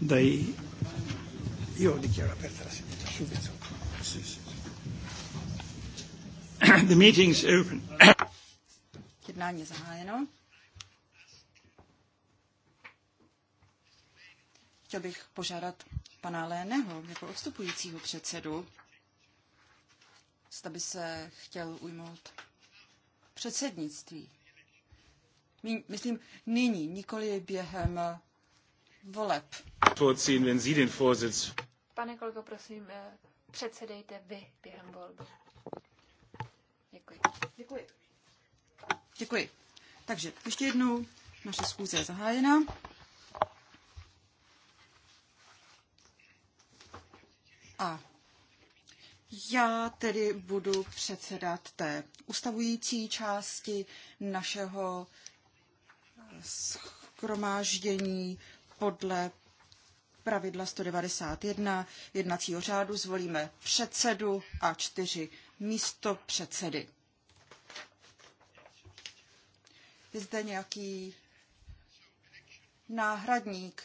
dai... Io dichiaro aperta la seduta subito. Sì, sì. The meeting is open. Jednání zahájeno. Chtěl bych požádat pana Léneho jako odstupujícího předsedu, zda by se chtěl ujmout předsednictví. Myslím nyní, nikoli během voleb vorziehen, wenn Sie den Vorsitz. Pane kolego, prosím, eh, předsedejte vy během volby. Děkuji. Děkuji. Děkuji. Takže ještě jednou naše schůze je zahájena. A já tedy budu předsedat té ustavující části našeho eh, schromáždění podle pravidla 191 jednacího řádu zvolíme předsedu a čtyři místo předsedy. Je zde nějaký náhradník?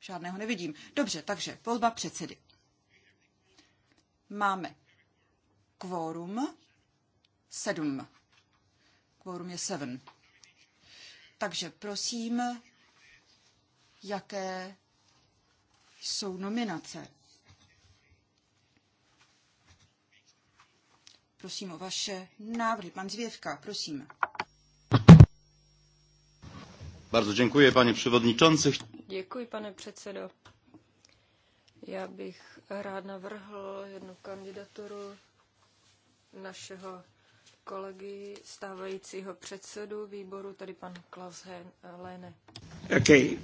Žádného nevidím. Dobře, takže volba předsedy. Máme kvórum sedm. Kvórum je seven. Takže prosím, jaké jsou nominace. Prosím o vaše návrhy. Pan Zvěvka, prosím. Bardzo děkuji, pane předsedající. Děkuji, pane předsedo. Já bych rád navrhl jednu kandidaturu našeho kolegy, stávajícího předsedu výboru, tady pan Klaus Lene. Okay.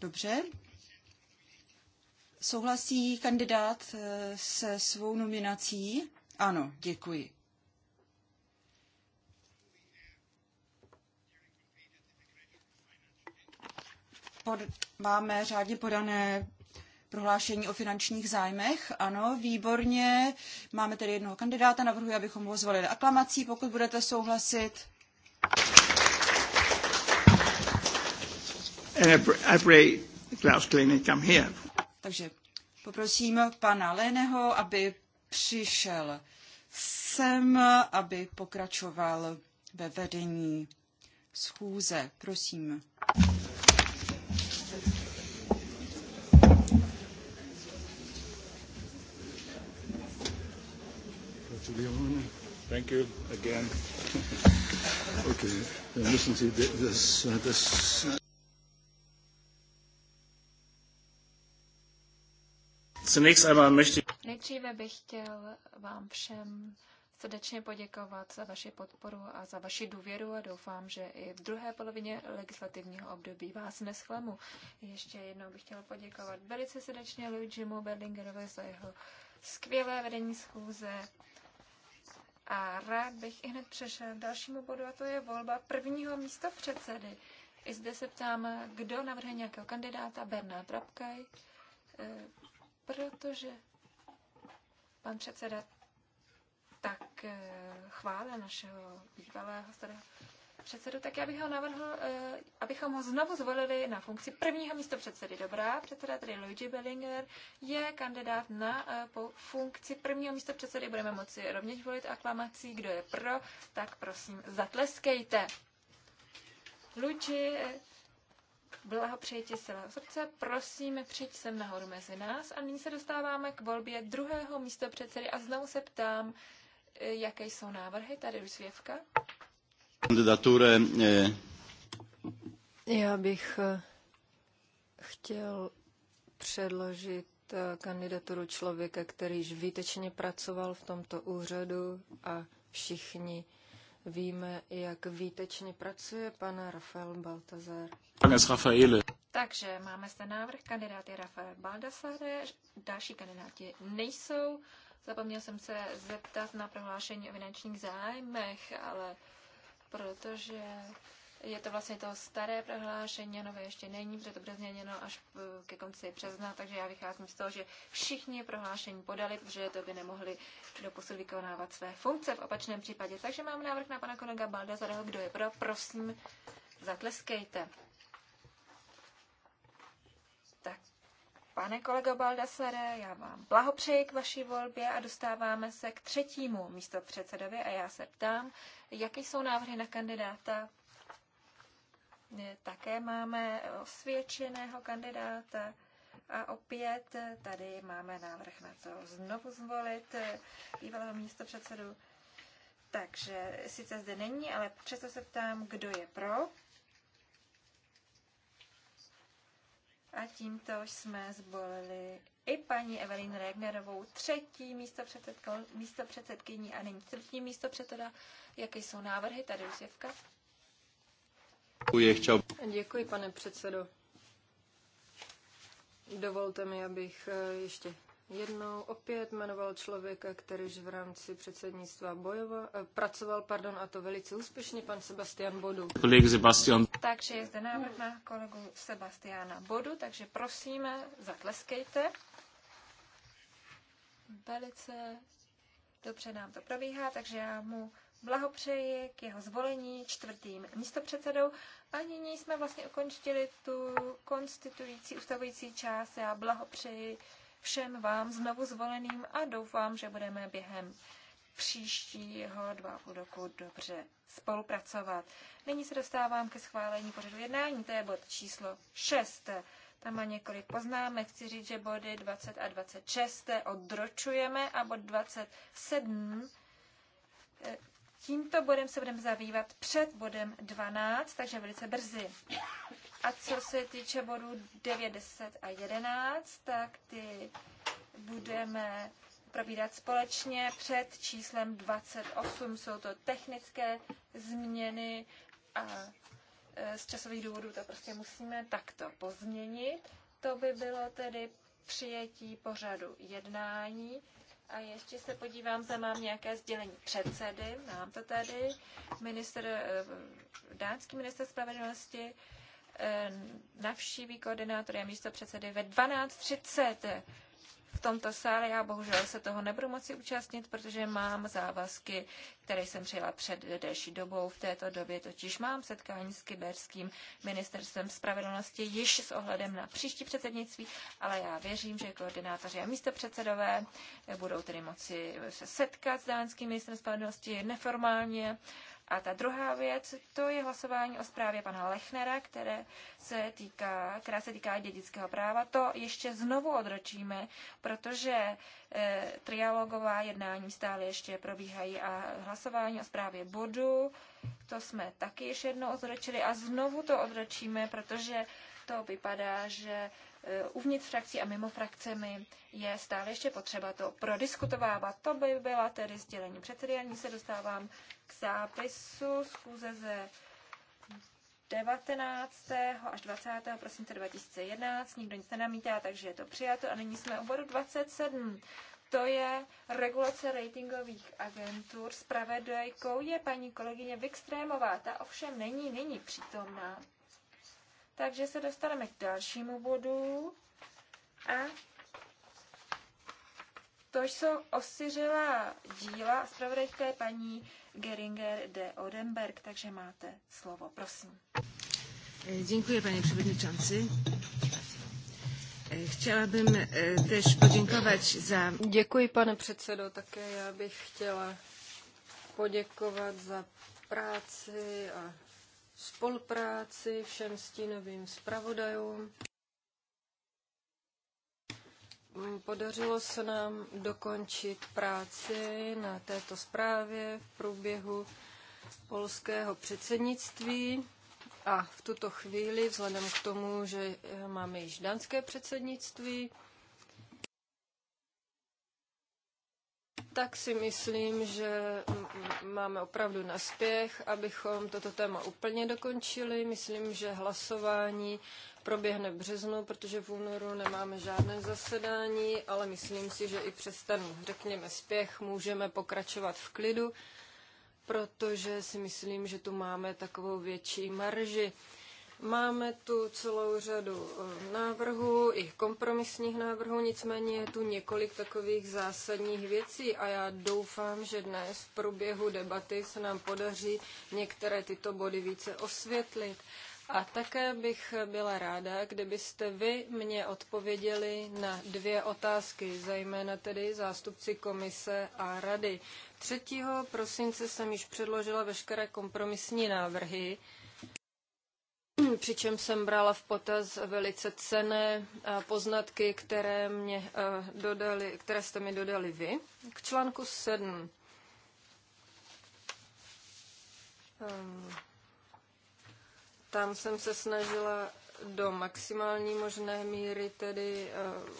Dobře. Souhlasí kandidát eh, se svou nominací? Ano, děkuji. Pod, máme řádně podané prohlášení o finančních zájmech. Ano, výborně. Máme tedy jednoho kandidáta, navrhuji, abychom ho zvolili aklamací, pokud budete souhlasit. every Klaus come here. Takže poprosím pana Léneho, aby přišel sem, aby pokračoval ve vedení schůze. Prosím. Thank you again. okay, to this. Uh, this. uh Zunächst einmal möchte Nejdříve bych chtěl vám všem srdečně poděkovat za vaši podporu a za vaši důvěru a doufám, že i v druhé polovině legislativního období vás nesklamu. Ještě jednou bych chtěl poděkovat velice srdečně Luigimu Berlingerovi za jeho skvělé vedení schůze. A rád bych i hned přešel k dalšímu bodu, a to je volba prvního místa předsedy. I zde se ptám, kdo navrhne nějakého kandidáta, Bernard Rapkaj. Eh, protože pan předseda tak eh, chválil našeho bývalého starého předsedu, tak já bych ho navrhl, eh, abychom ho znovu zvolili na funkci prvního místo předsedy. Dobrá, předseda tedy Luigi Bellinger je kandidát na eh, funkci prvního místo předsedy. Budeme moci rovněž volit aklamací. Kdo je pro, tak prosím zatleskejte. Luigi Blahopřeji ti z srdce, prosím, přijď sem nahoru mezi nás. A nyní se dostáváme k volbě druhého místo předsedy a znovu se ptám, eh, jaké jsou návrhy. Tady už svěvka. Kandidature. Eh, Já bych eh, chtěl předložit kandidaturu člověka, který již výtečně pracoval v tomto úřadu a všichni víme, jak výtečně pracuje pan Rafael Baltazar. Takže máme zde návrh, kandidát je Rafael Baldassare, další kandidáti nejsou. Zapomněl jsem se zeptat na prohlášení o finančních zájmech, ale protože je to vlastně to staré prohlášení, nové ještě není, protože to bude změněno až ke konci března, takže já vycházím z toho, že všichni prohlášení podali, protože to by nemohli doposud vykonávat své funkce v opačném případě. Takže mám návrh na pana kolega Baldazareho, kdo je pro, prosím, zatleskejte. Pane kolego Baldasare, já vám blahopřeji k vaší volbě a dostáváme se k třetímu místo předsedovi a já se ptám, jaké jsou návrhy na kandidáta. Také máme osvědčeného kandidáta a opět tady máme návrh na to znovu zvolit bývalého místo předsedu. Takže sice zde není, ale přesto se ptám, kdo je pro A tímto jsme zvolili i paní Evelyn Regnerovou třetí místo, předsedko, místo předsedkyní a nyní třetí místo předseda. Jaké jsou návrhy? Tady už Jevka. Děkuji, Děkuji, pane předsedo. Dovolte mi, abych eh, ještě jednou opět jmenoval člověka, kterýž v rámci předsednictva bojoval, eh, pracoval, pardon, a to velice úspěšně, pan Sebastian Bodu. Kolik Sebastian. Takže je zde návrh na kolegu Sebastiana Bodu, takže prosíme, zatleskejte. Velice dobře nám to probíhá, takže já mu blahopřeji k jeho zvolení čtvrtým místopředsedou. A nyní jsme vlastně ukončili tu konstituující, ustavující část. Já blahopřeji všem vám znovu zvoleným a doufám, že budeme během příštího dva půl roku dobře spolupracovat. Nyní se dostávám ke schválení pořadu jednání, to je bod číslo 6. Tam má několik poznámek. Chci říct, že body 20 a 26 odročujeme a bod 27 eh, Tímto bodem se budeme zabývat před bodem 12, takže velice brzy. A co se týče bodů 9, 10 a 11, tak ty budeme probírat společně před číslem 28. Jsou to technické změny a e, z časových důvodů to prostě musíme takto pozměnit. To by bylo tedy přijetí pořadu jednání. A ještě se podívám, zda mám nějaké sdělení předsedy. Mám to tady. Minister, e, dánský minister spravedlnosti Eh, navštíví koordinátory a místo předsedy ve 12.30 v tomto sále. Já bohužel se toho nebudu moci účastnit, protože mám závazky, které jsem přijela před delší dobou. V této době totiž mám setkání s kyberským ministerstvem spravedlnosti již s ohledem na příští předsednictví, ale já věřím, že koordinátoři a předsedové budou tedy moci se setkat s dánským ministerstvem spravedlnosti neformálně a ta druhá věc, to je hlasování o zprávě pana Lechnera, které se týká, která se týká dědického práva. To ještě znovu odročíme, protože e, trialogová jednání stále ještě probíhají a hlasování o zprávě bodu, to jsme taky ještě jednou odročili a znovu to odročíme, protože to vypadá, že eh, uvnitř frakcí a mimo frakcemi je stále ještě potřeba to prodiskutovávat. To by byla tedy sdělení předsedy. Já se dostávám k zápisu schůze ze 19. až 20. prosince 2011. Nikdo nic nenamítá, takže je to přijato. A nyní jsme u bodu 27. To je regulace ratingových agentur. Spravedlajkou je paní kolegyně Vikstrémová. Ta ovšem není nyní přítomná. Takže se dostaneme k dalšímu bodu. A to jsou osiřelá díla a zpravodajské paní Geringer de Odenberg, takže máte slovo, prosím. Děkuji, pane předsedající. Chtěla bym eh, tež poděkovat za... Děkuji, pane předsedo, také já bych chtěla poděkovat za práci a spolupráci všem stínovým zpravodajům. Podařilo se nám dokončit práci na této zprávě v průběhu polského předsednictví a v tuto chvíli, vzhledem k tomu, že máme již dánské předsednictví, tak si myslím, že máme opravdu naspěch, abychom toto téma úplně dokončili. Myslím, že hlasování proběhne v březnu, protože v únoru nemáme žádné zasedání, ale myslím si, že i přes ten, řekněme, spěch můžeme pokračovat v klidu, protože si myslím, že tu máme takovou větší marži. Máme tu celou řadu eh, návrhů, i kompromisních návrhů, nicméně je tu několik takových zásadních věcí a já doufám, že dnes v průběhu debaty se nám podaří některé tyto body více osvětlit. A také bych byla ráda, kdybyste vy mě odpověděli na dvě otázky, zejména tedy zástupci komise a rady. 3. prosince jsem již předložila veškeré kompromisní návrhy Hmm, přičem jsem brala v potaz velice cené eh, poznatky, které, mě eh, dodali, které jste mi dodali vy. K článku 7. Eh, tam jsem se snažila do maximální možné míry tedy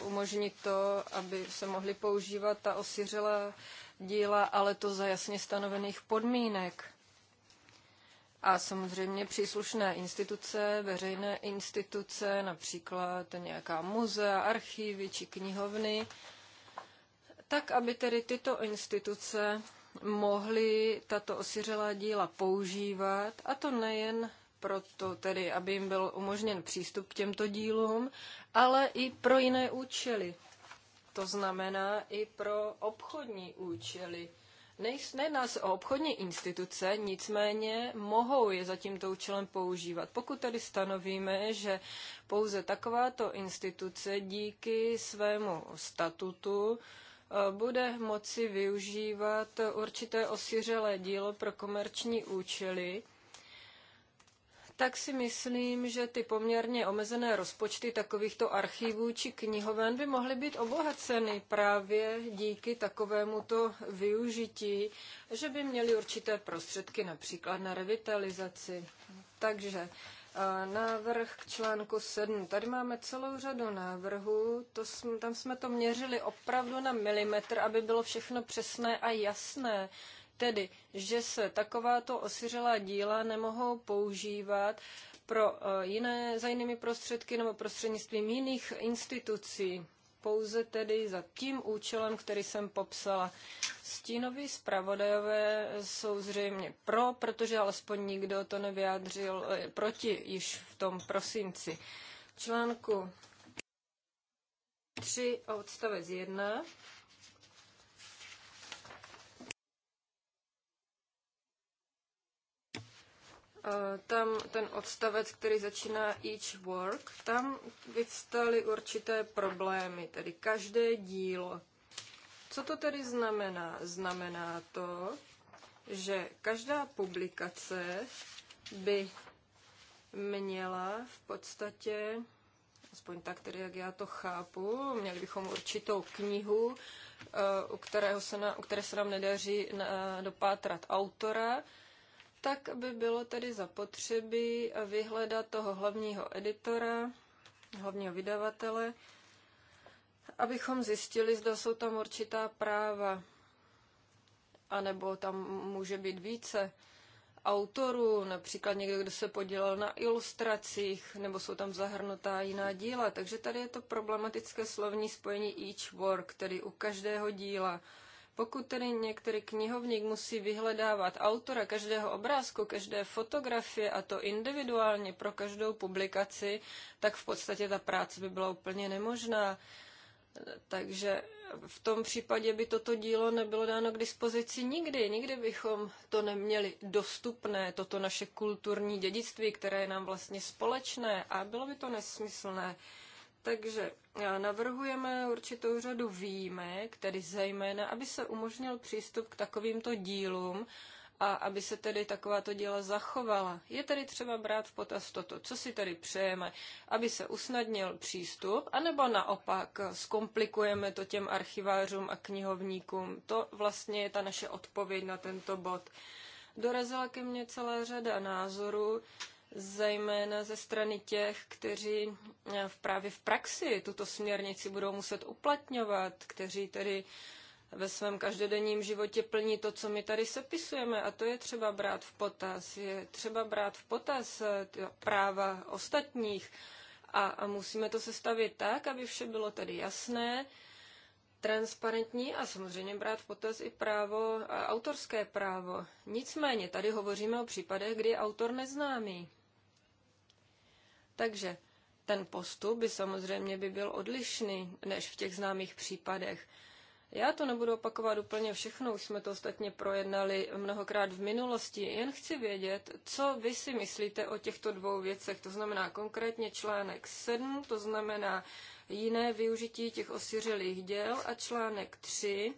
umožnit to, aby se mohly používat ta osiřela díla, ale to za jasně stanovených podmínek. A samozřejmě příslušné instituce, veřejné instituce, například nějaká muzea, archivy či knihovny, tak aby tedy tyto instituce mohly tato osiřelá díla používat, a to nejen proto tedy, aby jim byl umožněn přístup k těmto dílům, ale i pro jiné účely. To znamená i pro obchodní účely. Nejsme nás obchodní instituce, nicméně mohou je za tímto účelem používat. Pokud tedy stanovíme, že pouze takováto instituce díky svému statutu eh, bude moci využívat určité osiřelé dílo pro komerční účely, tak si myslím, že ty poměrně omezené rozpočty takovýchto archivů či knihoven by mohly být obohaceny právě díky takovémuto využití, že by měly určité prostředky například na revitalizaci. Takže návrh k článku 7. Tady máme celou řadu návrhů, to jsme, tam jsme to měřili opravdu na milimetr, aby bylo všechno přesné a jasné. Tedy, že se takováto osiřelá díla nemohou používat pro eh, jiné, za jinými prostředky nebo prostřednictvím jiných institucí, pouze tedy za tím účelem, který jsem popsala. Stínoví zpravodajové jsou zřejmě pro, protože alespoň nikdo to nevyjádřil eh, proti již v tom prosinci. Článku 3 odstavec 1 Eh, tam ten odstavec, který začíná each work, tam vyvstaly určité problémy, tedy každé dílo. Co to tedy znamená? Znamená to, že každá publikace by měla v podstatě, aspoň tak tedy, jak já to chápu, měli bychom určitou knihu, eh, u, kterého se na, u které se nám nedaří na, eh, dopátrat autora, tak by bylo tedy zapotřebí vyhledat toho hlavního editora, hlavního vydavatele, abychom zjistili, zda jsou tam určitá práva, anebo tam může být více autorů, například někdo, kdo se podílel na ilustracích, nebo jsou tam zahrnutá jiná díla. Takže tady je to problematické slovní spojení each work, tedy u každého díla. Pokud tedy některý knihovník musí vyhledávat autora každého obrázku, každé fotografie a to individuálně pro každou publikaci, tak v podstatě ta práce by byla úplně nemožná. Takže v tom případě by toto dílo nebylo dáno k dispozici nikdy. Nikdy bychom to neměli dostupné, toto naše kulturní dědictví, které je nám vlastně společné a bylo by to nesmyslné. Takže e, navrhujeme určitou řadu výjimek, tedy zejména, aby se umožnil přístup k takovýmto dílům a aby se tedy takováto díla zachovala. Je tedy třeba brát v potaz toto, co si tedy přejeme, aby se usnadnil přístup, anebo naopak zkomplikujeme to těm archivářům a knihovníkům. To vlastně je ta naše odpověď na tento bod. Dorazila ke mně celá řada názorů, zejména ze strany těch, kteří eh, v právě v praxi tuto směrnici budou muset uplatňovat, kteří tedy ve svém každodenním životě plní to, co my tady sepisujeme a to je třeba brát v potaz. Je třeba brát v potaz eh, práva ostatních a, a musíme to sestavit tak, aby vše bylo tady jasné, transparentní a samozřejmě brát v potaz i právo, eh, autorské právo. Nicméně tady hovoříme o případech, kdy je autor neznámý. Takže ten postup by samozřejmě by byl odlišný než v těch známých případech. Já to nebudu opakovat úplně všechno, už jsme to ostatně projednali mnohokrát v minulosti, jen chci vědět, co vy si myslíte o těchto dvou věcech, to znamená konkrétně článek 7, to znamená jiné využití těch osiřelých děl a článek 3,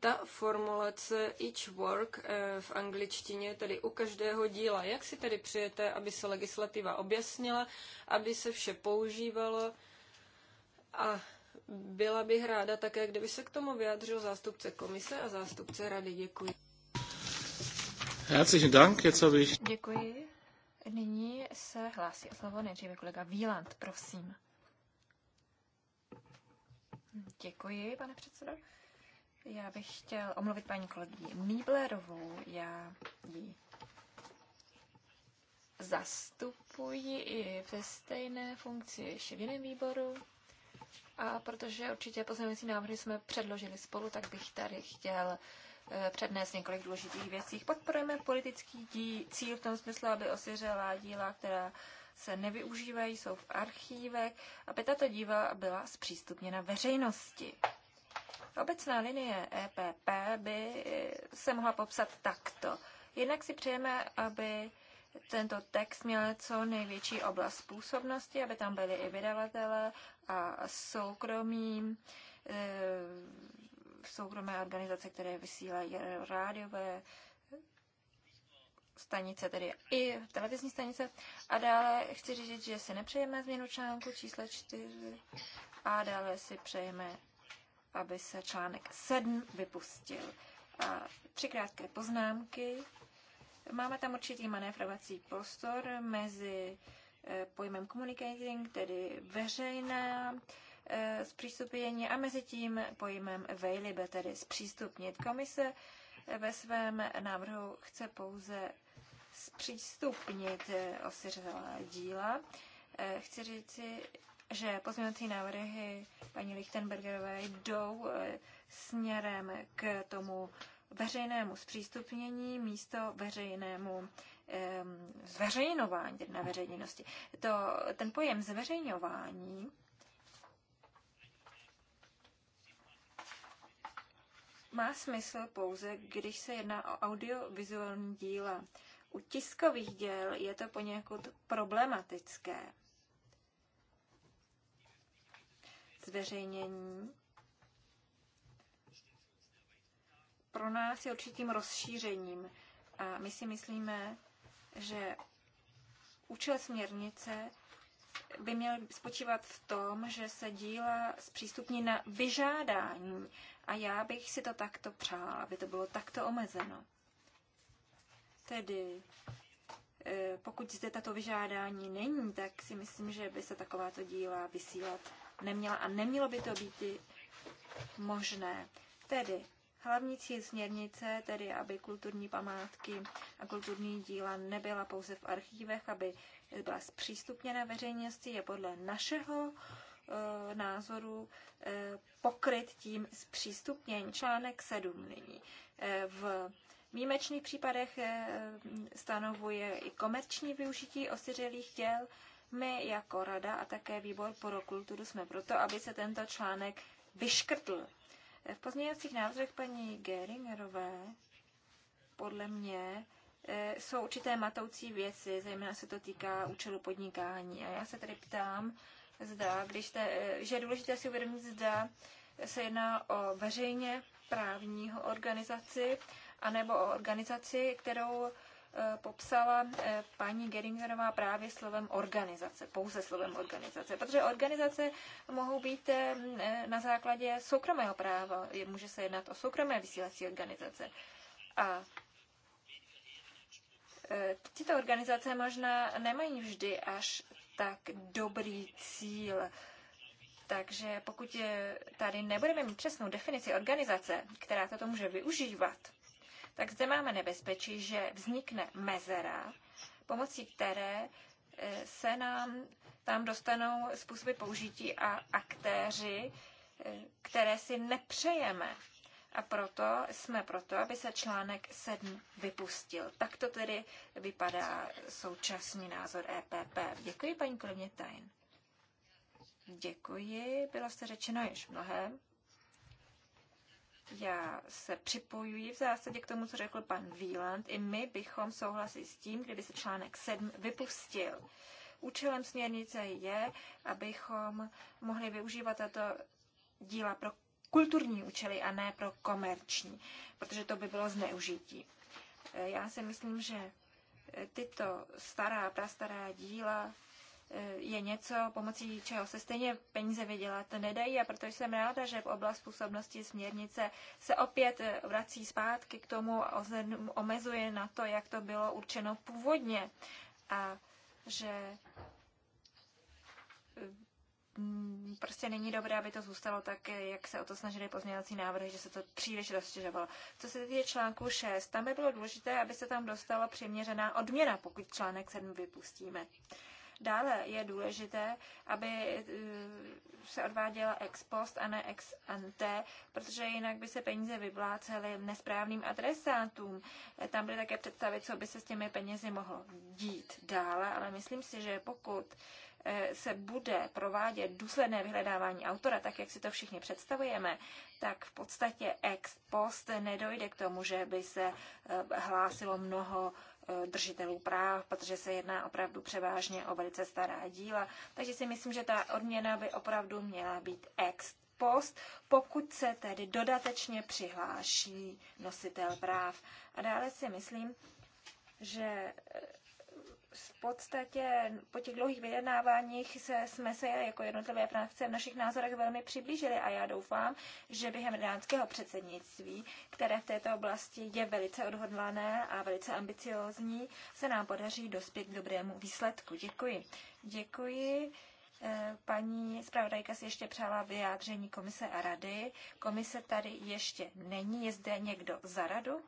ta formulace each work eh, v angličtině, tedy u každého díla. Jak si tedy přijete, aby se legislativa objasnila, aby se vše používalo a byla bych ráda také, kdyby se k tomu vyjádřil zástupce komise a zástupce rady. Děkuji. Herzlichen Dank, jetzt habe ich... Děkuji. Nyní se hlásí o slovo nejdříve kolega Víland, prosím. Děkuji, pane předsedo. Já bych chtěl omluvit paní kolegy Mýblerovou. Já ji zastupuji i ve stejné funkci ještě v jiném výboru. A protože určitě pozměňující návrhy jsme předložili spolu, tak bych tady chtěl eh, přednést několik důležitých věcí. Podporujeme politický dí, cíl v tom smyslu, aby osiřela díla, která se nevyužívají, jsou v archívech, aby tato díva byla zpřístupněna veřejnosti. Obecná linie EPP by se mohla popsat takto. Jednak si přejeme, aby tento text měl co největší oblast působnosti, aby tam byly i vydavatele a soukromí, eh, soukromé organizace, které vysílají rádiové stanice, tedy i televizní stanice. A dále chci říct, že si nepřejeme změnu článku číslo 4 a dále si přejeme aby se článek 7 vypustil. A tři krátké poznámky. Máme tam určitý manévrovací prostor mezi eh, pojmem communicating, tedy veřejná eh, zpřístupnění a mezi tím pojmem available, tedy zpřístupnit. Komise eh, ve svém návrhu chce pouze zpřístupnit osiřelá díla. Chci říci, že pozměňovací návrhy paní Lichtenbergerové jdou eh, směrem k tomu veřejnému zpřístupnění místo veřejnému ehm, zveřejňování, tedy na veřejnosti. To, ten pojem zveřejňování má smysl pouze, když se jedná o audiovizuální díla. U tiskových děl je to poněkud problematické. zveřejnění pro nás je určitým rozšířením a my si myslíme, že účel směrnice by měl spočívat v tom, že se díla zpřístupní na vyžádání a já bych si to takto přála, aby to bylo takto omezeno. Tedy eh, pokud zde tato vyžádání není, tak si myslím, že by se takováto díla vysílat neměla a nemělo by to být možné. Tedy hlavní cíl směrnice, tedy aby kulturní památky a kulturní díla nebyla pouze v archívech, aby byla zpřístupněna veřejnosti, je podle našeho e, názoru e, pokryt tím zpřístupnění. Článek 7 nyní. E, v výjimečných případech stanovuje i komerční využití osiřelých děl my jako rada a také výbor pro kulturu jsme proto, aby se tento článek vyškrtl. V pozměňovacích návrzech paní Geringerové podle mě eh, jsou určité matoucí věci, zejména se to týká účelu podnikání. A já se tedy ptám, zda, když te, eh, že je důležité si uvědomit, zda se jedná o veřejně právního organizaci, anebo o organizaci, kterou Eh, popsala eh, paní Geringerová právě slovem organizace, pouze slovem organizace, protože organizace mohou být eh, na základě soukromého práva, může se jednat o soukromé vysílací organizace. A tyto organizace možná nemají vždy až tak dobrý cíl. Takže pokud tady nebudeme mít přesnou definici organizace, která toto může využívat, tak zde máme nebezpečí, že vznikne mezera, pomocí které e, se nám tam dostanou způsoby použití a aktéři, e, které si nepřejeme. A proto jsme proto, aby se článek 7 vypustil. Tak to tedy vypadá současný názor EPP. Děkuji, paní kolegyně Tajn. Děkuji, bylo jste řečeno již mnohem. Já se připojuji v zásadě k tomu, co řekl pan Wieland. I my bychom souhlasili s tím, kdyby se článek 7 vypustil. Účelem směrnice je, abychom mohli využívat tato díla pro kulturní účely a ne pro komerční, protože to by bylo zneužití. Já si myslím, že tyto stará, prastará díla je něco, pomocí čeho se stejně peníze vydělat nedají a proto jsem ráda, že v oblast působnosti směrnice se opět vrací zpátky k tomu, omezuje na to, jak to bylo určeno původně a že mm, prostě není dobré, aby to zůstalo tak, jak se o to snažili pozměňovací návrhy, že se to příliš rozšiřovalo. Co se týče článku 6, tam by bylo důležité, aby se tam dostala přiměřená odměna, pokud článek 7 vypustíme. Dále je důležité, aby eh, se odváděla ex post a ne ex ante, protože jinak by se peníze vyplácely nesprávným adresátům. Eh, tam byly také představit, co by se s těmi penězi mohlo dít dále, ale myslím si, že pokud eh, se bude provádět důsledné vyhledávání autora, tak jak si to všichni představujeme, tak v podstatě ex post nedojde k tomu, že by se hlásilo mnoho Eh, držitelů práv, protože se jedná opravdu převážně o velice stará díla. Takže si myslím, že ta odměna by opravdu měla být ex post, pokud se tedy dodatečně přihláší nositel práv. A dále si myslím, že v podstatě po těch dlouhých vyjednáváních se, jsme se jako jednotlivé frakce v našich názorech velmi přiblížili a já doufám, že během dánského předsednictví, které v této oblasti je velice odhodlané a velice ambiciozní, se nám podaří dospět k dobrému výsledku. Děkuji. Děkuji. Eh, paní zpravodajka si ještě přála vyjádření komise a rady. Komise tady ještě není. Je zde někdo za radu?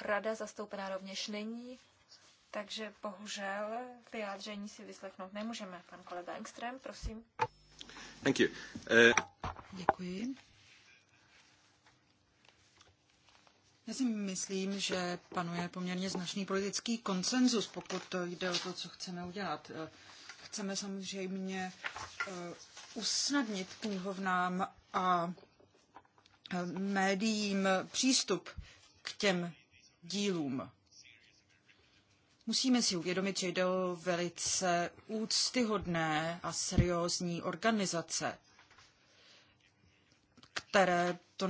Rada zastoupená rovněž není takže bohužel vyjádření si vyslechnout nemůžeme. Pan kolega Engström, prosím. Thank you. Uh... Děkuji. Já si myslím, že panuje poměrně značný politický konsenzus, pokud jde o to, co chceme udělat. Eh, chceme samozřejmě eh, usnadnit knihovnám a médiím přístup k těm dílům. Musíme si uvědomit, že jde o velice úctyhodné a seriózní organizace, které to,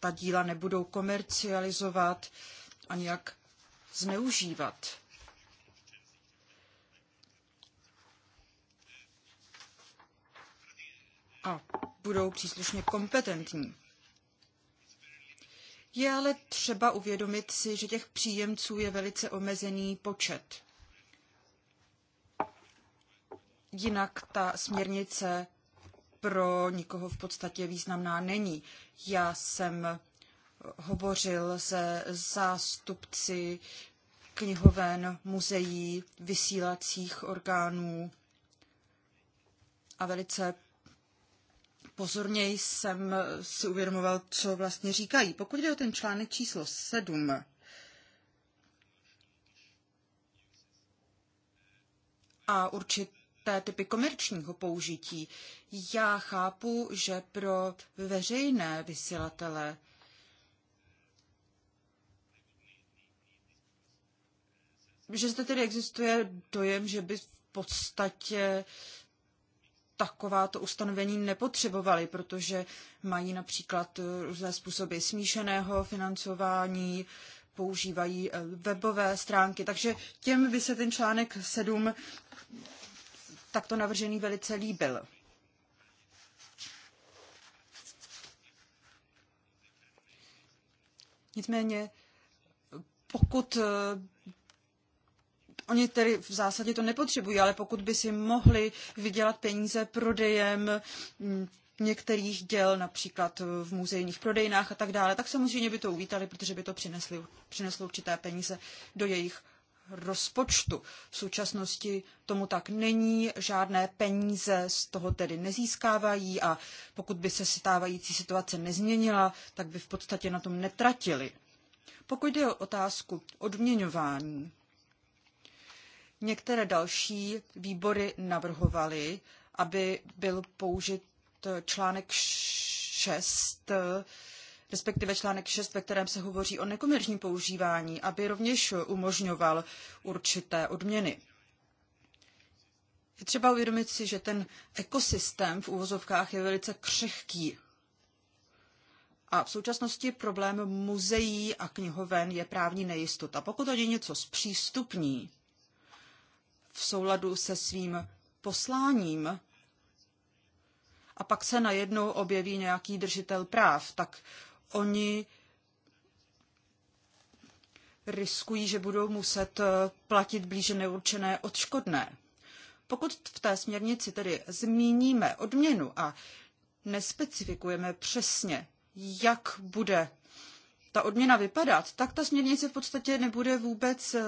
ta díla nebudou komercializovat a nějak zneužívat. A budou příslušně kompetentní. Je ale třeba uvědomit si, že těch příjemců je velice omezený počet. Jinak ta směrnice pro nikoho v podstatě významná není. Já jsem hovořil se zástupci knihoven, muzeí, vysílacích orgánů a velice pozorněji jsem si uvědomoval, co vlastně říkají. Pokud jde o ten článek číslo 7, a určité typy komerčního použití. Já chápu, že pro veřejné vysílatele že zde tedy existuje dojem, že by v podstatě takováto ustanovení nepotřebovali, protože mají například eh, různé způsoby smíšeného financování, používají eh, webové stránky. Takže těm by se ten článek 7 takto navržený velice líbil. Nicméně, pokud eh, Oni tedy v zásadě to nepotřebují, ale pokud by si mohli vydělat peníze prodejem mm, některých děl, například eh, v muzejních prodejnách a tak dále, tak samozřejmě by to uvítali, protože by to přinesli, přineslo určité peníze do jejich rozpočtu. V současnosti tomu tak není, žádné peníze z toho tedy nezískávají a pokud by se stávající situace nezměnila, tak by v podstatě na tom netratili. Pokud jde o otázku odměňování, Některé další výbory navrhovaly, aby byl použit eh, článek 6, eh, respektive článek 6, ve kterém se hovoří o nekomerčním používání, aby rovněž umožňoval určité odměny. Je třeba uvědomit si, že ten ekosystém v úvozovkách je velice křehký. A v současnosti problém muzeí a knihoven je právní nejistota. Pokud oni něco zpřístupní, v souladu se svým posláním a pak se najednou objeví nějaký držitel práv, tak oni riskují, že budou muset eh, platit blíže neurčené odškodné. Pokud v té směrnici tedy zmíníme odměnu a nespecifikujeme přesně, jak bude ta odměna vypadat, tak ta směrnice v podstatě nebude vůbec eh,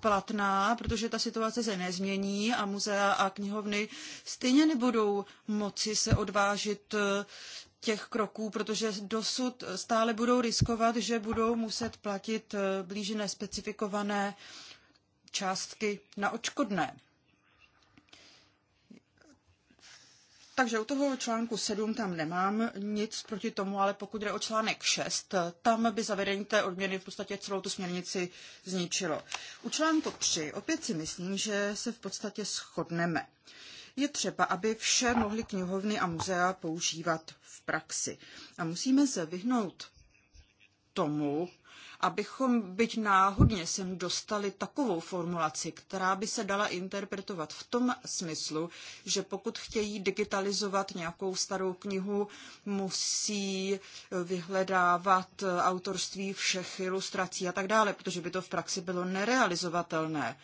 platná, protože ta situace se nezmění a muzea a knihovny stejně nebudou moci se odvážit eh, těch kroků, protože dosud stále budou riskovat, že budou muset platit eh, blíže nespecifikované částky na očkodné. Takže u toho článku 7 tam nemám nic proti tomu, ale pokud jde o článek 6, tam by zavedení té odměny v podstatě celou tu směrnici zničilo. U článku 3 opět si myslím, že se v podstatě shodneme. Je třeba, aby vše mohly knihovny a muzea používat v praxi. A musíme se vyhnout tomu, abychom byť náhodně sem dostali takovou formulaci, která by se dala interpretovat v tom smyslu, že pokud chtějí digitalizovat nějakou starou knihu, musí eh, vyhledávat eh, autorství všech ilustrací a tak dále, protože by to v praxi bylo nerealizovatelné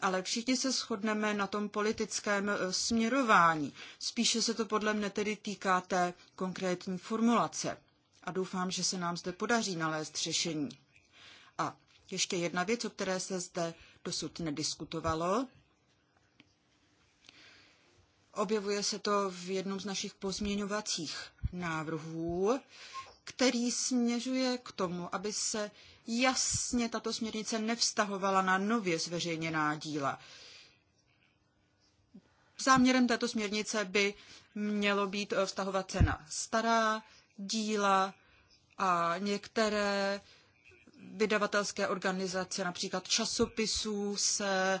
ale všichni se shodneme na tom politickém eh, směrování. Spíše se to podle mne tedy týká té konkrétní formulace. A doufám, že se nám zde podaří nalézt řešení. A ještě jedna věc, o které se zde dosud nediskutovalo. Objevuje se to v jednom z našich pozměňovacích návrhů, který směřuje k tomu, aby se jasně tato směrnice nevztahovala na nově zveřejněná díla. Záměrem této směrnice by mělo být eh, vztahovat se na stará díla a některé vydavatelské organizace, například časopisů, se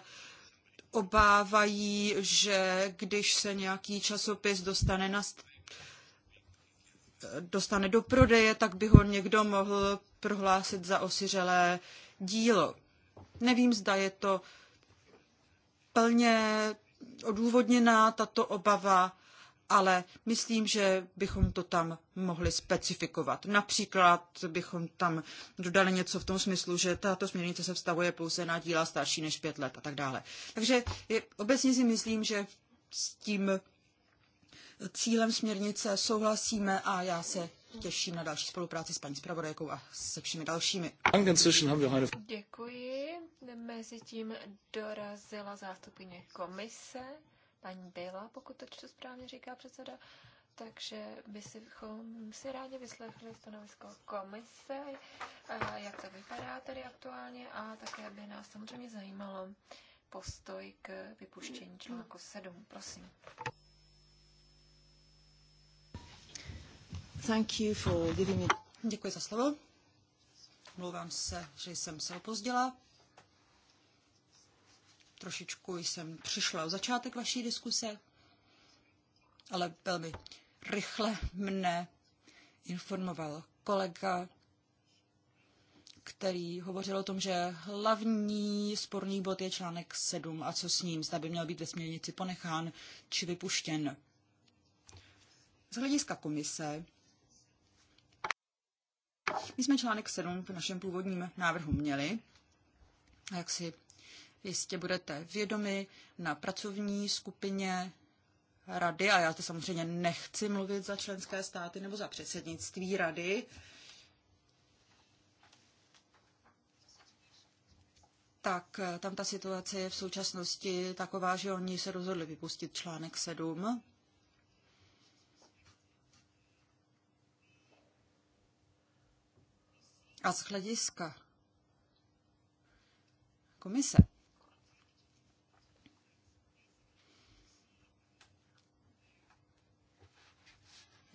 obávají, že když se nějaký časopis dostane na dostane do prodeje, tak by ho někdo mohl prohlásit za osiřelé dílo. Nevím, zda je to plně odůvodněná tato obava, ale myslím, že bychom to tam mohli specifikovat. Například bychom tam dodali něco v tom smyslu, že tato směrnice se vztahuje pouze na díla starší než pět let a tak dále. Takže je, obecně si myslím, že s tím cílem směrnice souhlasíme a já se těším na další spolupráci s paní zpravodajkou a se všemi dalšími. Děkuji. tím dorazila zástupkyně komise paní Bejla, pokud to čtu správně, říká předseda. Takže bychom si, si rádi vyslechli stanovisko komise, eh, jak to vypadá tedy aktuálně a také by nás samozřejmě zajímalo postoj k vypuštění článku 7. Prosím. Thank you for giving me... Děkuji za slovo. Mluvám se, že jsem se opozdila. Trošičku jsem přišla o začátek vaší diskuse, ale velmi rychle mne informoval kolega, který hovořil o tom, že hlavní sporný bod je článek 7 a co s ním, zda by měl být ve směrnici ponechán či vypuštěn. Z hlediska komise my jsme článek 7 v našem původním návrhu měli. A jak si jistě budete vědomi na pracovní skupině rady, a já to samozřejmě nechci mluvit za členské státy nebo za předsednictví rady, tak eh, tam ta situace je v současnosti taková, že oni se rozhodli vypustit článek 7. A z hlediska komise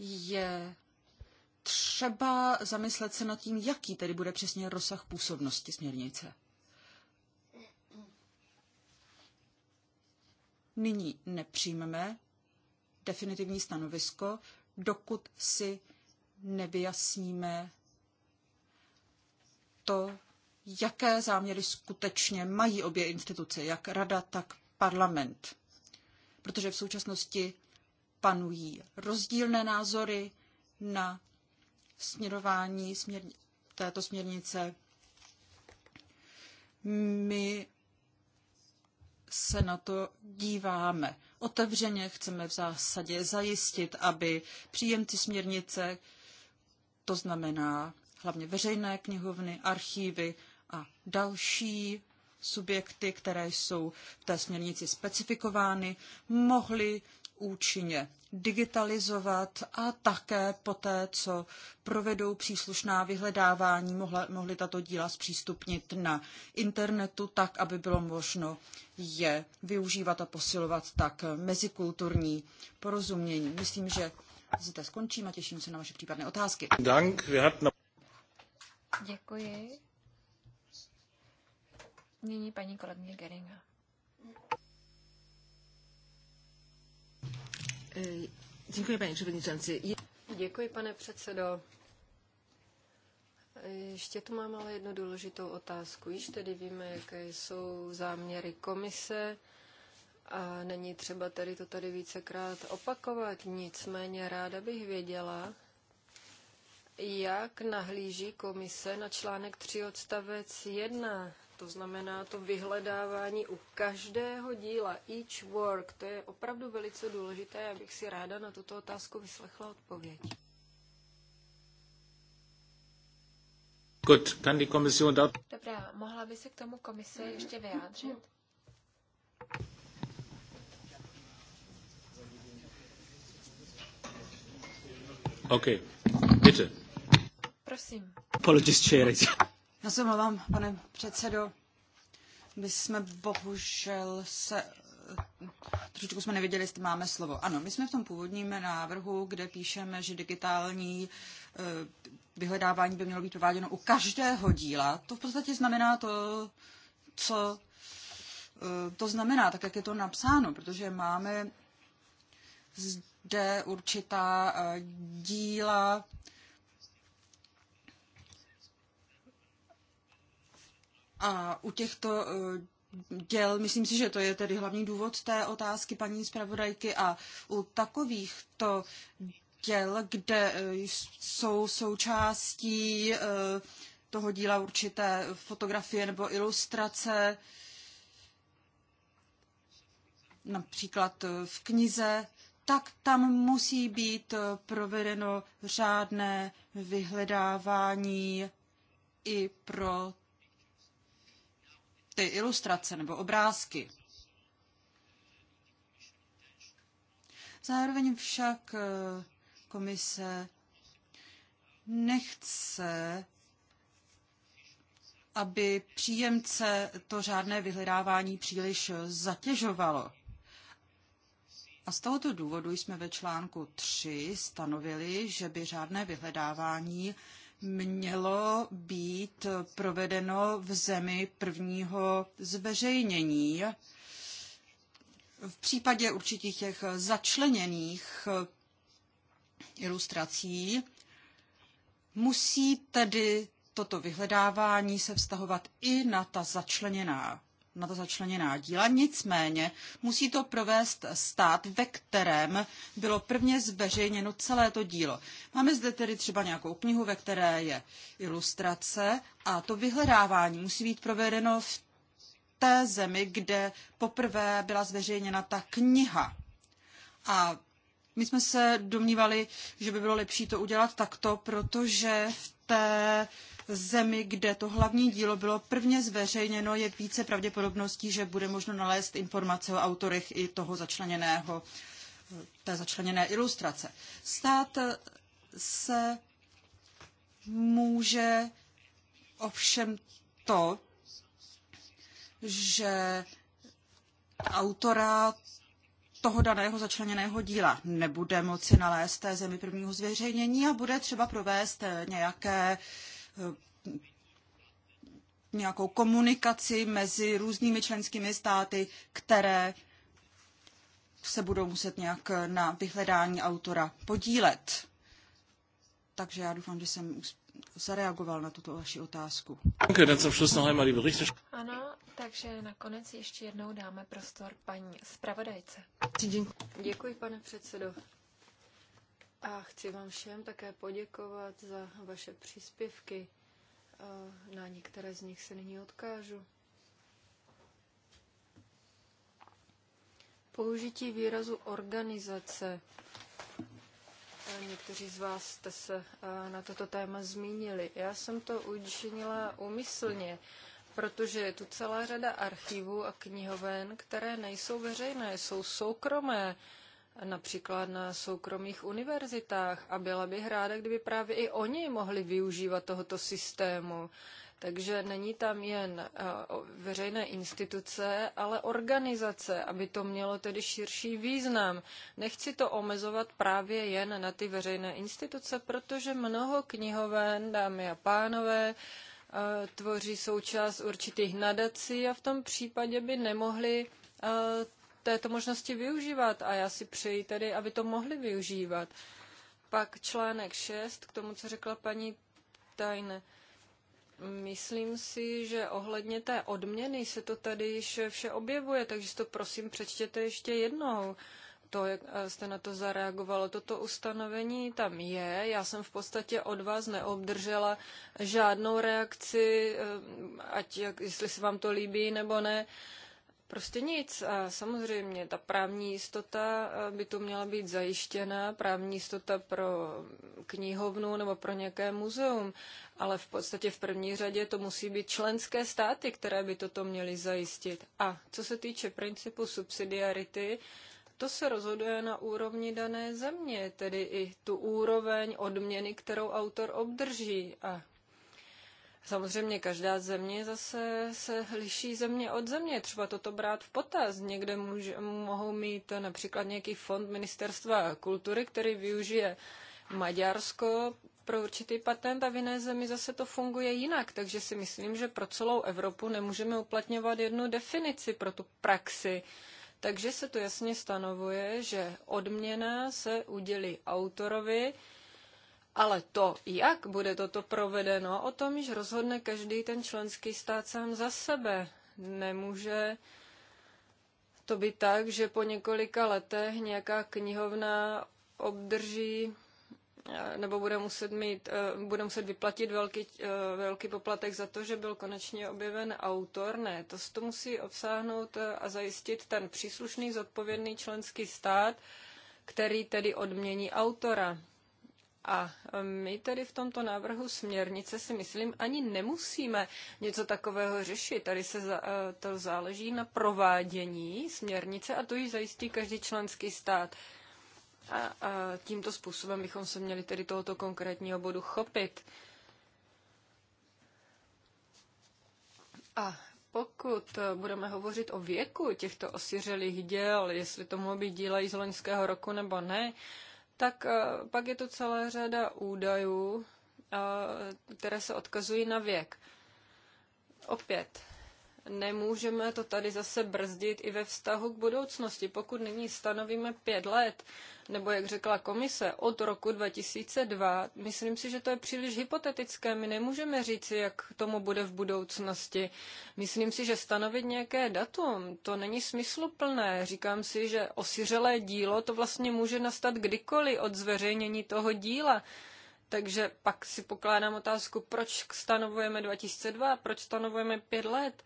je třeba zamyslet se nad tím, jaký tedy bude přesně rozsah působnosti směrnice. Nyní nepřijmeme definitivní stanovisko, dokud si nevyjasníme to, jaké záměry skutečně mají obě instituce, jak rada, tak parlament. Protože v současnosti panují rozdílné názory na směrování směr, této směrnice. My se na to díváme otevřeně, chceme v zásadě zajistit, aby příjemci směrnice, to znamená hlavně veřejné knihovny, archívy a další subjekty, které jsou v té směrnici specifikovány, mohly účinně digitalizovat a také poté, co provedou příslušná vyhledávání, mohla, mohly tato díla zpřístupnit na internetu tak, aby bylo možno je využívat a posilovat tak mezikulturní porozumění. Myslím, že zde skončím a těším se na vaše případné otázky. Děkuji. Nyní paní kolegyně Geringa. Eh, Děkuji, předsedající. Děkuji, pane předsedo. Ještě tu mám ale jednu důležitou otázku. Již tedy víme, jaké jsou záměry komise a není třeba tady to tady vícekrát opakovat. Nicméně ráda bych věděla, jak nahlíží komise na článek 3 odstavec 1 to znamená to vyhledávání u každého díla, each work, to je opravdu velice důležité, abych si ráda na tuto otázku vyslechla odpověď. Gut, Dobrá, mohla by se k tomu komise ještě vyjádřit? Okay. bitte. Prosím. Apologies, chair. Já se omlouvám, pane předsedo. My jsme bohužel se trošičku jsme nevěděli, jestli máme slovo. Ano, my jsme v tom původním návrhu, kde píšeme, že digitální eh, vyhledávání by mělo být prováděno u každého díla. To v podstatě znamená to, co eh, to znamená, tak jak je to napsáno, protože máme zde určitá eh, díla, A u těchto eh, děl, myslím si, že to je tedy hlavní důvod té otázky paní zpravodajky a u takovýchto děl, kde eh, jsou součástí eh, toho díla určité fotografie nebo ilustrace, například v knize, tak tam musí být provedeno řádné vyhledávání i pro ty ilustrace nebo obrázky. Zároveň však eh, komise nechce, aby příjemce to řádné vyhledávání příliš zatěžovalo. A z tohoto důvodu jsme ve článku 3 stanovili, že by řádné vyhledávání mělo být provedeno v zemi prvního zveřejnění. V případě určitých těch začleněných ilustrací musí tedy toto vyhledávání se vztahovat i na ta začleněná na to začleněná díla. Nicméně musí to provést stát, ve kterém bylo prvně zveřejněno celé to dílo. Máme zde tedy třeba nějakou knihu, ve které je ilustrace a to vyhledávání musí být provedeno v té zemi, kde poprvé byla zveřejněna ta kniha. A my jsme se domnívali, že by bylo lepší to udělat takto, protože v té zemi, kde to hlavní dílo bylo prvně zveřejněno, je více pravděpodobností, že bude možno nalézt informace o autorech i toho začleněného, té začleněné ilustrace. Stát se může ovšem to, že autora toho daného začleněného díla nebude moci nalézt té zemi prvního zveřejnění a bude třeba provést nějaké Eh, nějakou komunikaci mezi různými členskými státy, které se budou muset nějak na vyhledání autora podílet. Takže já doufám, že jsem zareagoval na tuto vaši otázku. Ano, takže nakonec ještě jednou dáme prostor paní zpravodajce. Děkuji, pane předsedo. A chci vám všem také poděkovat za vaše příspěvky. E, na některé z nich se nyní odkážu. Použití výrazu organizace. E, někteří z vás jste se e, na toto téma zmínili. Já jsem to učinila úmyslně, protože je tu celá řada archivů a knihoven, které nejsou veřejné, jsou soukromé například na soukromých univerzitách a byla bych ráda, kdyby právě i oni mohli využívat tohoto systému. Takže není tam jen eh, veřejné instituce, ale organizace, aby to mělo tedy širší význam. Nechci to omezovat právě jen na ty veřejné instituce, protože mnoho knihoven, dámy a pánové, eh, tvoří součást určitých nadací a v tom případě by nemohli eh, této možnosti využívat a já si přeji tedy, aby to mohli využívat. Pak článek 6 k tomu, co řekla paní Tajne. Myslím si, že ohledně té odměny se to tady již vše objevuje, takže si to prosím přečtěte ještě jednou. To, jak jste na to zareagovalo, toto ustanovení tam je. Já jsem v podstatě od vás neobdržela žádnou reakci, eh, ať jak, jestli se vám to líbí nebo ne. Uh, Prostě nic. A samozřejmě ta právní jistota eh, by tu měla být zajištěna, právní jistota pro knihovnu nebo pro nějaké muzeum, ale v podstatě v první řadě to musí být členské státy, které by toto měly zajistit. A co se týče principu subsidiarity, to se rozhoduje na úrovni dané země, tedy i tu úroveň odměny, kterou autor obdrží. A Samozřejmě každá země zase se liší země od země. Třeba toto brát v potaz. Někde může, mohou mít například nějaký fond ministerstva kultury, který využije Maďarsko pro určitý patent a v jiné zemi zase to funguje jinak. Takže si myslím, že pro celou Evropu nemůžeme uplatňovat jednu definici pro tu praxi. Takže se tu jasně stanovuje, že odměna se udělí autorovi, ale to, jak bude toto provedeno, o tom již rozhodne každý ten členský stát sám za sebe. Nemůže to být tak, že po několika letech nějaká knihovna obdrží eh, nebo bude muset, mít, eh, bude muset vyplatit velký, eh, velký poplatek za to, že byl konečně objeven autor. Ne, to, to musí obsáhnout a zajistit ten příslušný zodpovědný členský stát, který tedy odmění autora. A e, my tedy v tomto návrhu směrnice si myslím ani nemusíme něco takového řešit. Tady se e, to záleží na provádění směrnice a to ji zajistí každý členský stát. A, a tímto způsobem bychom se měli tedy tohoto konkrétního bodu chopit. A pokud e, budeme hovořit o věku těchto osiřelých děl, jestli to mohou být díla z loňského roku nebo ne, uh, tak eh, pak je tu celá řada údajů, eh, které se odkazují na věk. Opět, nemůžeme to tady zase brzdit i ve vztahu k budoucnosti. Pokud nyní stanovíme pět let, nebo jak řekla komise, od roku 2002, myslím si, že to je příliš hypotetické. My nemůžeme říci, jak tomu bude v budoucnosti. Myslím si, že stanovit nějaké datum, to není smysluplné. Říkám si, že osiřelé dílo, to vlastně může nastat kdykoliv od zveřejnění toho díla. Takže pak si pokládám otázku, proč stanovujeme 2002, proč stanovujeme pět let.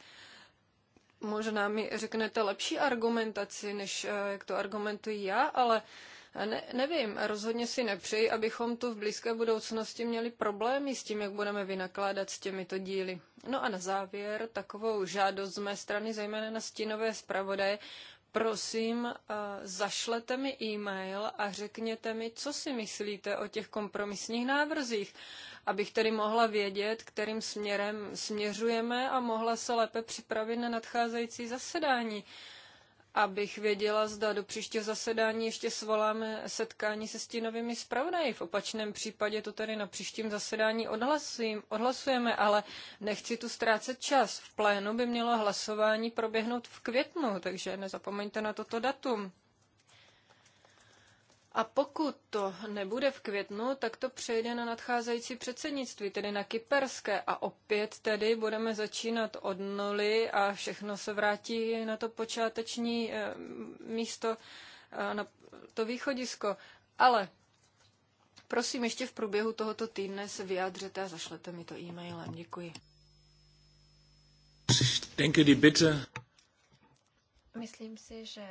Možná mi řeknete lepší argumentaci, než eh, jak to argumentuji já, ale eh, ne, nevím, rozhodně si nepřeji, abychom tu v blízké budoucnosti měli problémy s tím, jak budeme vynakládat s těmito díly. No a na závěr takovou žádost z mé strany, zejména na stínové zpravodaje, prosím, eh, zašlete mi e-mail a řekněte mi, co si myslíte o těch kompromisních návrzích, abych tedy mohla vědět, kterým směrem směřujeme a mohla se lépe připravit na nadcházející zasedání abych věděla, zda do příštího zasedání ještě svoláme setkání se stínovými zpravodaji. V opačném případě to tedy na příštím zasedání odhlasujeme, ale nechci tu ztrácet čas. V plénu by mělo hlasování proběhnout v květnu, takže nezapomeňte na toto datum. A pokud to nebude v květnu, tak to přejde na nadcházející předsednictví, tedy na kyperské. A opět tedy budeme začínat od nuly a všechno se vrátí na to počáteční eh, místo, eh, na to východisko. Ale prosím, ještě v průběhu tohoto týdne se vyjádřete a zašlete mi to e-mailem. Děkuji. Myslím si, že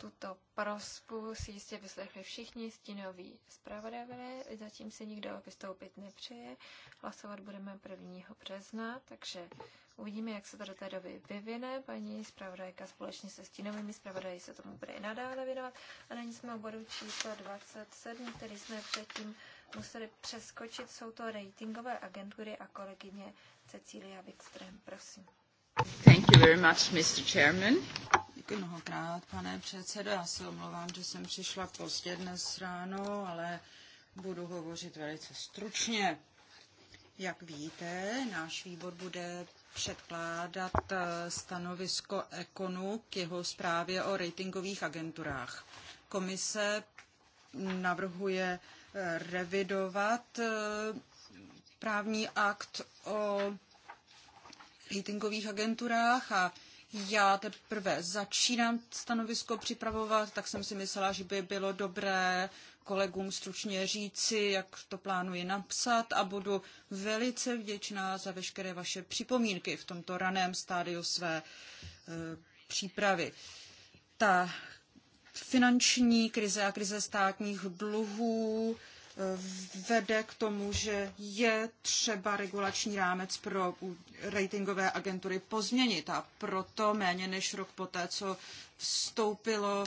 tuto prosbu si jistě vyslechli všichni stínoví zpravodajové, zatím se nikdo vystoupit nepřeje. Hlasovat budeme 1. března, takže uvidíme, jak se to do té doby vyvine. Paní zpravodajka společně se stínovými zpravodají se tomu bude i nadále věnovat. A není jsme u bodu číslo 27, který jsme předtím museli přeskočit. Jsou to ratingové agentury a kolegyně Cecília Wikström. Prosím. Thank you very much, Mr. Chairman. Děkuji mnohokrát, pane předsedo. Já se omlouvám, že jsem přišla pozdě dnes ráno, ale budu hovořit velice stručně. Jak víte, náš výbor bude předkládat eh, stanovisko Ekonu k jeho zprávě o ratingových agenturách. Komise navrhuje eh, revidovat eh, právní akt o ratingových agenturách a já teprve začínám stanovisko připravovat, tak jsem si myslela, že by bylo dobré kolegům stručně říci, jak to plánuji napsat a budu velice vděčná za veškeré vaše připomínky v tomto raném stádiu své e, přípravy. Ta finanční krize a krize státních dluhů e, vede k tomu, že je třeba regulační rámec pro ratingové agentury pozměnit a proto méně než rok poté, co vstoupilo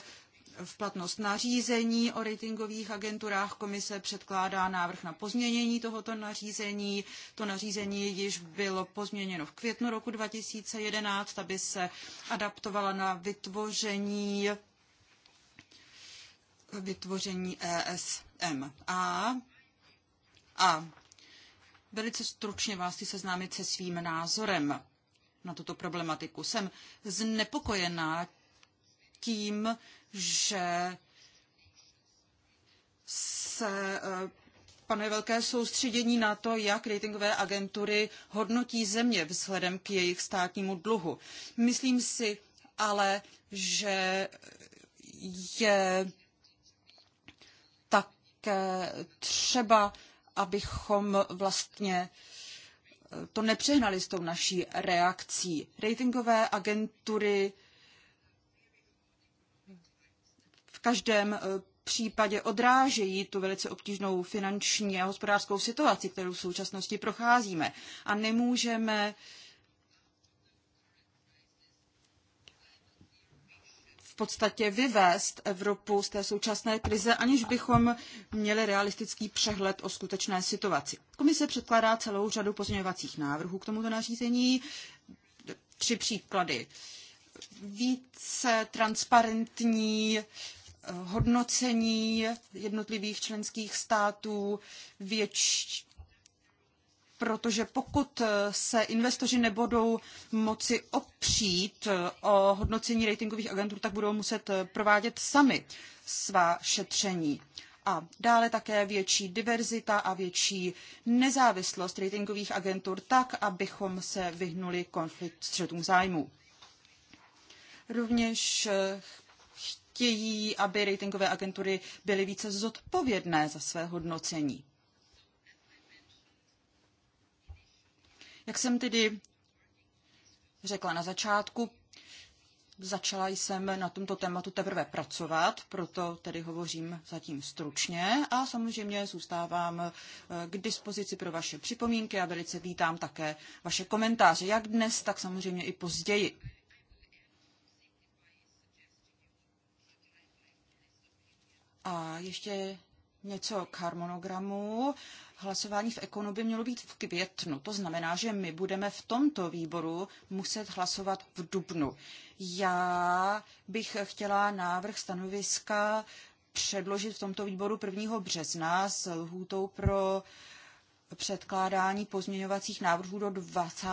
v platnost nařízení o ratingových agenturách. Komise předkládá návrh na pozměnění tohoto nařízení. To nařízení již bylo pozměněno v květnu roku 2011, aby se adaptovala na vytvoření vytvoření ESMA a velice stručně vás chci seznámit se svým názorem na tuto problematiku. Jsem znepokojená tím, že se eh, panuje velké soustředění na to, jak ratingové agentury hodnotí země vzhledem k jejich státnímu dluhu. Myslím si ale, že je také eh, třeba, abychom vlastně eh, to nepřehnali s tou naší reakcí. Ratingové agentury v každém eh, případě odrážejí tu velice obtížnou finanční a hospodářskou situaci, kterou v současnosti procházíme. A nemůžeme uh, v podstatě vyvést Evropu z té současné krize, aniž bychom měli realistický přehled o skutečné situaci. Komise předkládá celou řadu pozměňovacích návrhů k tomuto nařízení. Tři příklady. Více transparentní eh, hodnocení jednotlivých členských států, větší protože pokud eh, se investoři nebudou moci opřít eh, o hodnocení ratingových agentur, tak budou muset eh, provádět sami svá šetření. A dále také větší diverzita a větší nezávislost ratingových agentur tak, abychom se vyhnuli konflikt střetům zájmů. Rovněž chtějí, aby ratingové agentury byly více zodpovědné za své hodnocení. Jak jsem tedy řekla na začátku, začala jsem na tomto tématu teprve pracovat, proto tedy hovořím zatím stručně a samozřejmě zůstávám eh, k dispozici pro vaše připomínky a velice vítám také vaše komentáře, jak dnes, tak samozřejmě i později. A ještě něco k harmonogramu. Hlasování v ekonu by mělo být v květnu. To znamená, že my budeme v tomto výboru muset hlasovat v dubnu. Já bych chtěla návrh stanoviska předložit v tomto výboru 1. března s lhůtou pro předkládání pozměňovacích návrhů do 20.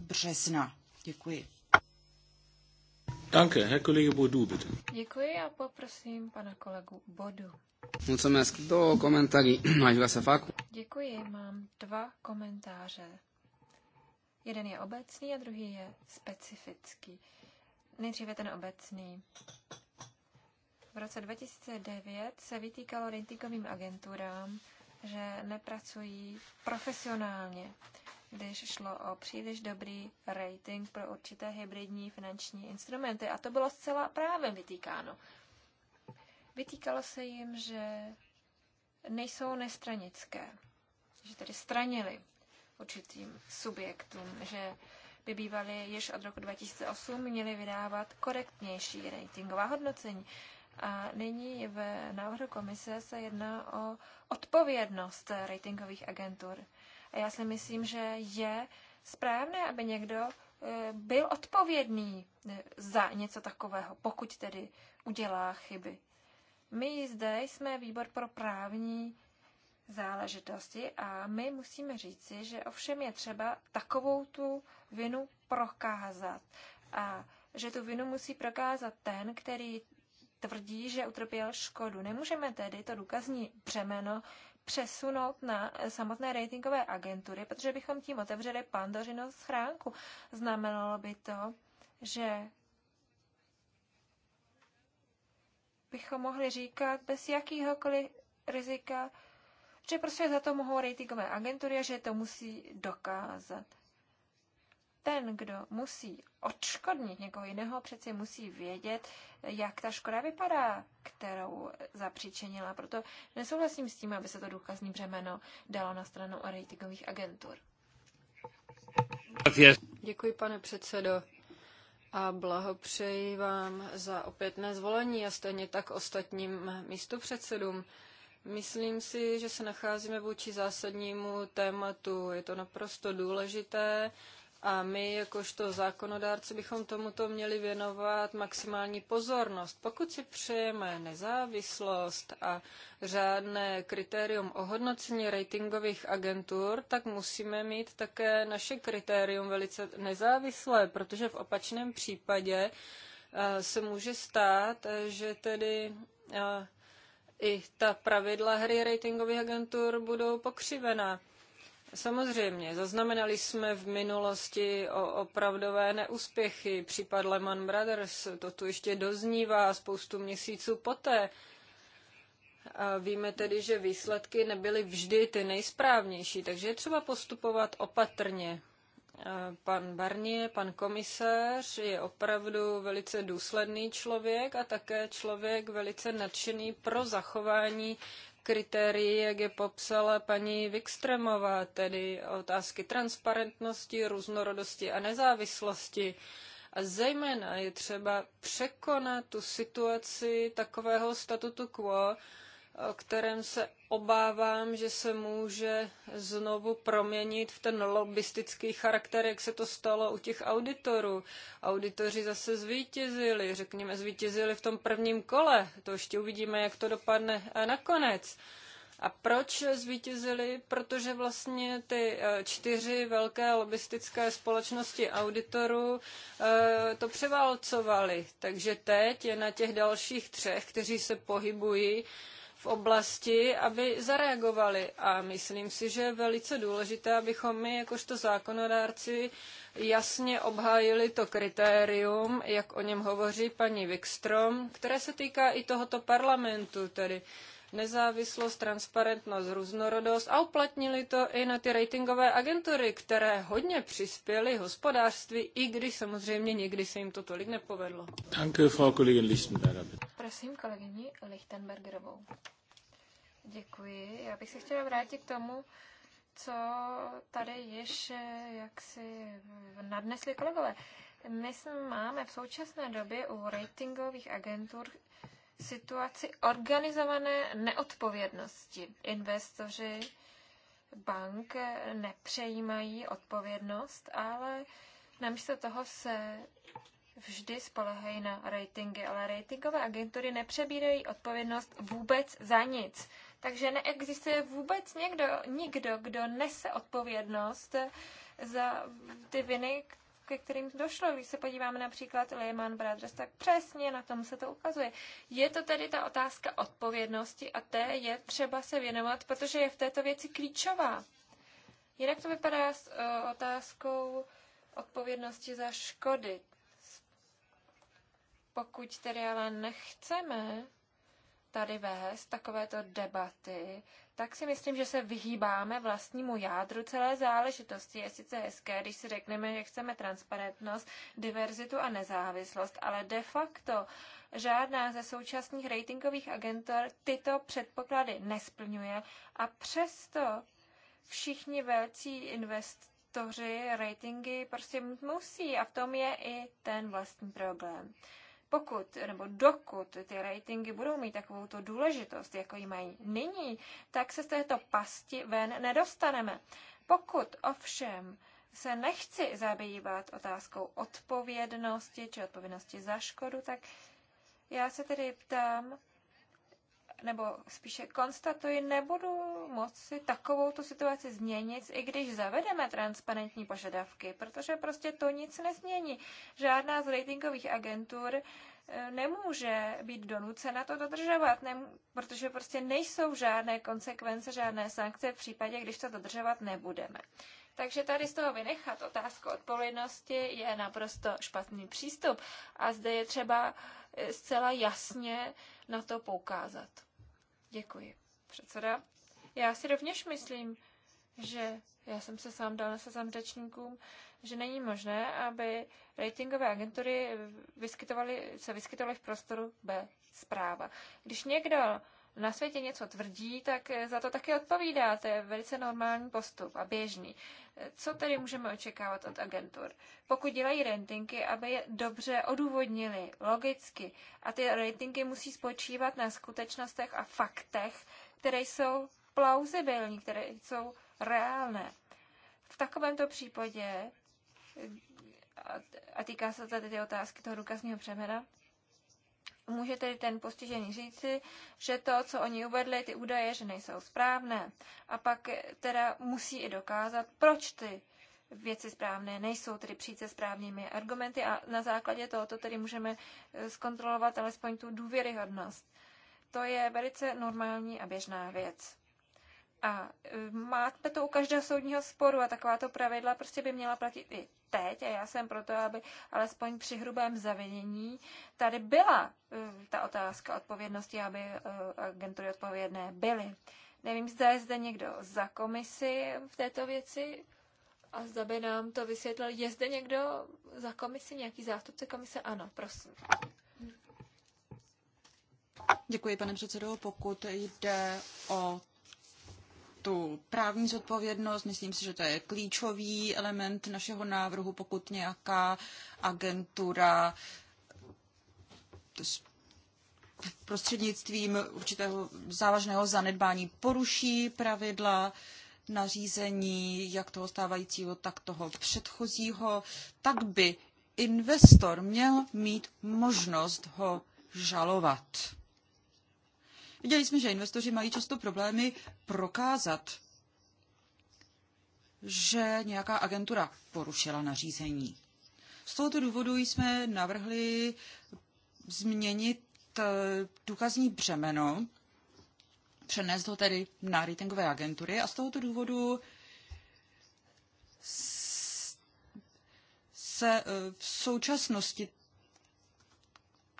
března. Děkuji. Danke, Herr Kollege Bodu, bitte. Děkuji a poprosím pana kolegu Bodu. Mulțumesc. Două comentarii aș vrea să fac. Děkuji, mám dva komentáře. Jeden je obecný a druhý je specifický. Nejdříve ten obecný. V roce 2009 se vytýkalo rentikovým agenturám, že nepracují profesionálně když šlo o příliš dobrý rating pro určité hybridní finanční instrumenty. A to bylo zcela právem vytýkáno. Vytýkalo se jim, že nejsou nestranické, že tedy stranili určitým subjektům, že by bývali již od roku 2008 měli vydávat korektnější ratingová hodnocení. A nyní v návrhu komise se jedná o odpovědnost ratingových agentur. A já si myslím, že je správné, aby někdo e, byl odpovědný e, za něco takového, pokud tedy udělá chyby. My zde jsme výbor pro právní záležitosti a my musíme říci, že ovšem je třeba takovou tu vinu prokázat. A že tu vinu musí prokázat ten, který tvrdí, že utrpěl škodu. Nemůžeme tedy to důkazní břemeno přesunout na samotné ratingové agentury, protože bychom tím otevřeli pandořinu schránku. Znamenalo by to, že bychom mohli říkat bez jakýhokoliv rizika, že prostě za to mohou ratingové agentury a že to musí dokázat ten, kdo musí odškodnit někoho jiného, přeci musí vědět, jak ta škoda vypadá, kterou zapříčinila. Proto nesouhlasím s tím, aby se to důkazní břemeno dalo na stranu ratingových agentur. Děkuji, pane předsedo. A blahopřeji vám za opětné zvolení a stejně tak ostatním místopředsedům. Myslím si, že se nacházíme vůči zásadnímu tématu. Je to naprosto důležité a my, jakožto zákonodárci, bychom tomuto měli věnovat maximální pozornost. Pokud si přejeme nezávislost a řádné kritérium ohodnocení ratingových agentur, tak musíme mít také naše kritérium velice nezávislé, protože v opačném případě eh, se může stát, že tedy eh, i ta pravidla hry ratingových agentur budou pokřivená. Samozřejmě, zaznamenali jsme v minulosti o opravdové neúspěchy. Případ Lehman Brothers, to tu ještě doznívá spoustu měsíců poté. A víme tedy, že výsledky nebyly vždy ty nejsprávnější, takže je třeba postupovat opatrně. Pan Barnier, pan komisař je opravdu velice důsledný člověk a také člověk velice nadšený pro zachování kritérií, jak je popsala paní Wikstremová, tedy otázky transparentnosti, různorodosti a nezávislosti. A zejména je třeba překonat tu situaci takového statutu quo, o kterém se obávám, že se může znovu proměnit v ten lobbystický charakter, jak se to stalo u těch auditorů. Auditoři zase zvítězili, řekněme, zvítězili v tom prvním kole. To ještě uvidíme, jak to dopadne a eh, nakonec. A proč zvítězili? Protože vlastně ty eh, čtyři velké lobistické společnosti auditorů eh, to převálcovaly. Takže teď je na těch dalších třech, kteří se pohybují v oblasti, aby zareagovali. A myslím si, že je velice důležité, abychom my, jakožto zákonodárci, jasně obhájili to kritérium, jak o něm hovoří paní Wikstrom, které se týká i tohoto parlamentu, tedy nezávislost, transparentnost, různorodost a uplatnili to i na ty ratingové agentury, které hodně přispěly hospodářství, i když samozřejmě někdy se jim to tolik nepovedlo. Danke, Frau Kollegin Lichtenberger. Prosím kolegyni Lichtenbergerovou. Děkuji. Já bych se chtěla vrátit k tomu, co tady již eh, jak nadnesli kolegové. My jsme máme v současné době u ratingových agentur situaci organizované neodpovědnosti. Investoři bank nepřejímají odpovědnost, ale namísto toho se vždy spolehají na ratingy, ale ratingové agentury nepřebírají odpovědnost vůbec za nic. Takže neexistuje vůbec někdo, nikdo, kdo nese odpovědnost za ty viny, ke kterým došlo. Když se podíváme například Lehman Brothers, tak přesně na tom se to ukazuje. Je to tedy ta otázka odpovědnosti a té je třeba se věnovat, protože je v této věci klíčová. Jinak to vypadá s e, otázkou odpovědnosti za škody. Pokud tedy ale nechceme tady vést takovéto debaty, tak si myslím, že se vyhýbáme vlastnímu jádru celé záležitosti. Je sice hezké, když si řekneme, že chceme transparentnost, diverzitu a nezávislost, ale de facto žádná ze současných ratingových agentur tyto předpoklady nesplňuje a přesto všichni velcí investoři ratingy prostě musí a v tom je i ten vlastní problém pokud nebo dokud ty ratingy budou mít takovou tu důležitost, jako ji mají nyní, tak se z této pasti ven nedostaneme. Pokud ovšem se nechci zabývat otázkou odpovědnosti či odpovědnosti za škodu, tak já se tedy ptám, nebo spíše konstatuji, nebudu moci takovou tu situaci změnit, i když zavedeme transparentní požadavky, protože prostě to nic nezmění. Žádná z ratingových agentur eh, nemůže být donucena to dodržovat, protože prostě nejsou žádné konsekvence, žádné sankce v případě, když to dodržovat nebudeme. Takže tady z toho vynechat otázku odpovědnosti je naprosto špatný přístup a zde je třeba eh, zcela jasně na to poukázat. Děkuji, předseda. Já si rovněž myslím, že já jsem se sám dal na seznam řečníkům, že není možné, aby ratingové agentury vyskytovaly, se vyskytovaly v prostoru B zpráva. Když někdo na světě něco tvrdí, tak za to také odpovídá. To je velice normální postup a běžný. Co tedy můžeme očekávat od agentur? Pokud dělají ratingy, aby je dobře odůvodnili, logicky. A ty ratingy musí spočívat na skutečnostech a faktech, které jsou plauzibilní, které jsou reálné. V takovémto případě, a týká se tady ty otázky toho důkazního břemena, může tedy ten postižený říci, že to, co oni uvedli, ty údaje, že nejsou správné. A pak teda musí i dokázat, proč ty věci správné nejsou, tedy přijít se správnými argumenty a na základě tohoto tedy můžeme eh, zkontrolovat alespoň tu důvěryhodnost. To je velice normální a běžná věc. A e, máte to u každého soudního sporu a takováto pravidla prostě by měla platit i teď. A já jsem proto, aby alespoň při hrubém zavinění tady byla e, ta otázka odpovědnosti, aby e, agentury odpovědné byly. Nevím, zda je zde někdo za komisi v této věci a zda by nám to vysvětlil. Je zde někdo za komisi, nějaký zástupce komise? Ano, prosím. Děkuji, pane předsedo. Pokud jde o tu právní zodpovědnost. Myslím si, že to je klíčový element našeho návrhu, pokud nějaká agentura prostřednictvím určitého závažného zanedbání poruší pravidla nařízení, jak toho stávajícího, tak toho předchozího, tak by investor měl mít možnost ho žalovat. Viděli jsme, že investoři mají často problémy prokázat, že nějaká agentura porušila nařízení. Z tohoto důvodu jsme navrhli změnit eh, důkazní břemeno, přenést ho tedy na ratingové agentury a z tohoto důvodu se eh, v současnosti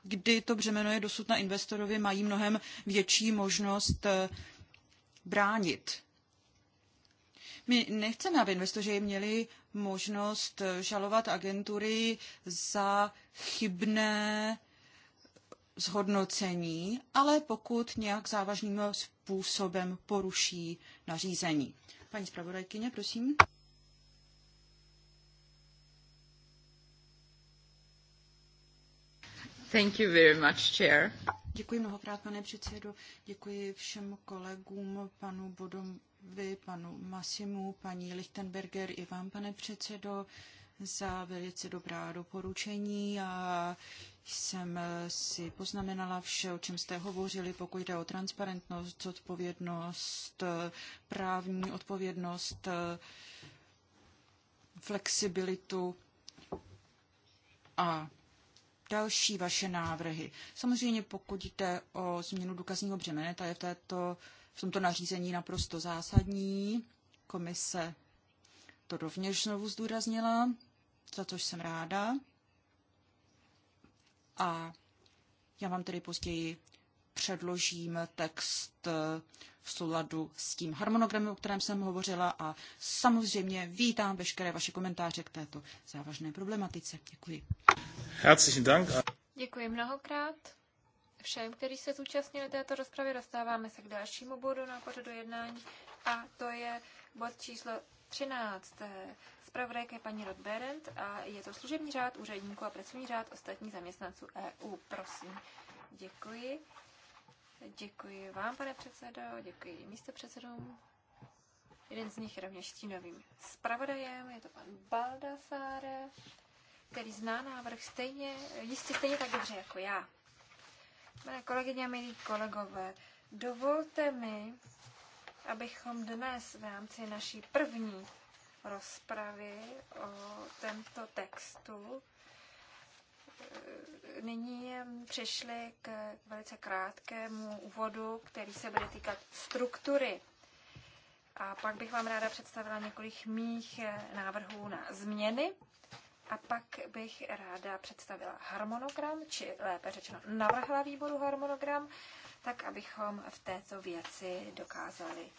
kdy to břemeno je dosud na investorovi, mají mnohem větší možnost eh, bránit. My nechceme, aby investoři měli možnost eh, žalovat agentury za chybné zhodnocení, ale pokud nějak závažným způsobem poruší nařízení. Paní zpravodajkyně, prosím. Thank you very much, Chair. Děkuji mnohokrát, pane předsedo. Děkuji všem kolegům, panu Bodovi, panu Masimu, paní Lichtenberger i vám, pane předsedo, za velice dobrá doporučení a jsem si poznamenala vše, o čem jste hovořili, pokud jde o transparentnost, odpovědnost, právní odpovědnost, flexibilitu a další vaše návrhy. Samozřejmě pokud jde o změnu důkazního břemene, ta je v, této, v tomto nařízení naprosto zásadní. Komise to rovněž znovu zdůraznila, za což jsem ráda. A já vám tedy později předložím text v souladu s tím harmonogramem, o kterém jsem hovořila a samozřejmě vítám veškeré vaše komentáře k této závažné problematice. Děkuji. Herzlichen Dank. Děkuji mnohokrát. Všem, kteří se zúčastnili této rozpravy, dostáváme se k dalšímu bodu na pořadu jednání a to je bod číslo 13. Zpravodajka je paní Berend a je to služební řád úředníků a pracovní řád ostatních zaměstnanců EU. Prosím. Děkuji. Děkuji vám, pane předsedo, děkuji místo předsedům. Jeden z nich je rovněž stínovým zpravodajem, je to pan Baldasáre který zná návrh stejně, jistě stejně tak dobře jako já. Milé kolegyně a milí kolegové, dovolte mi, abychom dnes v rámci naší první rozpravy o tomto textu eh, nyní přišli k velice krátkému úvodu, který se bude týkat struktury. A pak bych vám ráda představila několik mých eh, návrhů na změny a pak bych ráda představila harmonogram, či lépe řečeno navrhla výboru harmonogram, tak abychom v této věci dokázali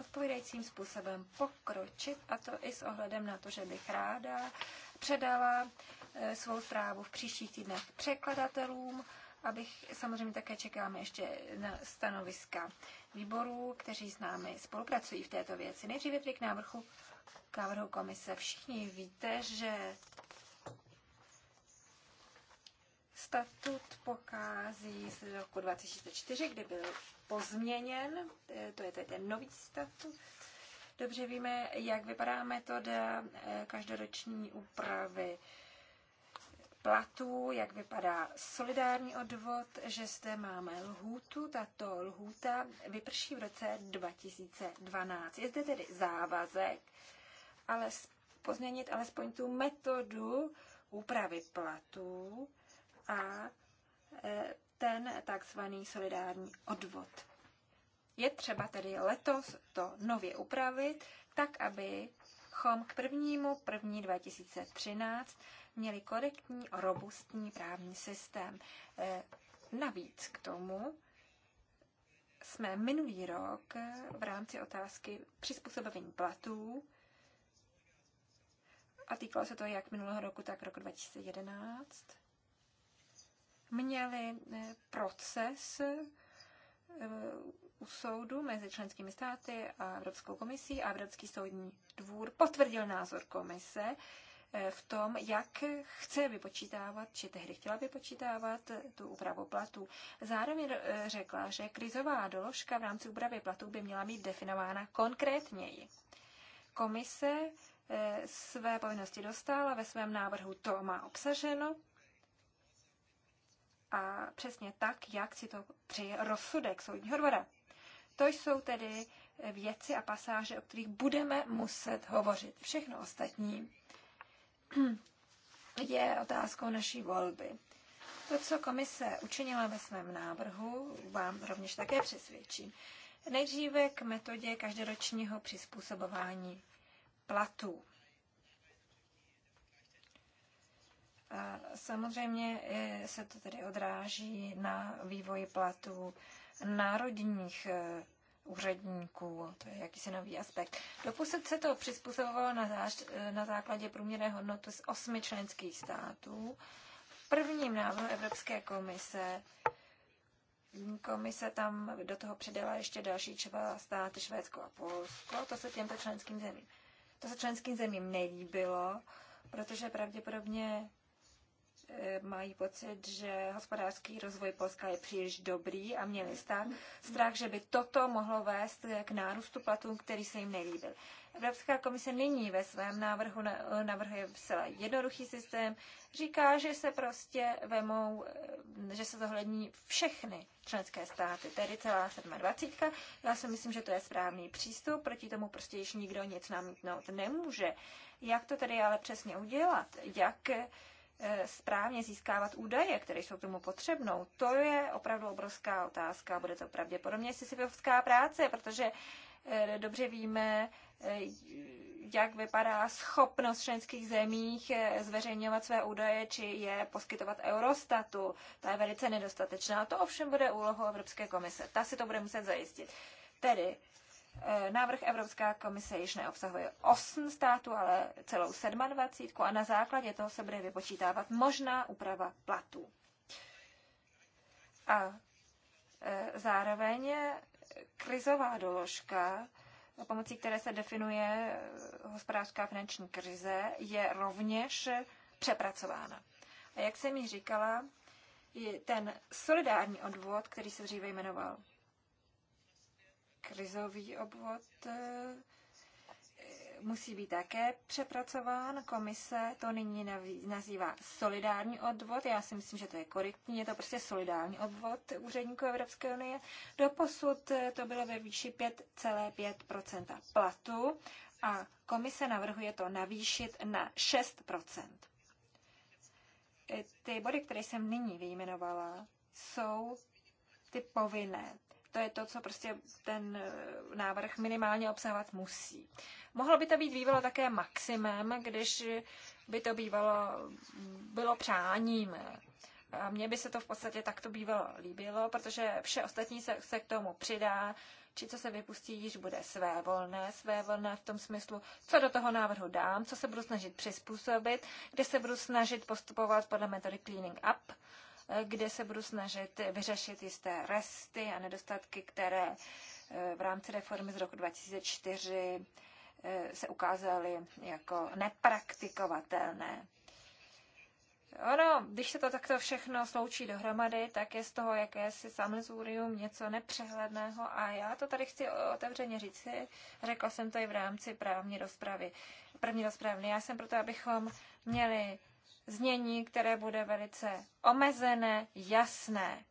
odpovídajícím způsobem pokročit, a to i s ohledem na to, že bych ráda předala e, svou zprávu v příštích týdnech překladatelům, abych samozřejmě také čekáme ještě na stanoviska výborů, kteří s námi spolupracují v této věci. Nejdříve tedy k návrhu k návrhu komise. Všichni víte, že Statut pochází z roku 2004, kdy byl pozměněn, eh, to je ten nový statut. Dobře víme, jak vypadá metoda eh, každoroční úpravy platů, jak vypadá solidární odvod, že zde máme lhůtu. Tato lhůta vyprší v roce 2012. Je zde tedy závazek, ale pozměnit alespoň tu metodu úpravy platů a e, ten takzvaný solidární odvod. Je třeba tedy letos to nově upravit, tak aby chom k prvnímu první 2013 měli korektní a robustní právní systém. E, navíc k tomu jsme minulý rok v rámci otázky přizpůsobení platů a týkalo se to jak minulého roku, tak roku 2011 měli eh, proces eh, u soudu mezi členskými státy a Evropskou komisí a Evropský soudní dvůr potvrdil názor komise eh, v tom, jak chce vypočítávat, či tehdy chtěla vypočítávat tu úpravu platů. Zároveň řekla, že krizová doložka v rámci úpravy platů by měla být definována konkrétněji. Komise své povinnosti dostala, ve svém návrhu to má obsaženo a přesně tak, jak si to přeje rozsudek soudního dvora. To jsou tedy věci a pasáže, o kterých budeme muset hovořit. Všechno ostatní je otázkou naší volby. To, co komise učinila ve svém návrhu, vám rovněž také přesvědčím. Nejdříve k metodě každoročního přizpůsobování platů. A samozřejmě e, se to tedy odráží na vývoji platů národních e, úředníků. To je jakýsi nový aspekt. Doposud se to přizpůsobovalo na, záž, e, na základě průměrné hodnoty z osmi členských států. V prvním návrhu Evropské komise komise tam do toho přidala ještě další třeba státy Švédsko a Polsko. To se těmto členským zemím. To se členským zemím nelíbilo, protože pravděpodobně mají pocit, že hospodářský rozvoj Polska je příliš dobrý a měli stát strach, že by toto mohlo vést k nárůstu platů, který se jim nelíbil. Evropská komise nyní ve svém návrhu navrhuje zcela jednoduchý systém. Říká, že se prostě vemou, že se zohlední všechny členské státy, tedy celá 27. Já si myslím, že to je správný přístup, proti tomu prostě již nikdo nic namítnout nemůže. Jak to tedy ale přesně udělat? Jak Eh, správně získávat údaje, které jsou k tomu potřebnou, to je opravdu obrovská otázka. Bude to pravděpodobně sisyfovská práce, protože eh, dobře víme, eh, jak vypadá schopnost členských zemích zveřejňovat své údaje, či je poskytovat Eurostatu. Ta je velice nedostatečná. To ovšem bude úlohou Evropské komise. Ta si to bude muset zajistit. Tedy Eh, návrh Evropská komise již neobsahuje 8 států, ale celou 27 a na základě toho se bude vypočítávat možná úprava platů. A eh, zároveň krizová doložka, pomocí které se definuje eh, hospodářská finanční krize, je rovněž přepracována. A jak jsem mi říkala, ten solidární odvod, který se dříve jmenoval krizový obvod e, musí být také přepracován. Komise to nyní nazývá solidární odvod. Já si myslím, že to je korektní. Je to prostě solidární obvod úředníků Evropské unie. Doposud e, to bylo ve výši 5,5 platu a komise navrhuje to navýšit na 6 e, Ty body, které jsem nyní vyjmenovala, jsou ty povinné to je to, co prostě ten eh, návrh minimálně obsahovat musí. Mohlo by to být bývalo také maximem, když by to bývalo bylo přáním. A mně by se to v podstatě takto bývalo líbilo, protože vše ostatní se, se k tomu přidá, či co se vypustí, již bude své volné, své volné v tom smyslu, co do toho návrhu dám, co se budu snažit přizpůsobit, kde se budu snažit postupovat podle metody cleaning up kde se budu snažit vyřešit jisté resty a nedostatky, které eh, v rámci reformy z roku 2004 eh, se ukázaly jako nepraktikovatelné. Ono, když se to takto všechno sloučí dohromady, tak je z toho jakési samizurium něco nepřehledného a já to tady chci otevřeně říci, řekla jsem to i v rámci právní rozpravy, první rozpravy. Já jsem proto, abychom měli znění, které bude velice omezené, jasné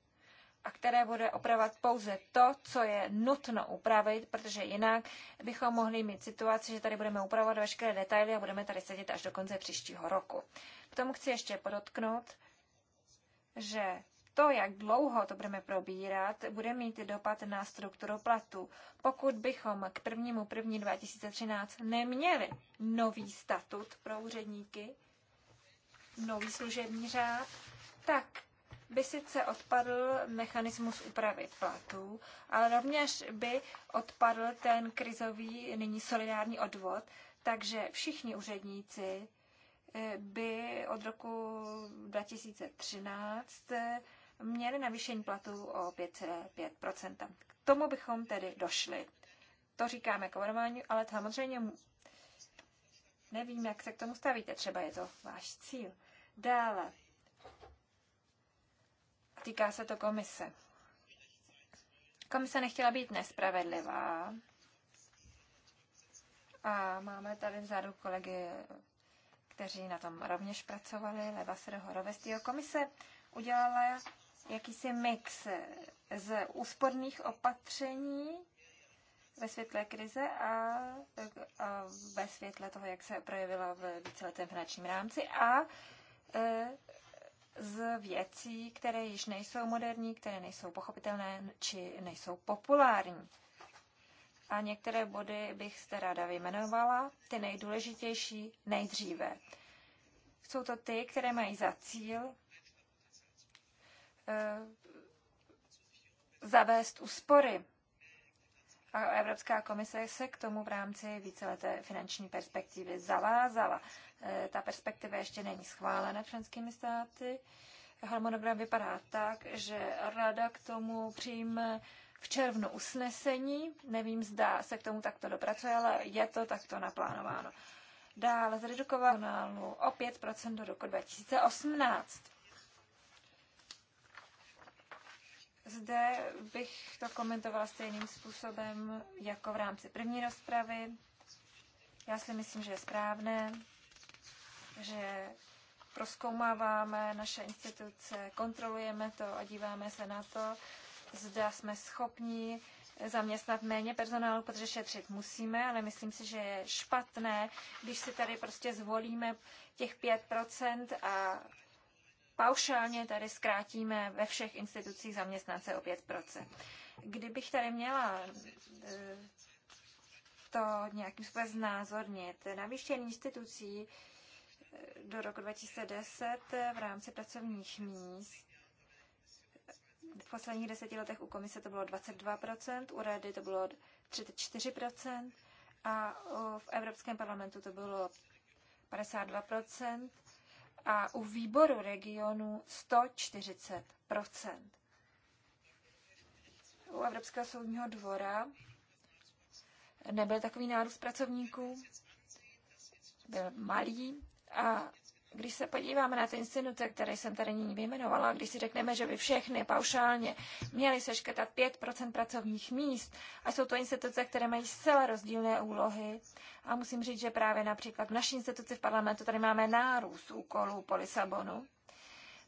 a které bude opravovat pouze to, co je nutno upravit, protože jinak bychom mohli mít situaci, že tady budeme upravovat veškeré detaily a budeme tady sedět až do konce příštího roku. K tomu chci ještě podotknout, že to, jak dlouho to budeme probírat, bude mít dopad na strukturu platu. Pokud bychom k 1. 1. 2013 neměli nový statut pro úředníky, nový služební řád, tak by sice odpadl mechanismus úpravy platů, ale rovněž by odpadl ten krizový, nyní solidární odvod, takže všichni úředníci eh, by od roku 2013 eh, měli navýšení platů o 5,5 K tomu bychom tedy došli. To říkám jako normální, ale samozřejmě nevím, jak se k tomu stavíte. Třeba je to váš cíl. Dále. Týká se to komise. Komise nechtěla být nespravedlivá. A máme tady vzadu kolegy, kteří na tom rovněž pracovali, Leva Srho Rovestýho. Komise udělala jakýsi mix z úsporných opatření ve světle krize a, a ve světle toho, jak se projevila v víceletém finančním rámci a E, z věcí, které již nejsou moderní, které nejsou pochopitelné či nejsou populární. A některé body bych zde ráda vyjmenovala, ty nejdůležitější nejdříve. Jsou to ty, které mají za cíl e, zavést úspory a Evropská komise se k tomu v rámci víceleté finanční perspektivy zavázala. E, ta perspektiva ještě není schválena členskými státy. Harmonogram vypadá tak, že Rada k tomu přijme v červnu usnesení. Nevím, zda se k tomu takto dopracuje, ale je to takto naplánováno. Dále zredukovanou o 5% do roku 2018. Zde bych to komentovala stejným způsobem jako v rámci první rozpravy. Já si myslím, že je správné, že proskoumáváme naše instituce, kontrolujeme to a díváme se na to, zda jsme schopni zaměstnat méně personálu, protože šetřit musíme, ale myslím si, že je špatné, když si tady prostě zvolíme těch 5% a paušálně tady zkrátíme ve všech institucích zaměstnance o 5%. Kdybych tady měla eh, to nějakým způsobem znázornit, navýštění institucí eh, do roku 2010 eh, v rámci pracovních míst v posledních deseti letech u komise to bylo 22%, u rady to bylo 34% a v Evropském parlamentu to bylo 52% a u výboru regionu 140 U Evropského soudního dvora nebyl takový nárůst pracovníků, byl malý a když se podíváme na ty instituce, které jsem tady nyní vyjmenovala, když si řekneme, že by všechny paušálně měly seškrtat 5% pracovních míst, a jsou to instituce, které mají zcela rozdílné úlohy, a musím říct, že právě například v naší instituci v parlamentu tady máme nárůst úkolů po Lisabonu,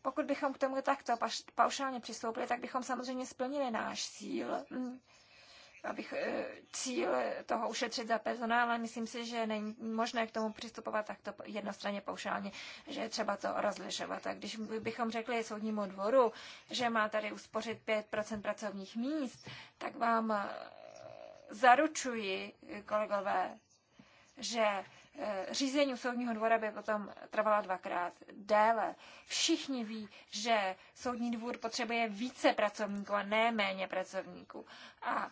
pokud bychom k tomu takto paušálně přistoupili, tak bychom samozřejmě splnili náš cíl, abych eh, cíl eh, toho ušetřit za personál, ale myslím si, že není možné k tomu přistupovat takto jednostranně paušálně, že je třeba to rozlišovat. A když bychom řekli soudnímu dvoru, že má tady uspořit 5% pracovních míst, tak vám eh, zaručuji, kolegové, že Eh, řízení u soudního dvora by potom trvala dvakrát déle. Všichni ví, že soudní dvůr potřebuje více pracovníků a ne méně pracovníků. A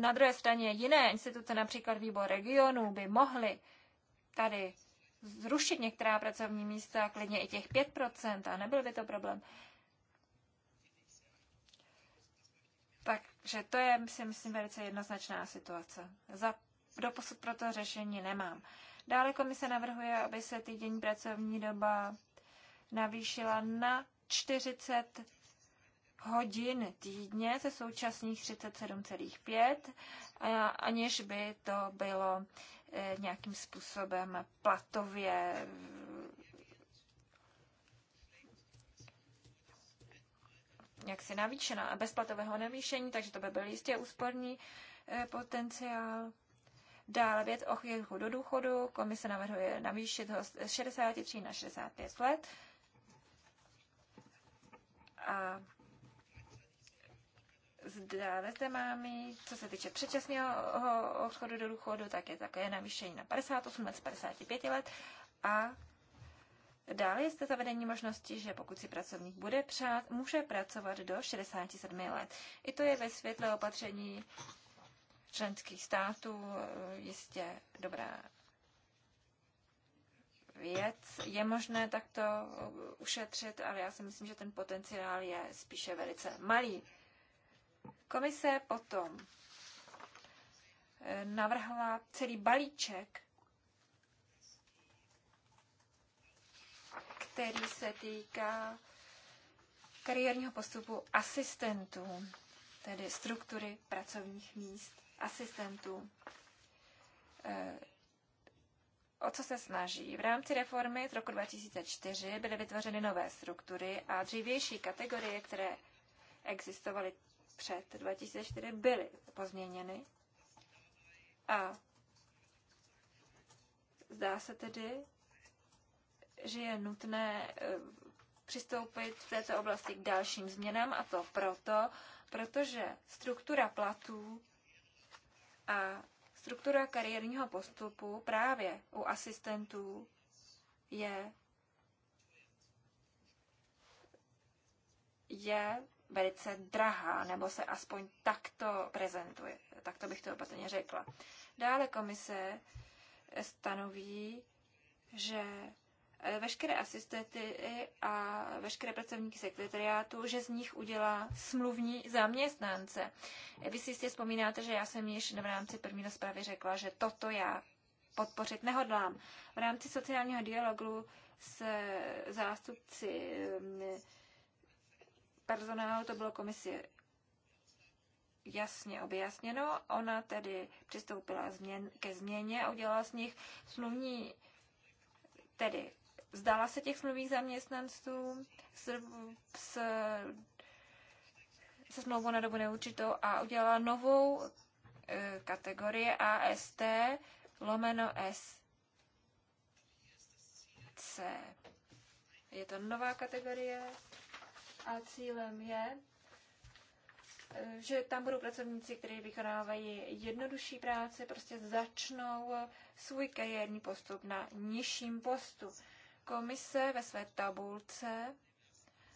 na druhé straně jiné instituce, například výbor regionů, by mohly tady zrušit některá pracovní místa, klidně i těch 5%, a nebyl by to problém. Takže to je, myslím, velice jednoznačná situace. Za doposud pro to řešení nemám. Dále komise navrhuje, aby se týdenní pracovní doba navýšila na 40 hodin týdně ze současných 37,5, aniž by to bylo eh, nějakým způsobem platově jak si navýšena, bez platového navýšení, takže to by byl jistě úsporný eh, potenciál. Dále věc o chvíli do důchodu. Komise navrhuje navýšit ho z 63 na 65 let. A Dále zde máme, co se týče předčasného odchodu do důchodu, tak je také navýšení na 58 let z 55 let. A dále je zde zavedení možnosti, že pokud si pracovník bude přát, může pracovat do 67 let. I to je ve světle opatření členských států eh, jistě dobrá věc. Je možné takto eh, ušetřit, ale já si myslím, že ten potenciál je spíše velice malý. Komise potom eh, navrhla celý balíček, který se týká kariérního postupu asistentů, tedy struktury pracovních míst asistentů. Eh, o co se snaží? V rámci reformy z roku 2004 byly vytvořeny nové struktury a dřívější kategorie, které existovaly před 2004, byly pozměněny. A zdá se tedy, že je nutné eh, přistoupit v této oblasti k dalším změnám a to proto, protože struktura platů a struktura kariérního postupu právě u asistentů je, je velice drahá, nebo se aspoň takto prezentuje. Takto bych to opatrně řekla. Dále komise stanoví, že Eh, veškeré asistenty a veškeré pracovníky sekretariátu, že z nich udělá smluvní zaměstnance. Eh, vy si jistě vzpomínáte, že já jsem již v rámci první rozpravy řekla, že toto já podpořit nehodlám. V rámci sociálního dialogu s zástupci mm, personálu to bylo komisie jasně objasněno. Ona tedy přistoupila změn, ke změně a udělala z nich smluvní tedy vzdala se těch smluvních zaměstnanců s, s, se smlouvou na dobu neurčitou a udělala novou e, kategorii AST lomeno SC. Je to nová kategorie a cílem je, e, že tam budou pracovníci, kteří vykonávají jednodušší práce, prostě začnou svůj kariérní postup na nižším postu. Komise ve své tabulce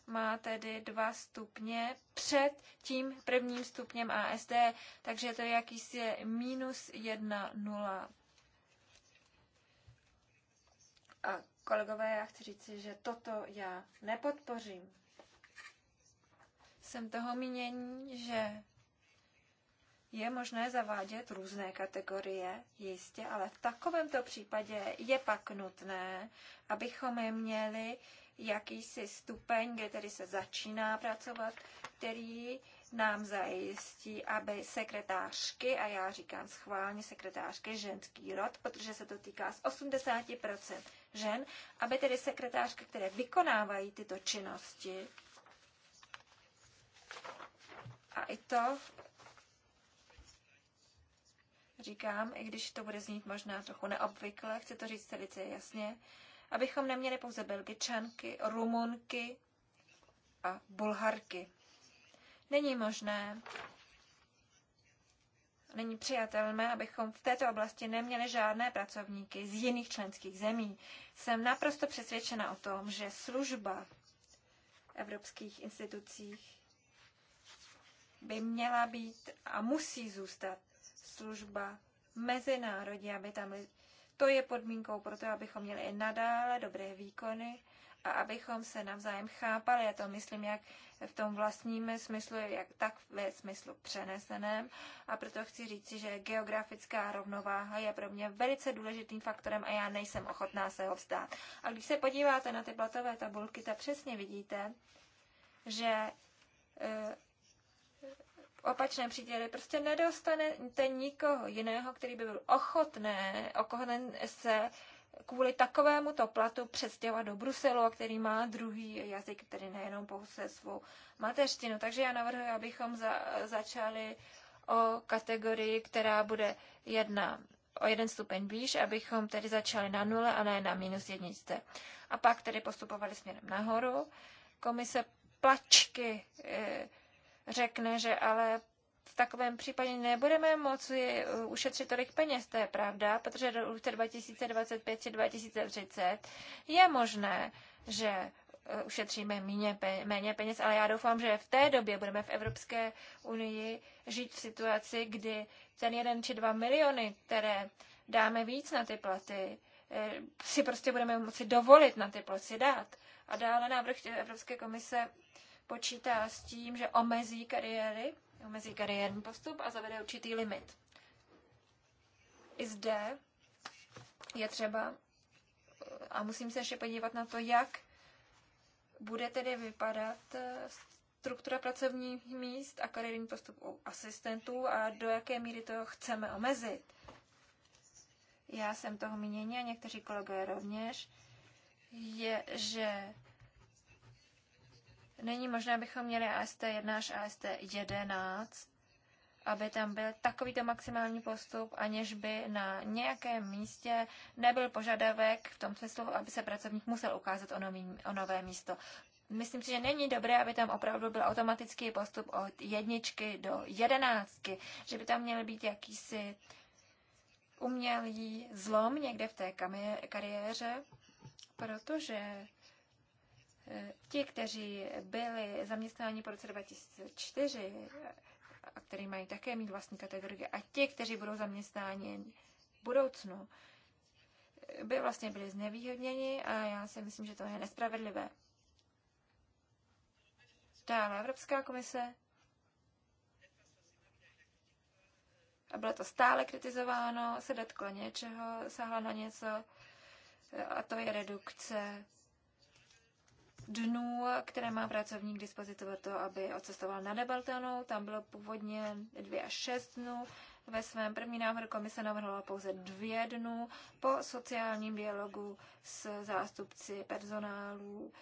má tedy dva stupně před tím prvním stupněm ASD, takže to je to jakýsi minus nula. A kolegové, já chci říct, že toto já nepodpořím. Jsem toho mínění, že je možné zavádět různé kategorie, jistě, ale v takovémto případě je pak nutné, abychom měli jakýsi stupeň, kde tedy se začíná pracovat, který nám zajistí, aby sekretářky, a já říkám schválně sekretářky ženský rod, protože se to týká z 80% žen, aby tedy sekretářky, které vykonávají tyto činnosti, a i to říkám, i když to bude znít možná trochu neobvykle, chci to říct velice jasně, abychom neměli pouze Belgičanky, Rumunky a Bulharky. Není možné, není přijatelné, abychom v této oblasti neměli žádné pracovníky z jiných členských zemí. Jsem naprosto přesvědčena o tom, že služba v evropských institucích by měla být a musí zůstat služba mezinárodní, aby tam to je podmínkou pro to, abychom měli i nadále dobré výkony a abychom se navzájem chápali, já to myslím jak v tom vlastním smyslu, jak tak ve smyslu přeneseném. A proto chci říci, že geografická rovnováha je pro mě velice důležitým faktorem a já nejsem ochotná se ho vzdát. A když se podíváte na ty platové tabulky, tak přesně vidíte, že eh, v opačném případě prostě nedostanete nikoho jiného, který by byl ochotné, ochoten se kvůli takovému to platu přestěhovat do Bruselu, který má druhý jazyk, který nejenom pouze svou mateřštinu. Takže já navrhuji, abychom za, začali o kategorii, která bude jedna o jeden stupeň výš, abychom tedy začali na nule a ne na minus jedničce. A pak tedy postupovali směrem nahoru. Komise plačky e, řekne, že ale v takovém případě nebudeme moci eh, ušetřit tolik peněz, to je pravda, protože do roku 2025 či 2030 je možné, že eh, ušetříme méně, méně peněz, ale já doufám, že v té době budeme v Evropské unii žít v situaci, kdy ten jeden či dva miliony, které dáme víc na ty platy, eh, si prostě budeme moci dovolit na ty platy dát. A dále návrh Evropské komise počítá s tím, že omezí kariéry, omezí kariérní postup a zavede určitý limit. I zde je třeba, a musím se ještě podívat na to, jak bude tedy vypadat eh, struktura pracovních míst a kariérní postup u asistentů a do jaké míry to chceme omezit. Já jsem toho mínění a někteří kolegové rovněž, je, že Není možné, abychom měli AST1 až AST11, aby tam byl takovýto maximální postup, aniž by na nějakém místě nebyl požadavek v tom smyslu, aby se pracovník musel ukázat o, nový, o nové místo. Myslím si, že není dobré, aby tam opravdu byl automatický postup od jedničky do jedenáctky, že by tam měl být jakýsi umělý zlom někde v té kariéře, protože Ti, kteří byli zaměstnáni po roce 2004 a kteří mají také mít vlastní kategorie, a ti, kteří budou zaměstnáni v budoucnu, by vlastně byli znevýhodněni a já si myslím, že to je nespravedlivé. Dále Evropská komise a bylo to stále kritizováno, se dotklo něčeho, sahla na něco a to je redukce dnů, které má pracovník k dispozici to, aby odcestoval na Debaltanu. Tam bylo původně 2 až 6 dnů. Ve svém první návrhu komise navrhla pouze dvě dnů po sociálním dialogu s zástupci personálů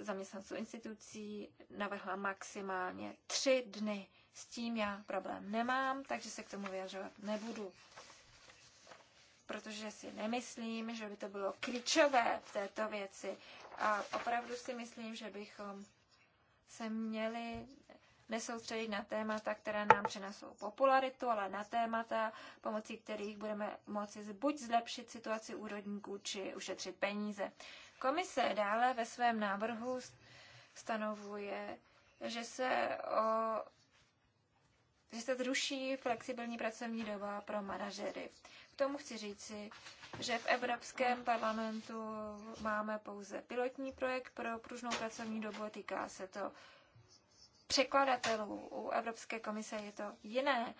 zaměstnanců institucí navrhla maximálně tři dny. S tím já problém nemám, takže se k tomu vyjadřovat nebudu. Protože si nemyslím, že by to bylo klíčové v této věci. A opravdu si myslím, že bychom se měli nesoustředit na témata, která nám přinesou popularitu, ale na témata, pomocí kterých budeme moci buď zlepšit situaci úrodníků, či ušetřit peníze. Komise dále ve svém návrhu stanovuje, že se o že se zruší flexibilní pracovní doba pro manažery. K tomu chci říci, že v Evropském parlamentu máme pouze pilotní projekt pro pružnou pracovní dobu, týká se to překladatelů. U Evropské komise je to jiné.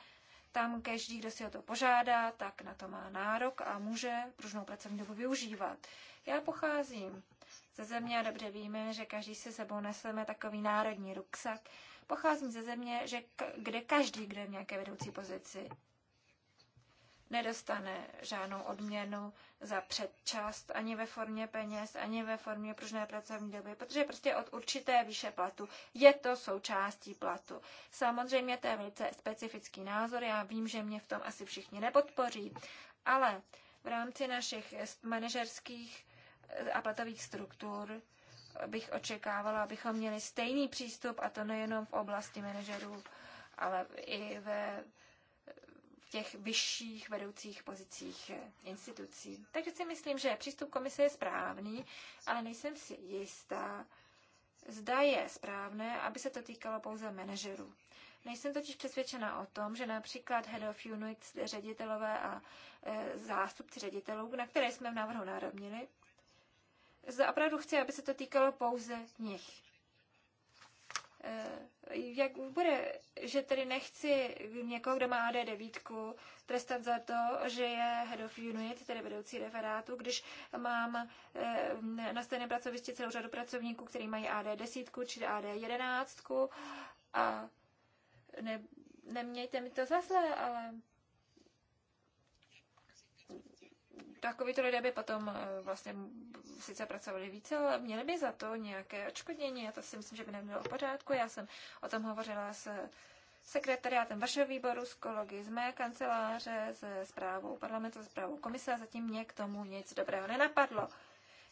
Tam každý, kdo si o to požádá, tak na to má nárok a může pružnou pracovní dobu využívat. Já pocházím ze země a dobře víme, že každý si sebou neseme takový národní ruksak, Pocházím ze země, že kde každý, kde je v nějaké vedoucí pozici, nedostane žádnou odměnu za předčast ani ve formě peněz, ani ve formě pružné pracovní doby, protože prostě od určité výše platu je to součástí platu. Samozřejmě to je velice specifický názor, já vím, že mě v tom asi všichni nepodpoří, ale v rámci našich manažerských a platových struktur bych očekávala, abychom měli stejný přístup, a to nejenom v oblasti manažerů, ale i ve těch vyšších vedoucích pozicích institucí. Takže si myslím, že přístup komise je správný, ale nejsem si jistá, zda je správné, aby se to týkalo pouze manažerů. Nejsem totiž přesvědčena o tom, že například head of units, ředitelové a e, zástupci ředitelů, na které jsme v návrhu narovnili, zda opravdu chce, aby se to týkalo pouze nich. Eh, jak bude, že tedy nechci někoho, kdo má AD9, trestat za to, že je head of unit, tedy vedoucí referátu, když mám eh, na stejném pracovišti celou řadu pracovníků, kteří mají AD10 či AD11 a ne, nemějte mi to za zlé, ale takovýto lidé by potom eh, vlastně sice pracovali více, ale měli by za to nějaké odškodnění Já to si myslím, že by nebylo v pořádku. Já jsem o tom hovořila s sekretariátem vašeho výboru, s kolegy z mé kanceláře, se zprávou parlamentu, se zprávou komise a zatím mě k tomu nic dobrého nenapadlo.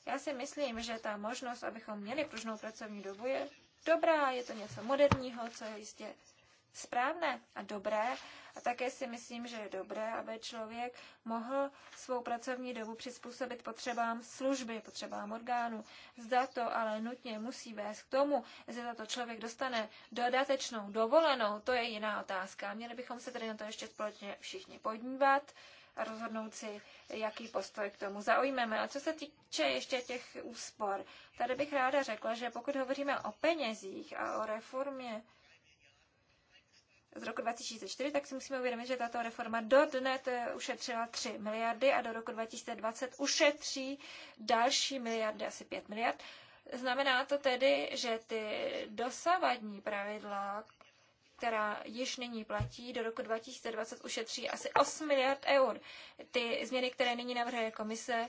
Já si myslím, že ta možnost, abychom měli pružnou pracovní dobu, je dobrá, je to něco moderního, co je jistě správné a dobré. A také si myslím, že je dobré, aby člověk mohl svou pracovní dobu přizpůsobit potřebám služby, potřebám orgánu. Zda to ale nutně musí vést k tomu, že za to člověk dostane dodatečnou dovolenou, to je jiná otázka. Měli bychom se tedy na to ještě společně všichni podívat a rozhodnout si, jaký postoj k tomu zaujmeme. A co se týče ještě těch úspor, tady bych ráda řekla, že pokud hovoříme o penězích a o reformě, z roku 2004, tak si musíme uvědomit, že tato reforma do dne ušetřila 3 miliardy a do roku 2020 ušetří další miliardy, asi 5 miliard. Znamená to tedy, že ty dosavadní pravidla, která již nyní platí, do roku 2020 ušetří asi 8 miliard eur. Ty změny, které nyní navrhuje komise,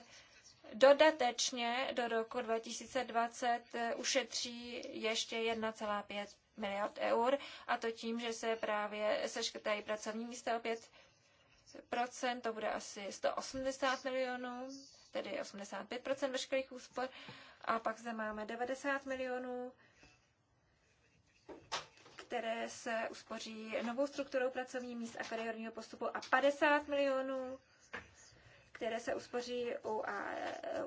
dodatečně do roku 2020 ušetří ještě 1,5 miliard eur a to tím, že se právě seškrtají pracovní místa o 5 to bude asi 180 milionů, tedy 85 veškerých úspor. A pak zde máme 90 milionů, které se uspoří novou strukturou pracovní míst a kariérního postupu a 50 milionů které se uspoří u, A,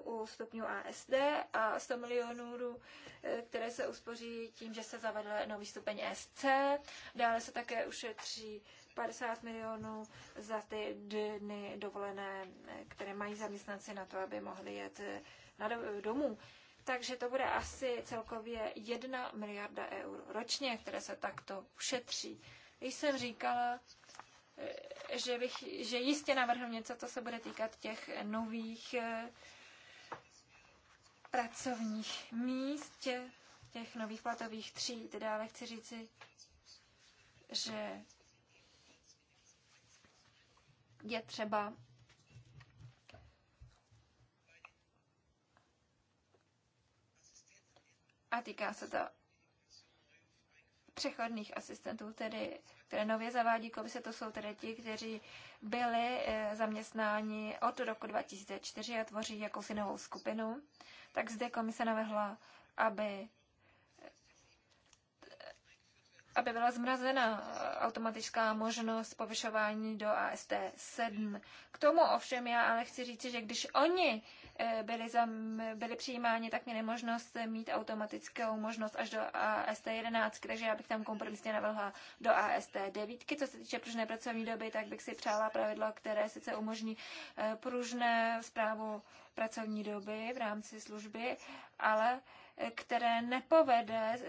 u stupňu ASD a 100 milionů, eh, které se uspoří tím, že se zavedl nový stupeň SC. Dále se také ušetří 50 milionů za ty dny dovolené, eh, které mají zaměstnanci na to, aby mohli jet eh, na domů. Takže to bude asi celkově 1 miliarda eur ročně, které se takto ušetří. Když jsem říkala, že, bych, že jistě navrhnu něco, co se bude týkat těch nových eh, pracovních míst, těch nových platových tříd. Dále chci říci, že je třeba a týká se to přechodných asistentů, tedy které nově zavádí komise, to jsou tedy ti, kteří byli eh, zaměstnáni od roku 2004 a tvoří jakousi novou skupinu. Tak zde komise navrhla, aby aby byla zmrazena eh, automatická možnost povyšování do AST 7. K tomu ovšem já ale chci říct, že když oni Eh, byly zam, byly přijímáni, tak měli možnost mít automatickou možnost až do AST 11, takže já bych tam kompromisně navrhla do AST 9. Co se týče pružné pracovní doby, tak bych si přála pravidlo, které sice umožní eh, pružné zprávu pracovní doby v rámci služby, ale eh, které nepovede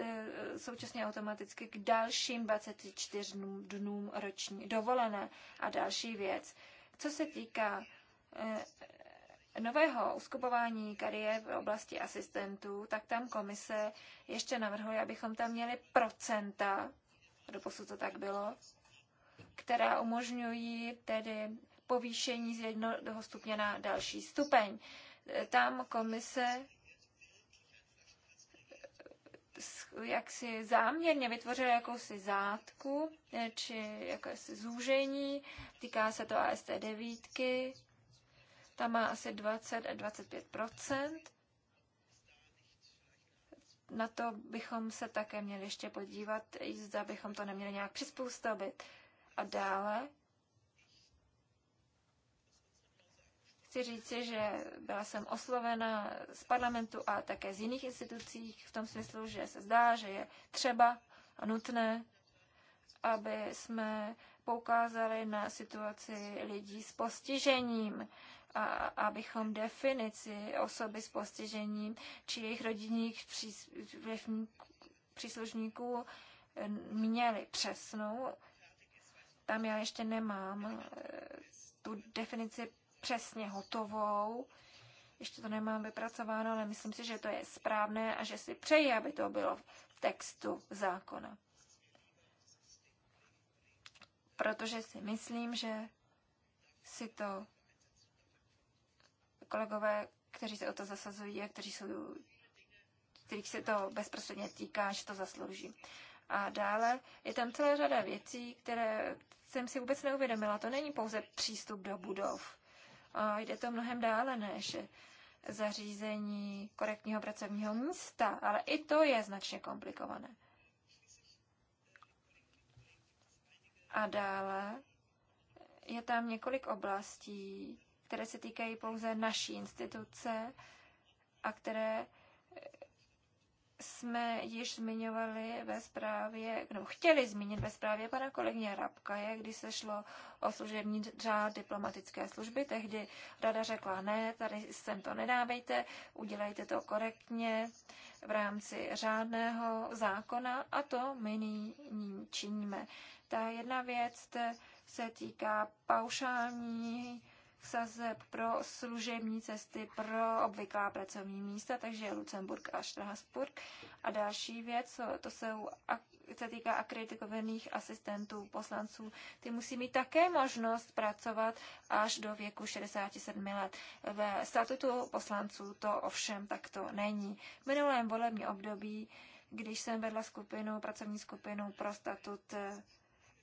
současně automaticky k dalším 24 dnům roční dovolené. A další věc, co se týká nového uskupování kariér v oblasti asistentů, tak tam komise ještě navrhuje, abychom tam měli procenta, doposud to tak bylo, která umožňují tedy povýšení z jednoho stupně na další stupeň. Tam komise jaksi záměrně vytvořila jakousi zátku, či jakési zúžení, týká se to AST 9, ta má asi 20 a 25 Na to bychom se také měli ještě podívat, zda bychom to neměli nějak přizpůsobit. A dále chci říci, že byla jsem oslovena z parlamentu a také z jiných institucí v tom smyslu, že se zdá, že je třeba a nutné, aby jsme poukázali na situaci lidí s postižením a abychom definici osoby s postižením či jejich rodinných příslušníků eh, měli přesnou. Tam já ještě nemám eh, tu definici přesně hotovou. Ještě to nemám vypracováno, ale myslím si, že to je správné a že si přeji, aby to bylo v textu zákona. Protože si myslím, že si to kolegové, kteří se o to zasazují a kteří jsou, kterých se to bezprostředně týká, že to zaslouží. A dále je tam celá řada věcí, které jsem si vůbec neuvědomila. To není pouze přístup do budov. A jde to mnohem dále než zařízení korektního pracovního místa, ale i to je značně komplikované. A dále je tam několik oblastí, které se týkají pouze naší instituce a které eh, jsme již zmiňovali ve zprávě, nebo chtěli zmínit ve zprávě pana kolegyně je, když se šlo o služební řád diplomatické služby. Tehdy rada řekla ne, tady sem to nedávejte, udělejte to korektně v rámci řádného zákona a to my nyní činíme. Ta jedna věc se týká paušální sazeb pro služební cesty pro obvyklá pracovní místa, takže Lucemburg a Strasburg. A další věc, to jsou, se týká akreditovaných asistentů poslanců. Ty musí mít také možnost pracovat až do věku 67 let. Ve statutu poslanců to ovšem takto není. V minulém volebním období, když jsem vedla skupinu, pracovní skupinu pro statut eh,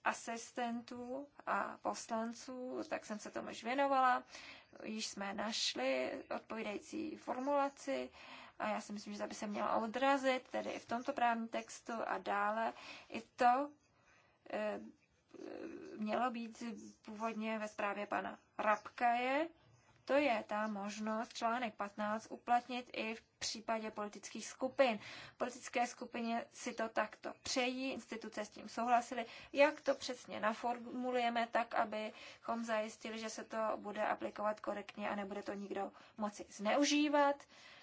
asistentů a poslanců, tak jsem se tomu už věnovala. Již jsme našli odpovídající formulaci a já si myslím, že by se měla odrazit, tedy i v tomto právním textu a dále. I to eh, mělo být původně ve zprávě pana Rabkaje, to je ta možnost článek 15 uplatnit i v případě politických skupin. Politické skupině si to takto přejí, instituce s tím souhlasily. Jak to přesně naformulujeme tak, abychom zajistili, že se to bude aplikovat korektně a nebude to nikdo moci zneužívat?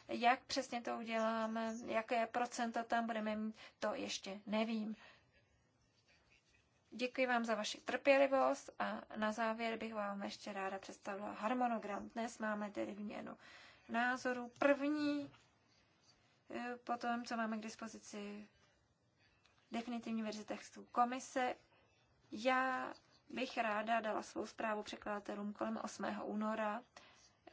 Jak přesně to uděláme, jaké procento tam budeme mít, to ještě nevím. Děkuji vám za vaši trpělivost a na závěr bych vám ještě ráda představila harmonogram. Dnes máme tedy výměnu názoru. První eh, po tom, co máme k dispozici definitivní verzi textu komise. Já bych ráda dala svou zprávu překladatelům kolem 8. února.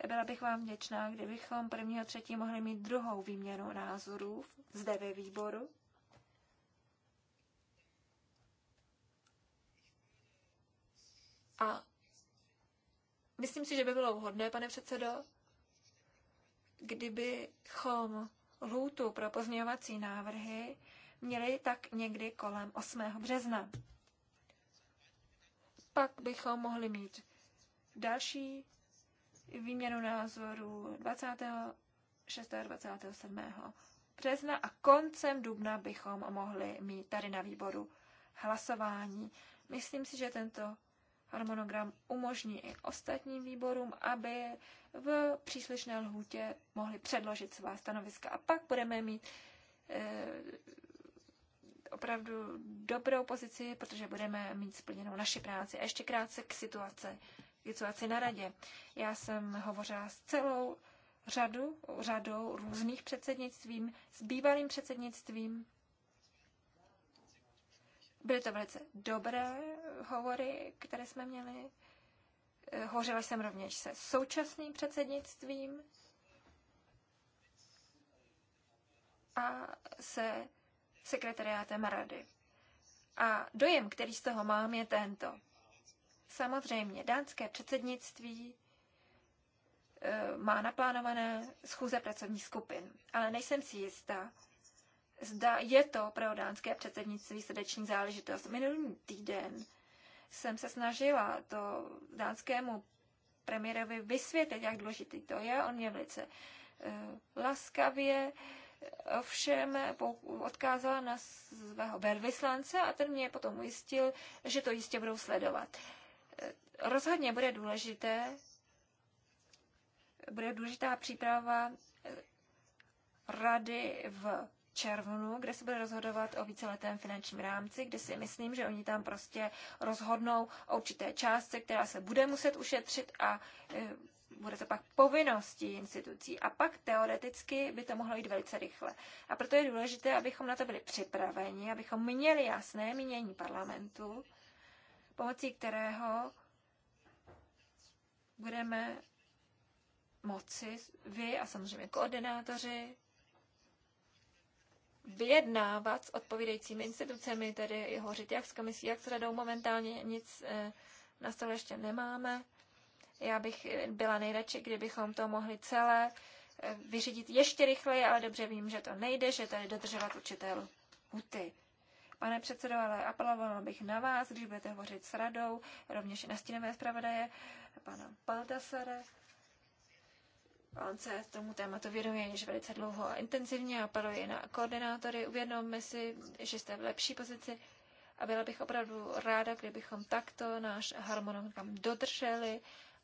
Byla bych vám vděčná, kdybychom 1. třetí mohli mít druhou výměnu názorů zde ve výboru. A myslím si, že by bylo vhodné, pane předsedo, kdybychom lhůtu pro pozměňovací návrhy měli tak někdy kolem 8. března. Pak bychom mohli mít další výměnu názorů 26. a 27. března a koncem dubna bychom mohli mít tady na výboru hlasování. Myslím si, že tento harmonogram umožní i ostatním výborům, aby v příslušné lhůtě mohli předložit svá stanoviska. A pak budeme mít e, opravdu dobrou pozici, protože budeme mít splněnou naši práci. A ještě krátce k situace, situaci na radě. Já jsem hovořila s celou řadu, řadou různých předsednictvím, s bývalým předsednictvím, Byly to velice dobré hovory, které jsme měli. Eh, hovořila jsem rovněž se současným předsednictvím a se sekretariátem rady. A dojem, který z toho mám, je tento. Samozřejmě, dánské předsednictví eh, má naplánované schůze pracovních skupin, ale nejsem si jistá, zda je to pro dánské předsednictví srdeční záležitost. Minulý týden jsem se snažila to dánskému premiérovi vysvětlit, jak důležitý to je. On mě velice uh, laskavě eh, ovšem odkázala na svého velvyslance a ten mě potom ujistil, že to jistě budou sledovat. Eh, rozhodně bude důležité, bude důležitá příprava rady v červnu, kde se bude rozhodovat o víceletém finančním rámci, kde si myslím, že oni tam prostě rozhodnou o určité částce, která se bude muset ušetřit a e, bude to pak povinností institucí a pak teoreticky by to mohlo jít velice rychle. A proto je důležité, abychom na to byli připraveni, abychom měli jasné mínění parlamentu, pomocí kterého budeme moci vy a samozřejmě koordinátoři vyjednávat s odpovídajícími institucemi, tedy hořit jak s komisí, jak s radou. Momentálně nic eh, na stole ještě nemáme. Já bych byla nejradši, kdybychom to mohli celé eh, vyřídit ještě rychleji, ale dobře vím, že to nejde, že tady dodržovat určité lhuty. Pane předsedo, ale apelovala bych na vás, když budete hovořit s radou, rovněž na stínové zpravodaje, pana Baldasare, On se tomu tématu věnuje již velice dlouho a intenzivně a apeluje na koordinátory. Uvědomme si, že jste v lepší pozici a byla bych opravdu ráda, kdybychom takto náš harmonogram dodrželi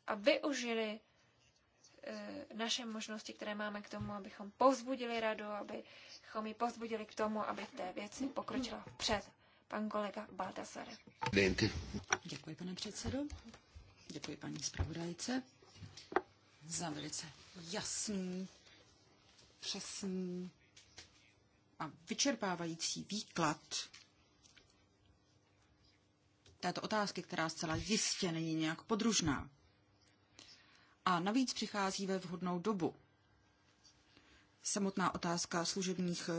a využili eh, naše možnosti, které máme k tomu, abychom povzbudili radu, abychom ji povzbudili k tomu, aby té věci pokročila vpřed. Pan kolega Baltasar. Děkuji, pane předsedo. Děkuji paní zpravodajce za velice jasný, přesný a vyčerpávající výklad této otázky, která zcela jistě není nějak podružná. A navíc přichází ve vhodnou dobu. Samotná otázka služebních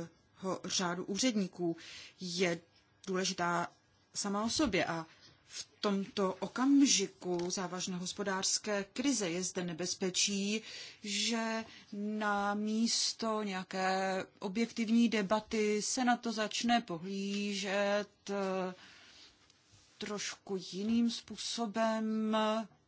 řádu úředníků je důležitá sama o sobě a v tomto okamžiku závažné hospodářské krize je zde nebezpečí, že na místo nějaké objektivní debaty se na to začne pohlížet eh, trošku jiným způsobem,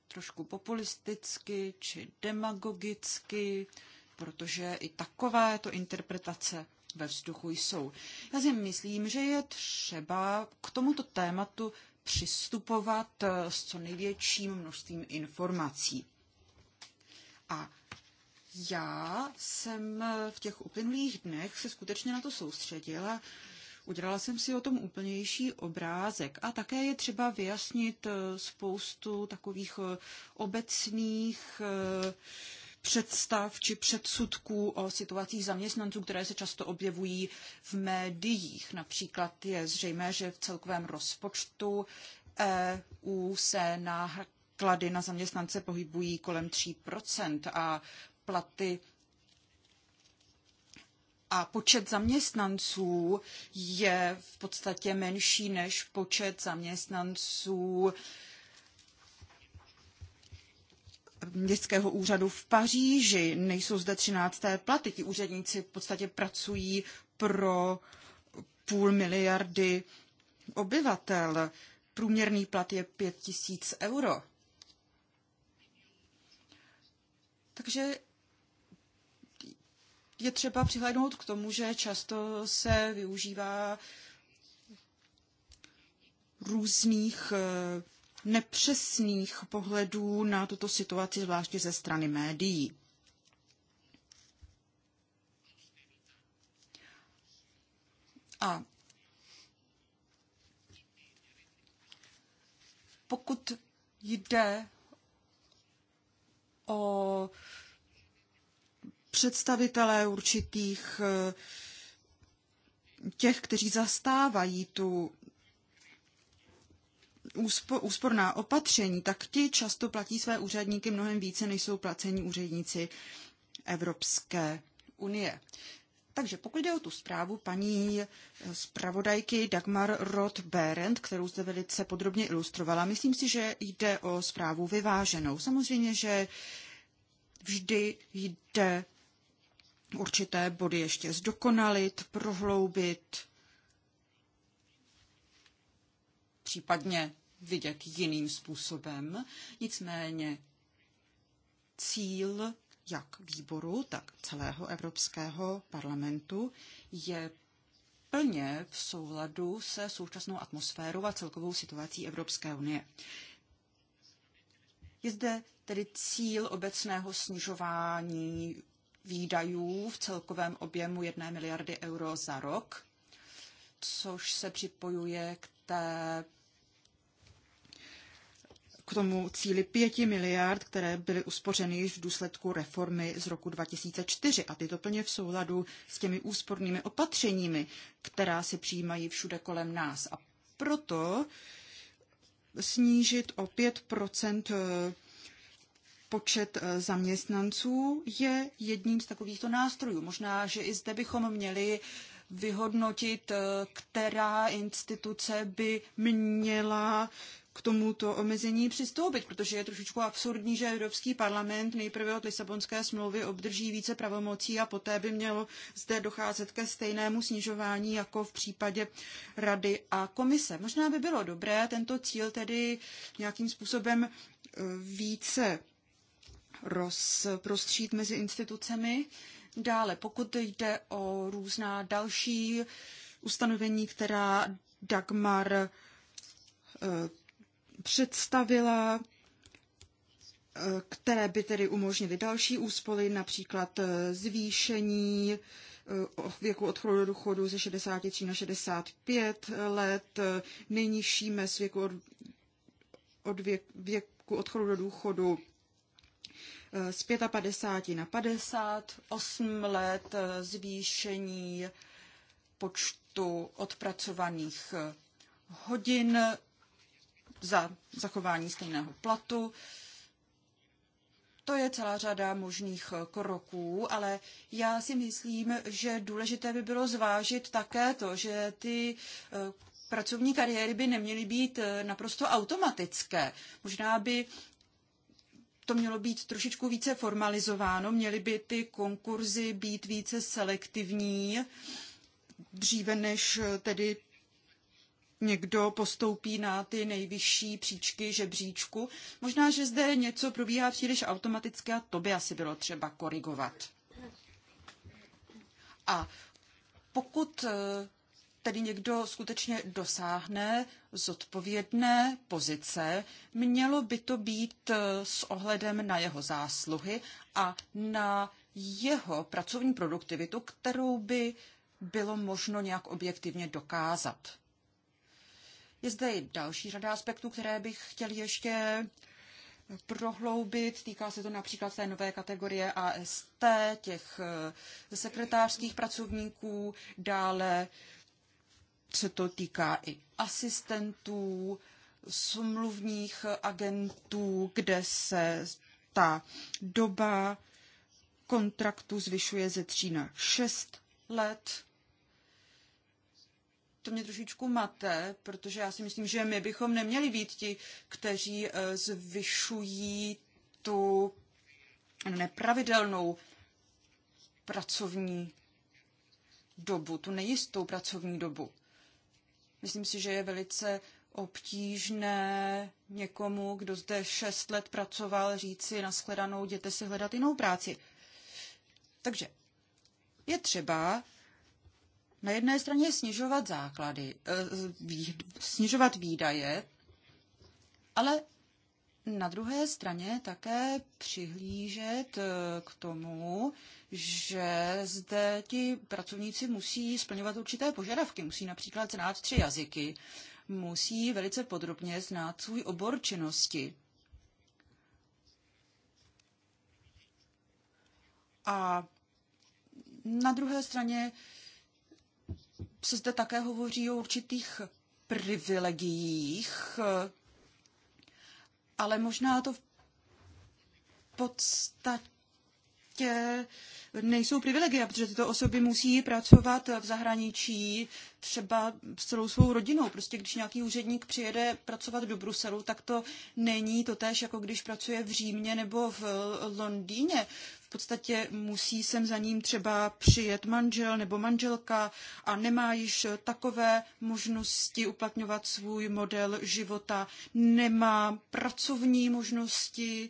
trošku populisticky či demagogicky, protože i takovéto interpretace ve vzduchu jsou. Já si myslím, že je třeba k tomuto tématu přistupovat eh, s co největším množstvím informací. A já jsem eh, v těch uplynulých dnech se skutečně na to soustředila. Udělala jsem si o tom úplnější obrázek a také je třeba vyjasnit eh, spoustu takových obecných představ či předsudků o situacích zaměstnanců, které se často objevují v médiích. Například je zřejmé, že v celkovém rozpočtu EU se náklady na zaměstnance pohybují kolem 3 a platy a počet zaměstnanců je v podstatě menší než počet zaměstnanců městského úřadu v Paříži. Nejsou zde 13. platy. Ti úředníci v podstatě pracují pro půl miliardy obyvatel. Průměrný plat je pět tisíc euro. Takže je třeba přihlédnout k tomu, že často se využívá různých eh, nepřesných pohledů na tuto situaci, zvláště ze strany médií. A pokud jde o představitelé určitých eh, těch, kteří zastávají tu úsporná opatření, tak ti často platí své úředníky mnohem více, než jsou placení úředníci Evropské unie. Takže pokud jde o tu zprávu paní eh, zpravodajky Dagmar roth berend kterou zde velice podrobně ilustrovala, myslím si, že jde o zprávu vyváženou. Samozřejmě, že vždy jde určité body ještě zdokonalit, prohloubit, případně vidět jiným způsobem. Nicméně cíl jak výboru, tak celého Evropského parlamentu je plně v souladu se současnou atmosférou a celkovou situací Evropské unie. Je zde tedy cíl obecného snižování výdajů v celkovém objemu 1 miliardy euro za rok, což se připojuje k té k tomu cíli 5 miliard, které byly uspořeny již v důsledku reformy z roku 2004 a tyto plně v souladu s těmi úspornými opatřeními, která se přijímají všude kolem nás. A proto snížit o 5 eh, počet eh, zaměstnanců je jedním z takovýchto nástrojů. Možná, že i zde bychom měli vyhodnotit, eh, která instituce by měla k tomuto omezení přistoupit, protože je trošičku absurdní, že Evropský parlament nejprve od Lisabonské smlouvy obdrží více pravomocí a poté by mělo zde docházet ke stejnému snižování jako v případě Rady a komise. Možná by bylo dobré tento cíl tedy nějakým způsobem eh, více rozprostřít mezi institucemi. Dále, pokud jde o různá další ustanovení, která Dagmar eh, představila, eh, které by tedy umožnily další úspory, například eh, zvýšení eh, věku odchodu do důchodu ze 63 na 65 let, nejnižší mez věku od, od věk, věku odchodu do důchodu z 55 na 58 let, zvýšení počtu odpracovaných hodin za zachování stejného platu. To je celá řada možných kroků, ale já si myslím, že důležité by bylo zvážit také to, že ty eh, pracovní kariéry by neměly být eh, naprosto automatické. Možná by to mělo být trošičku více formalizováno, měly by ty konkurzy být více selektivní, dříve než eh, tedy někdo postoupí na ty nejvyšší příčky žebříčku. Možná, že zde něco probíhá příliš automaticky a to by asi bylo třeba korigovat. A pokud eh, tedy někdo skutečně dosáhne zodpovědné pozice, mělo by to být eh, s ohledem na jeho zásluhy a na jeho pracovní produktivitu, kterou by bylo možno nějak objektivně dokázat. Je zde i další řada aspektů, které bych chtěl ještě prohloubit. Týká se to například té nové kategorie AST, těch eh, sekretářských pracovníků, dále se to týká i asistentů, smluvních agentů, kde se ta doba kontraktu zvyšuje ze tří na šest let to mě trošičku mate, protože já si myslím, že my bychom neměli být ti, kteří eh, zvyšují tu nepravidelnou pracovní dobu, tu nejistou pracovní dobu. Myslím si, že je velice obtížné někomu, kdo zde šest let pracoval, říci na shledanou, jděte si hledat jinou práci. Takže je třeba na jedné straně snižovat základy, eh, snižovat výdaje, ale na druhé straně také přihlížet eh, k tomu, že zde ti pracovníci musí splňovat určité požadavky. Musí například znát tři jazyky, musí velice podrobně znát svůj obor činnosti. A na druhé straně se zde také hovoří o určitých privilegiích, ale možná to v podstatě prostě nejsou privilegia, protože tyto osoby musí pracovat v zahraničí třeba s celou svou rodinou. Prostě když nějaký úředník přijede pracovat do Bruselu, tak to není to tež, jako když pracuje v Římě nebo v eh, Londýně. V podstatě musí sem za ním třeba přijet manžel nebo manželka a nemá již takové možnosti uplatňovat svůj model života, nemá pracovní možnosti,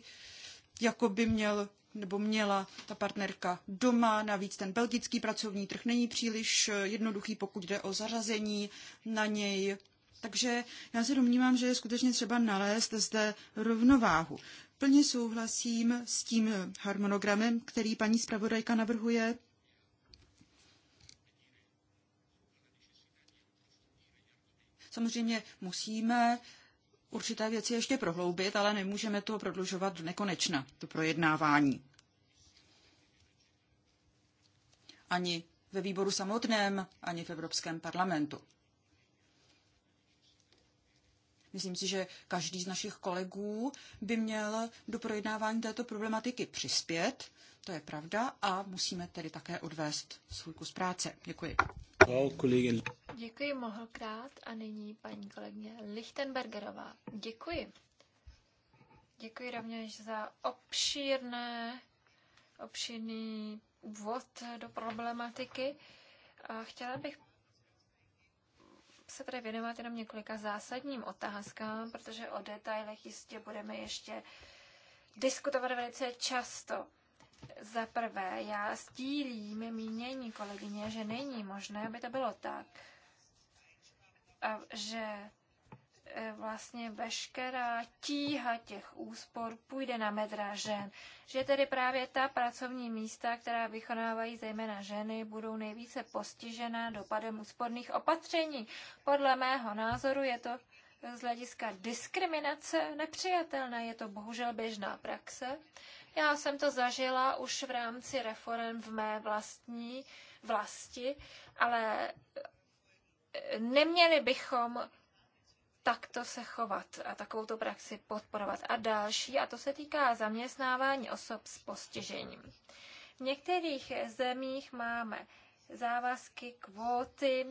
jako by měl nebo měla ta partnerka doma. Navíc ten belgický pracovní trh není příliš eh, jednoduchý, pokud jde o zařazení na něj. Takže já se domnívám, že je skutečně třeba nalézt zde rovnováhu. Plně souhlasím s tím eh, harmonogramem, který paní zpravodajka navrhuje. Samozřejmě musíme určité věci ještě prohloubit, ale nemůžeme to prodlužovat do nekonečna, to projednávání. Ani ve výboru samotném, ani v Evropském parlamentu. Myslím si, že každý z našich kolegů by měl do projednávání této problematiky přispět, to je pravda, a musíme tedy také odvést svůj kus práce. Děkuji. Děkuji mnohokrát a nyní paní kolegyně Lichtenbergerová. Děkuji. Děkuji rovněž za obšírné, obšírný úvod do problematiky. A chtěla bych se tady věnovat jenom několika zásadním otázkám, protože o detailech jistě budeme ještě diskutovat velice často. Za prvé, já stílím mínění kolegyně, že není možné, aby to bylo tak, a že e, vlastně veškerá tíha těch úspor půjde na medra žen. Že tedy právě ta pracovní místa, která vykonávají zejména ženy, budou nejvíce postižena dopadem úsporných opatření. Podle mého názoru je to z hlediska diskriminace nepřijatelné. Je to bohužel běžná praxe. Já jsem to zažila už v rámci reform v mé vlastní vlasti, ale eh, neměli bychom takto se chovat a tu praxi podporovat. A další, a to se týká zaměstnávání osob s postižením. V některých zemích máme závazky, kvóty,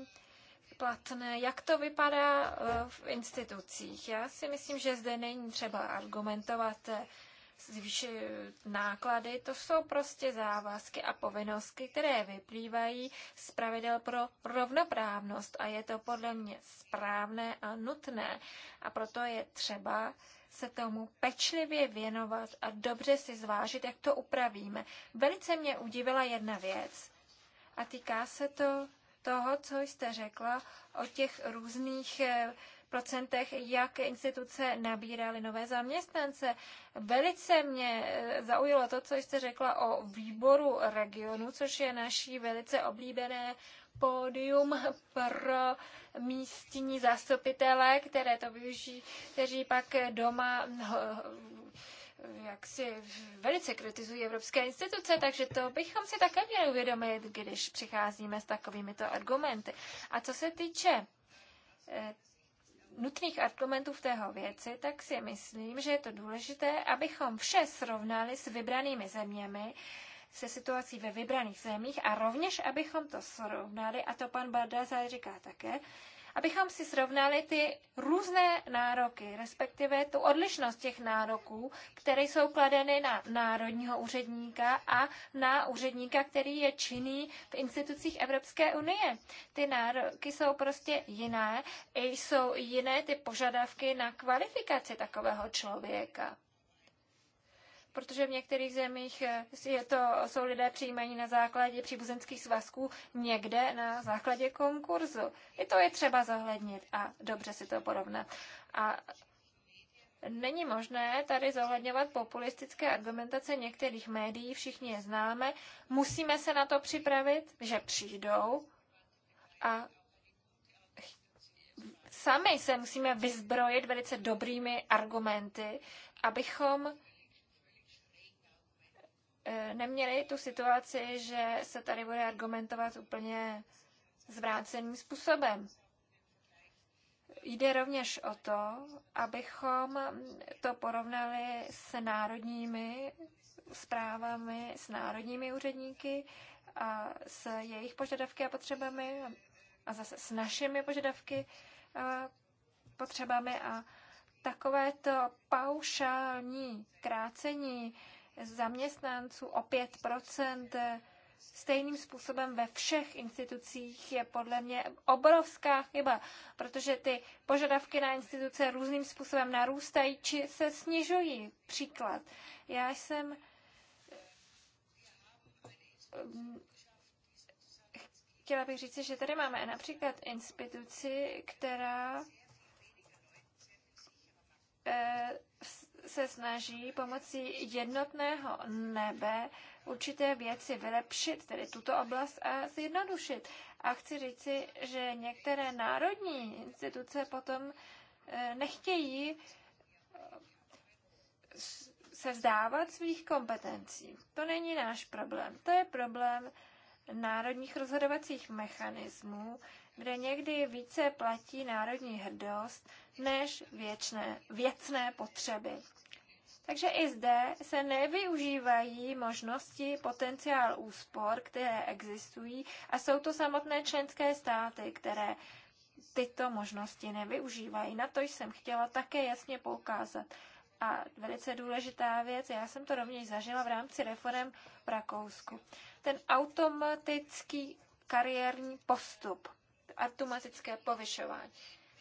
platné. Jak to vypadá eh, v institucích? Já si myslím, že zde není třeba argumentovat eh, zvýšit náklady, to jsou prostě závazky a povinnosti, které vyplývají z pravidel pro rovnoprávnost a je to podle mě správné a nutné a proto je třeba se tomu pečlivě věnovat a dobře si zvážit, jak to upravíme. Velice mě udivila jedna věc a týká se to toho, co jste řekla o těch různých eh, procentech, jak instituce nabíraly nové zaměstnance. Velice mě eh, zaujalo to, co jste řekla o výboru regionu, což je naší velice oblíbené pódium pro místní zastupitele, které to využijí, kteří pak doma jak si velice kritizují evropské instituce, takže to bychom si také měli uvědomit, když přicházíme s takovými to argumenty. A co se týče eh, nutných argumentů v tého věci, tak si myslím, že je to důležité, abychom vše srovnali s vybranými zeměmi, se situací ve vybraných zemích a rovněž, abychom to srovnali, a to pan Bardazaj říká také, abychom si srovnali ty různé nároky, respektive tu odlišnost těch nároků, které jsou kladeny na národního úředníka a na úředníka, který je činný v institucích Evropské unie. Ty nároky jsou prostě jiné, jsou jiné ty požadavky na kvalifikaci takového člověka protože v některých zemích eh, je to, jsou lidé přijímaní na základě příbuzenských svazků, někde na základě konkurzu. I to je třeba zohlednit a dobře si to porovnat. A Není možné tady zohledňovat populistické argumentace některých médií, všichni je známe. Musíme se na to připravit, že přijdou a sami se musíme vyzbrojit velice dobrými argumenty, abychom E, neměli tu situaci, že se tady bude argumentovat úplně zvráceným způsobem. Jde rovněž o to, abychom to porovnali s národními zprávami, s národními úředníky a s jejich požadavky a potřebami a zase s našimi požadavky a potřebami a takovéto paušální krácení zaměstnanců o 5 stejným způsobem ve všech institucích je podle mě obrovská chyba, protože ty požadavky na instituce různým způsobem narůstají či se snižují. Příklad. Já jsem chtěla bych říct, že tady máme například instituci, která se snaží pomocí jednotného nebe určité věci vylepšit, tedy tuto oblast a zjednodušit. A chci říci, že některé národní instituce potom eh, nechtějí eh, se vzdávat svých kompetencí. To není náš problém. To je problém národních rozhodovacích mechanismů, kde někdy více platí národní hrdost než věčné, věcné potřeby. Takže i zde se nevyužívají možnosti potenciál úspor, které existují a jsou to samotné členské státy, které tyto možnosti nevyužívají. Na to jsem chtěla také jasně poukázat. A velice důležitá věc, já jsem to rovněž zažila v rámci reform v Rakousku. Ten automatický kariérní postup, automatické povyšování.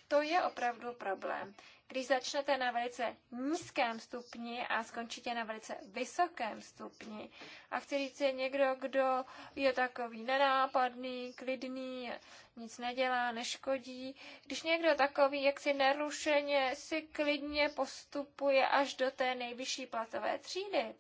To je opravdu problém. Když začnete na velice nízkém stupni a skončíte na velice vysokém stupni a chci říct, je někdo, kdo je takový nenápadný, klidný, nic nedělá, neškodí. Když někdo takový, jak si nerušeně, si klidně postupuje až do té nejvyšší platové třídy,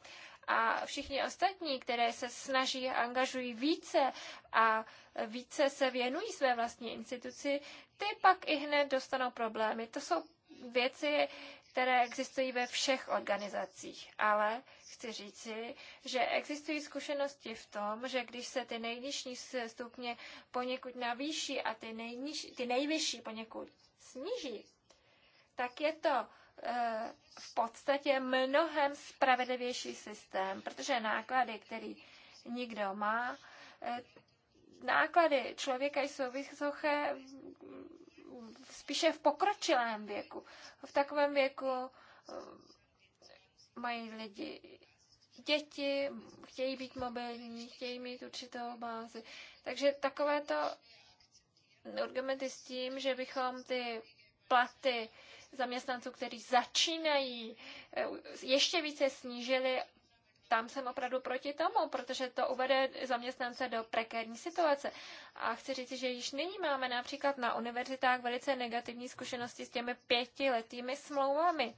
a všichni ostatní, které se snaží a angažují více a více se věnují své vlastní instituci, ty pak i hned dostanou problémy. To jsou věci, které existují ve všech organizacích, ale chci říci, že existují zkušenosti v tom, že když se ty nejnižší stupně poněkud navýší a ty, nejniž, ty nejvyšší poněkud sníží, tak je to eh, v podstatě mnohem spravedlivější systém, protože náklady, který nikdo má, eh, náklady člověka jsou vysoké spíše v pokročilém věku. V takovém věku eh, mají lidi děti, chtějí být mobilní, chtějí mít určitou bázi. Takže takové to argumenty s tím, že bychom ty platy zaměstnanců, kteří začínají, eh, ještě více snížili, tam jsem opravdu proti tomu, protože to uvede zaměstnance do prekérní situace. A chci říct, že již nyní máme například na univerzitách velice negativní zkušenosti s těmi pětiletými smlouvami.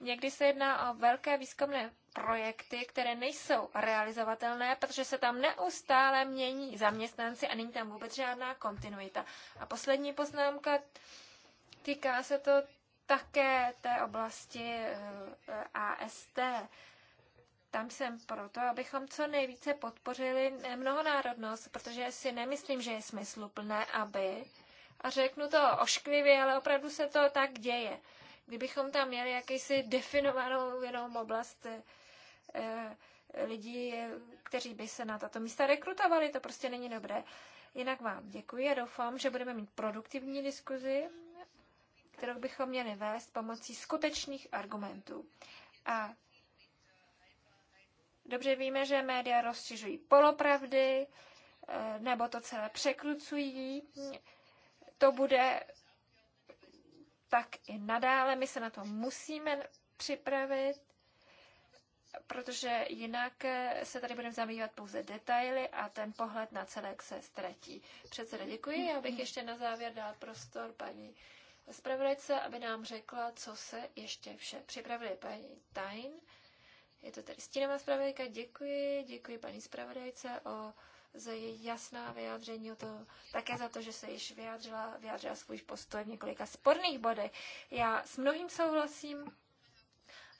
Někdy se jedná o velké výzkumné projekty, které nejsou realizovatelné, protože se tam neustále mění zaměstnanci a není tam vůbec žádná kontinuita. A poslední poznámka týká se to také té oblasti eh, AST. Tam jsem proto, abychom co nejvíce podpořili mnohonárodnost, protože si nemyslím, že je smysluplné, aby, a řeknu to ošklivě, ale opravdu se to tak děje. Kdybychom tam měli jakýsi definovanou jenom oblast e, lidí, kteří by se na tato místa rekrutovali, to prostě není dobré. Jinak vám děkuji a doufám, že budeme mít produktivní diskuzi, kterou bychom měli vést pomocí skutečných argumentů. A Dobře víme, že média rozšiřují polopravdy eh, nebo to celé překrucují. To bude tak i nadále. My se na to musíme připravit, protože jinak eh, se tady budeme zabývat pouze detaily a ten pohled na celek se ztratí. Předseda, děkuji. Já bych ještě na závěr dal prostor paní zpravodajce, aby nám řekla, co se ještě vše připravili paní Tain je to tady stínová zpravodajka, děkuji, děkuji paní zpravodajce o, za její jasná vyjádření, o to, také za to, že se již vyjádřila, vyjádřila svůj postoj v několika sporných bodech. Já s mnohým souhlasím,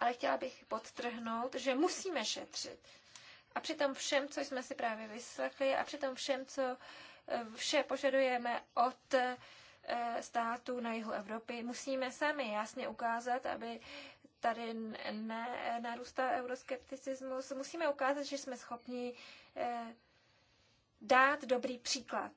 ale chtěla bych podtrhnout, že musíme šetřit. A přitom všem, co jsme si právě vyslechli, a přitom všem, co eh, vše požadujeme od eh, států na jihu Evropy, musíme sami jasně ukázat, aby tady ne, narůstá euroskepticismus. Musíme ukázat, že jsme schopni eh, dát dobrý příklad.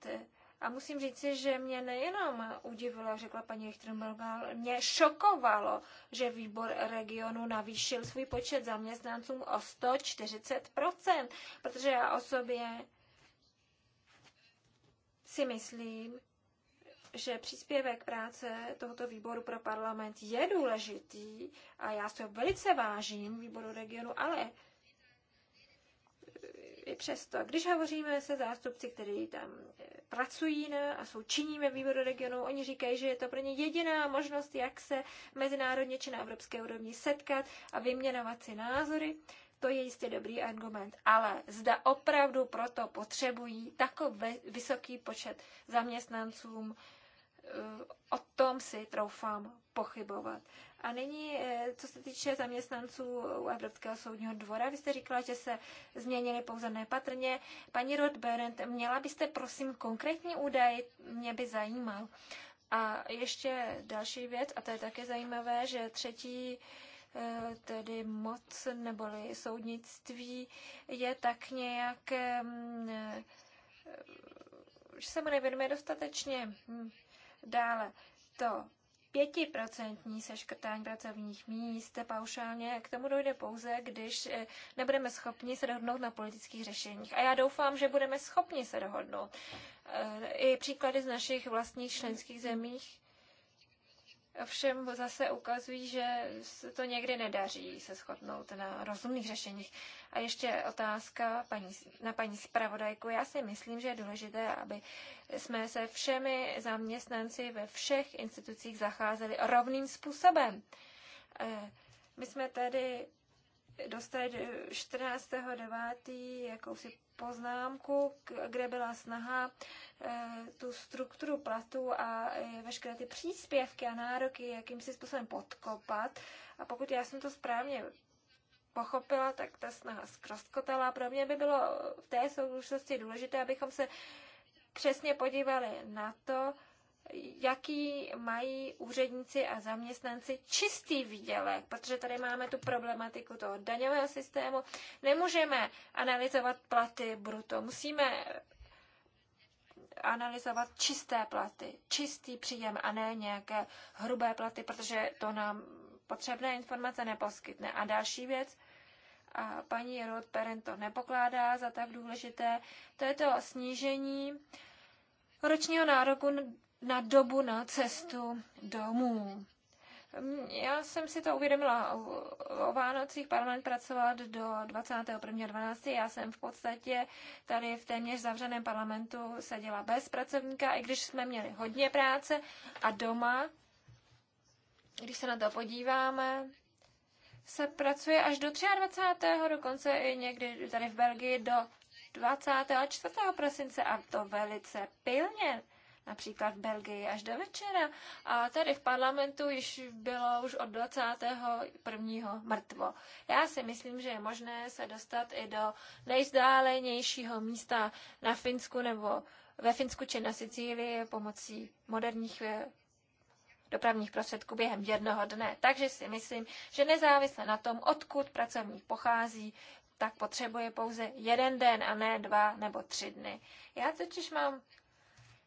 A musím říci, že mě nejenom udivilo, řekla paní Lichtenbergová, mě šokovalo, že výbor regionu navýšil svůj počet zaměstnancům o 140%, protože já o si myslím, že příspěvek práce tohoto výboru pro parlament je důležitý a já se velice vážím výboru regionu, ale i přesto, když hovoříme se zástupci, kteří tam eh, pracují na a jsou činní ve výboru regionu, oni říkají, že je to pro ně jediná možnost, jak se mezinárodně či na evropské úrovni setkat a vyměnovat si názory. To je jistě dobrý argument, ale zda opravdu proto potřebují takový vysoký počet zaměstnancům O tom si troufám pochybovat. A nyní, eh, co se týče zaměstnanců u Evropského soudního dvora, vy jste říkala, že se změnili pouze nepatrně. Paní Rodberent, měla byste prosím konkrétní údaj, mě by zajímal. A ještě další věc, a to je také zajímavé, že třetí eh, tedy moc neboli soudnictví je tak nějak mm, eh, že se mu nevěnuje dostatečně. Hm, Dále to pětiprocentní seškrtání pracovních míst paušálně, k tomu dojde pouze, když eh, nebudeme schopni se dohodnout na politických řešeních. A já doufám, že budeme schopni se dohodnout. Eh, I příklady z našich vlastních členských zemích ovšem zase ukazují, že se to někdy nedaří se shodnout na rozumných řešeních. A ještě otázka paní, na paní zpravodajku. Já si myslím, že je důležité, aby jsme se všemi zaměstnanci ve všech institucích zacházeli rovným způsobem. Eh, my jsme tedy dostali 14.9. Eh, jakousi poznámku, kde byla snaha eh, tu strukturu platu a eh, veškeré ty příspěvky a nároky jakýmsi způsobem podkopat. A pokud já jsem to správně pochopila, tak ta snaha zkroskotala. Pro mě by bylo v té souvislosti důležité, abychom se přesně podívali na to, jaký mají úředníci a zaměstnanci čistý výdělek, protože tady máme tu problematiku toho daňového systému. Nemůžeme analyzovat platy bruto, musíme analyzovat čisté platy, čistý příjem a ne nějaké hrubé platy, protože to nám potřebné informace neposkytne. A další věc, a paní Ruth Peren to nepokládá za tak důležité, to je to snížení ročního nároku na dobu na cestu domů. Hm, já jsem si to uvědomila o Vánocích. Parlament pracovat do 21.12. Já jsem v podstatě tady v téměř zavřeném parlamentu seděla bez pracovníka, i když jsme měli hodně práce a doma, když se na to podíváme, se pracuje až do 23. dokonce i někdy tady v Belgii do 24. prosince a to velice pilně například v Belgii až do večera. A tady v parlamentu již bylo už od 21. mrtvo. Já si myslím, že je možné se dostat i do nejzdálenějšího místa na Finsku nebo ve Finsku či na Sicílii pomocí moderních eh, dopravních prostředků během jednoho dne. Takže si myslím, že nezávisle na tom, odkud pracovník pochází, tak potřebuje pouze jeden den a ne dva nebo tři dny. Já totiž mám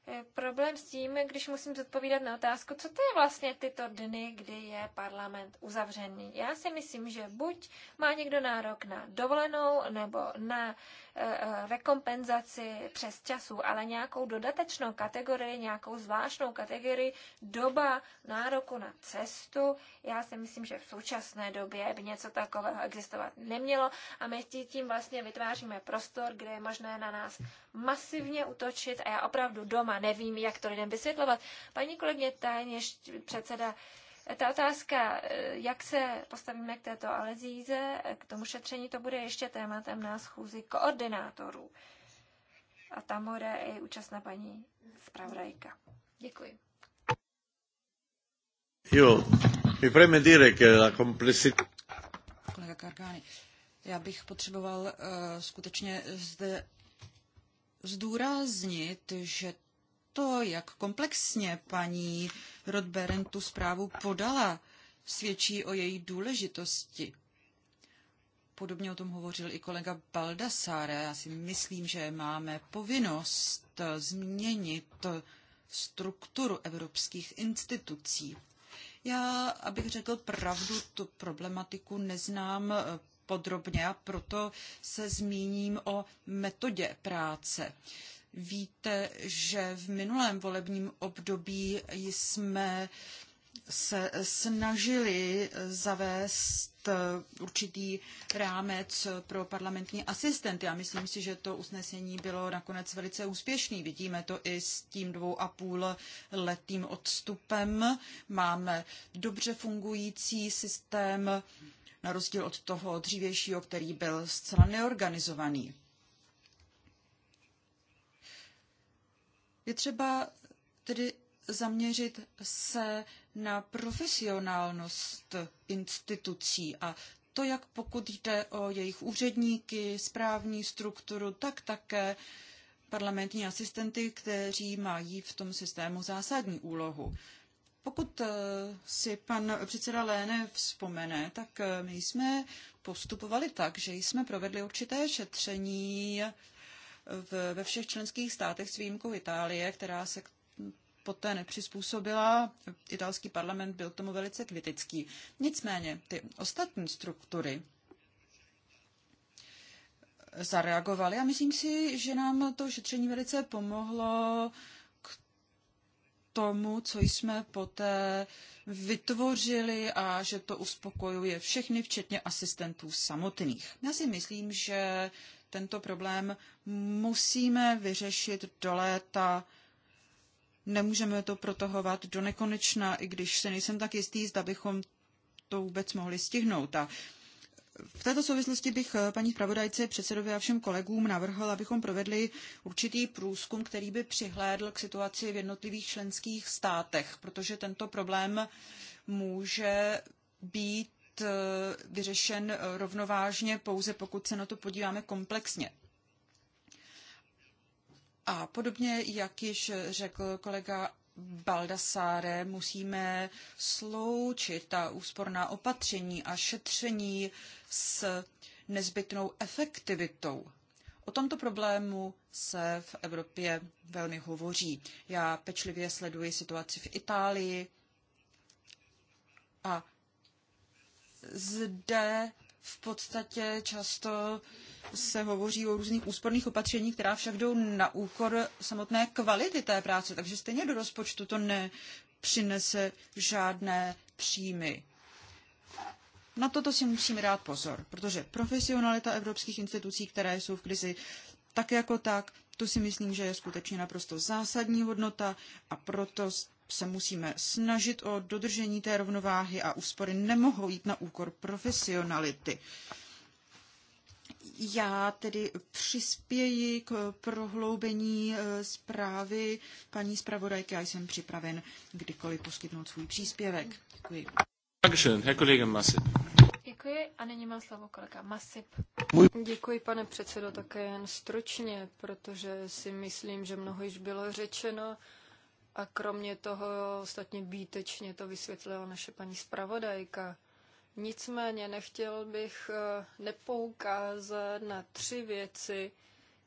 Eh, problém s tím, když musím zodpovídat na otázku, co to je vlastně tyto dny, kdy je parlament uzavřený. Já si myslím, že buď má někdo nárok na dovolenou nebo na Eh, rekompenzaci přes času, ale nějakou dodatečnou kategorii, nějakou zvláštnou kategorii doba nároku na cestu, já si myslím, že v současné době by něco takového existovat nemělo a my tím vlastně vytváříme prostor, kde je možné na nás masivně utočit a já opravdu doma nevím, jak to lidem vysvětlovat. Paní kolegyně Tajně, předseda ta otázka, eh, jak se postavíme k této alezíze, eh, k tomu šetření, to bude ještě tématem na schůzi koordinátorů. A tam bude i účastná paní zpravodajka. Děkuji. Jo, mi preme dire che la complessità... Kolega Kargány, já bych potřeboval uh, skutečně zde zdůraznit, že to, jak komplexně paní Rodberen tu zprávu podala, svědčí o její důležitosti. Podobně o tom hovořil i kolega Baldassare. Já si myslím, že máme povinnost změnit strukturu evropských institucí. Já, abych řekl pravdu, tu problematiku neznám eh, podrobně a proto se zmíním o metodě práce. Víte, že v minulém volebním období jsme se snažili zavést určitý rámec pro parlamentní asistenty a myslím si, že to usnesení bylo nakonec velice úspěšné. Vidíme to i s tím dvou a půl letým odstupem. Máme dobře fungující systém, na rozdíl od toho dřívějšího, který byl zcela neorganizovaný. Je třeba tedy zaměřit se na profesionálnost institucí a to jak pokud jde o jejich úředníky, správní strukturu, tak také parlamentní asistenty, kteří mají v tom systému zásadní úlohu. Pokud eh, si pan předseda Léne vzpomene, tak eh, my jsme postupovali tak, že jsme provedli určité šetření ve všech členských státech s výjimkou Itálie, která se poté nepřizpůsobila. Italský parlament byl tomu velice kritický. Nicméně ty ostatní struktury zareagovaly a myslím si, že nám to šetření velice pomohlo k tomu, co jsme poté vytvořili a že to uspokojuje všechny, včetně asistentů samotných. Já si myslím, že tento problém musíme vyřešit do léta. Nemůžeme to protahovat do nekonečna, i když se nejsem tak jistý, zda bychom to vůbec mohli stihnout. A v této souvislosti bych eh, paní zpravodajce, předsedovi a všem kolegům navrhl, abychom provedli určitý průzkum, který by přihlédl k situaci v jednotlivých členských státech, protože tento problém může být Eh, vyřešen eh, rovnovážně pouze, pokud se na to podíváme komplexně. A podobně, jak již řekl kolega Baldasáre, musíme sloučit ta úsporná opatření a šetření s nezbytnou efektivitou. O tomto problému se v Evropě velmi hovoří. Já pečlivě sleduji situaci v Itálii a zde v podstatě často se hovoří o různých úsporných opatřeních, která však jdou na úkor samotné kvality té práce, takže stejně do rozpočtu to nepřinese žádné příjmy. Na toto si musíme dát pozor, protože profesionalita evropských institucí, které jsou v krizi tak jako tak, to si myslím, že je skutečně naprosto zásadní hodnota a proto se musíme snažit o dodržení té rovnováhy a úspory nemohou jít na úkor profesionality. Já tedy přispěji k prohloubení eh, zprávy paní zpravodajky a jsem připraven kdykoliv poskytnout svůj příspěvek. Děkuji. Děkuji a nyní má slovo kolega Masip. Děkuji, pane předsedo, také jen stručně, protože si myslím, že mnoho již bylo řečeno. A kromě toho ostatně výtečně to vysvětlila naše paní zpravodajka. Nicméně nechtěl bych eh, nepoukázat na tři věci,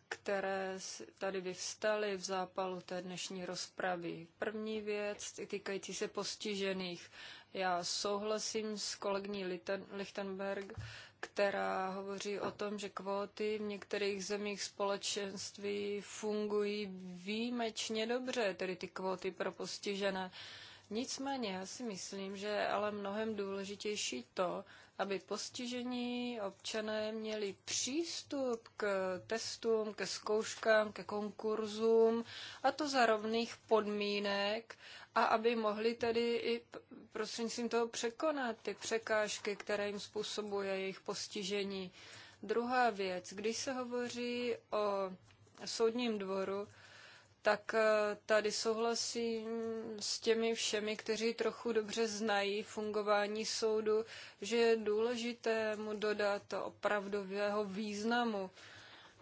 které tady vyvstaly v zápalu té dnešní rozpravy. První věc týkající se postižených. Já souhlasím s kolegní Lichtenberg, která hovoří o tom, že kvóty v některých zemích společenství fungují výjimečně dobře, tedy ty kvóty pro postižené. Nicméně já si myslím, že je ale mnohem důležitější to, aby postižení občané měli přístup k testům, ke zkouškám, ke konkurzům a to za rovných podmínek a aby mohli tedy i prostřednictvím toho překonat ty překážky, které jim způsobuje jejich postižení. Druhá věc, když se hovoří o soudním dvoru, tak eh, tady souhlasím s těmi všemi, kteří trochu dobře znají fungování soudu, že je důležité mu dodat opravdového významu,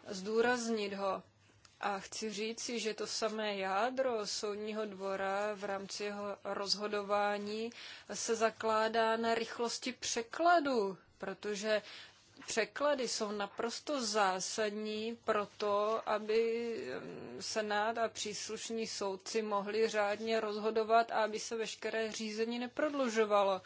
zdůraznit ho. A chci říci, že to samé jádro soudního dvora v rámci jeho rozhodování se zakládá na rychlosti překladu, protože Překlady jsou naprosto zásadní pro to, aby mm, Senát a příslušní soudci mohli řádně rozhodovat a aby se veškeré řízení neprodlužovalo.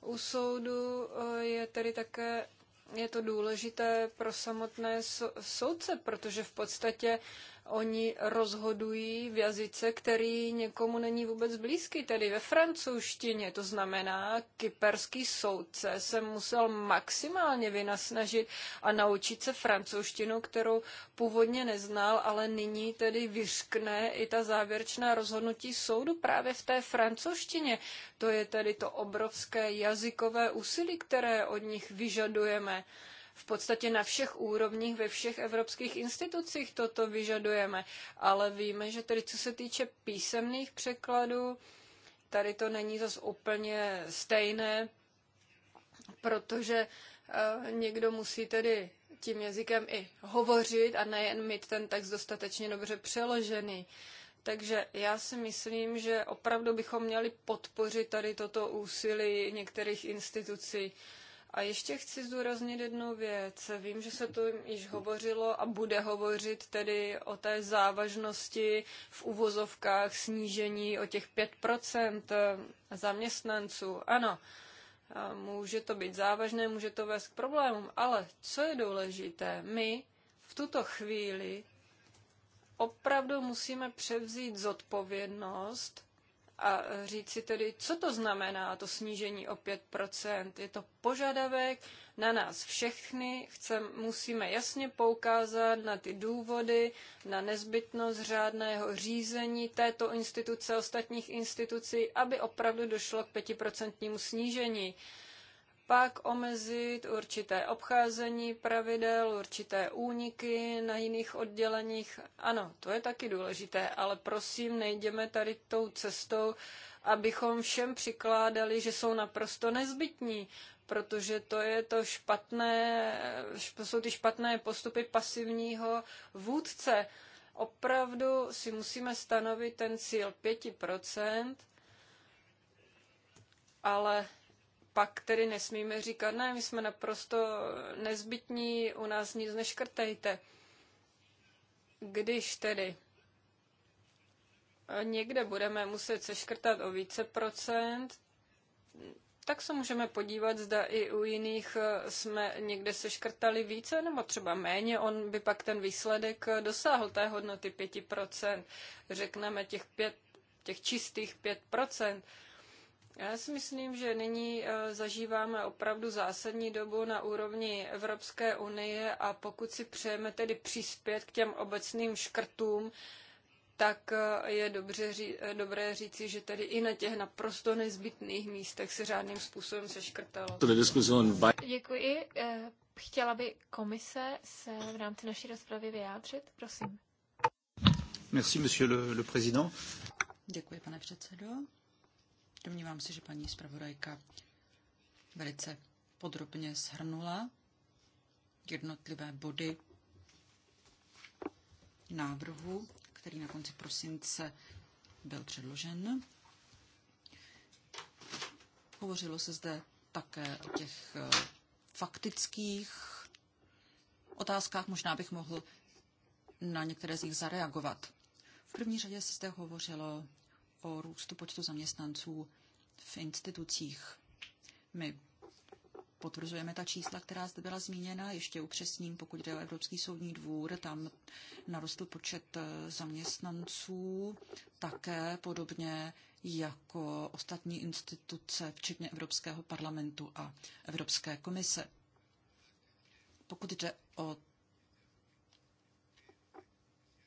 U soudu eh, je tedy také je to důležité pro samotné soudce, protože v podstatě Oni rozhodují v jazyce, který někomu není vůbec blízký, tedy ve francouzštině. To znamená, kyperský soudce se musel maximálně vynasnažit a naučit se francouzštinu, kterou původně neznal, ale nyní tedy vyřkne i ta závěrečná rozhodnutí soudu právě v té francouzštině. To je tedy to obrovské jazykové úsilí, které od nich vyžadujeme v podstatě na všech úrovních, ve všech evropských institucích toto vyžadujeme. Ale víme, že tedy co se týče písemných překladů, tady to není zas úplně stejné, protože eh, někdo musí tedy tím jazykem i hovořit a nejen mít ten text dostatečně dobře přeložený. Takže já si myslím, že opravdu bychom měli podpořit tady toto úsilí některých institucí. A ještě chci zdůraznit jednu věc. Vím, že se tu již hovořilo a bude hovořit tedy o té závažnosti v uvozovkách snížení o těch 5% zaměstnanců. Ano, může to být závažné, může to vést k problémům, ale co je důležité, my v tuto chvíli opravdu musíme převzít zodpovědnost a říct si tedy, co to znamená to snížení o 5%. Je to požadavek na nás všechny, chcem, musíme jasně poukázat na ty důvody, na nezbytnost řádného řízení této instituce, ostatních institucí, aby opravdu došlo k 5% snížení pak omezit určité obcházení pravidel, určité úniky na jiných odděleních. Ano, to je taky důležité, ale prosím, nejdeme tady tou cestou, abychom všem přikládali, že jsou naprosto nezbytní, protože to je to špatné, jsou ty špatné postupy pasivního vůdce. Opravdu si musíme stanovit ten cíl 5%, ale pak tedy nesmíme říkat, ne, my jsme naprosto nezbytní, u nás nic neškrtejte. Když tedy někde budeme muset seškrtat o více procent, tak se můžeme podívat, zda i u jiných eh, jsme někde seškrtali více nebo třeba méně. On by pak ten výsledek eh, dosáhl té hodnoty 5%. Řekneme těch, pět, těch čistých 5%. Já si myslím, že nyní eh, zažíváme opravdu zásadní dobu na úrovni Evropské unie a pokud si přejeme tedy přispět k těm obecným škrtům, tak eh, je dobře, eh, dobré říci, že tedy i na těch naprosto nezbytných místech se řádným způsobem seškrtalo. Děkuji. Chtěla by komise se v rámci naší rozpravy vyjádřit? Prosím. Merci, monsieur le, le président. Děkuji, pane předsedo. Domnívám se, že paní zpravodajka velice podrobně shrnula jednotlivé body návrhu, který na konci prosince byl předložen. Hovořilo se zde také o těch eh, faktických otázkách. Možná bych mohl na některé z nich zareagovat. V první řadě se zde hovořilo o růstu počtu zaměstnanců v institucích. My potvrzujeme ta čísla, která zde byla zmíněna. Ještě upřesním, pokud jde o Evropský soudní dvůr, tam narostl počet eh, zaměstnanců také podobně jako ostatní instituce, včetně Evropského parlamentu a Evropské komise. Pokud jde o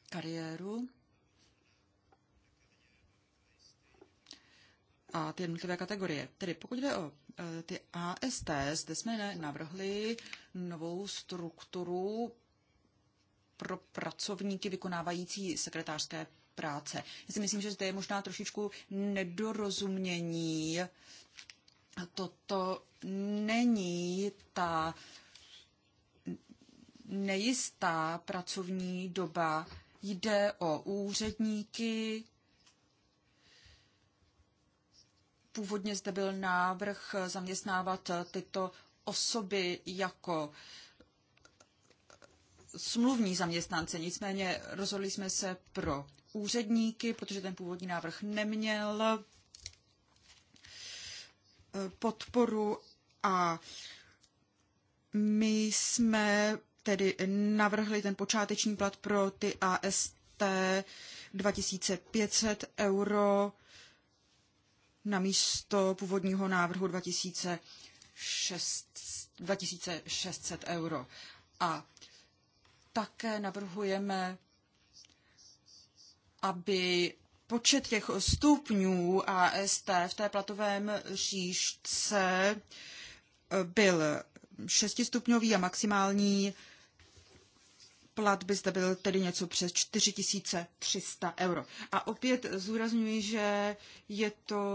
kariéru, a ty jednotlivé kategorie. Tedy pokud jde o e, ty AST, zde jsme navrhli novou strukturu pro pracovníky vykonávající sekretářské práce. Já si myslím, že zde je možná trošičku nedorozumění. Toto není ta nejistá pracovní doba. Jde o úředníky, Původně zde byl návrh zaměstnávat tyto osoby jako smluvní zaměstnance, nicméně rozhodli jsme se pro úředníky, protože ten původní návrh neměl eh, podporu a my jsme tedy navrhli ten počáteční plat pro ty AST 2500 euro na místo původního návrhu 2600, euro. A také navrhujeme, aby počet těch stupňů AST v té platovém říšce byl šestistupňový a maximální Plat zde byl tedy něco přes 4300 euro. A opět zúraznuju, že je to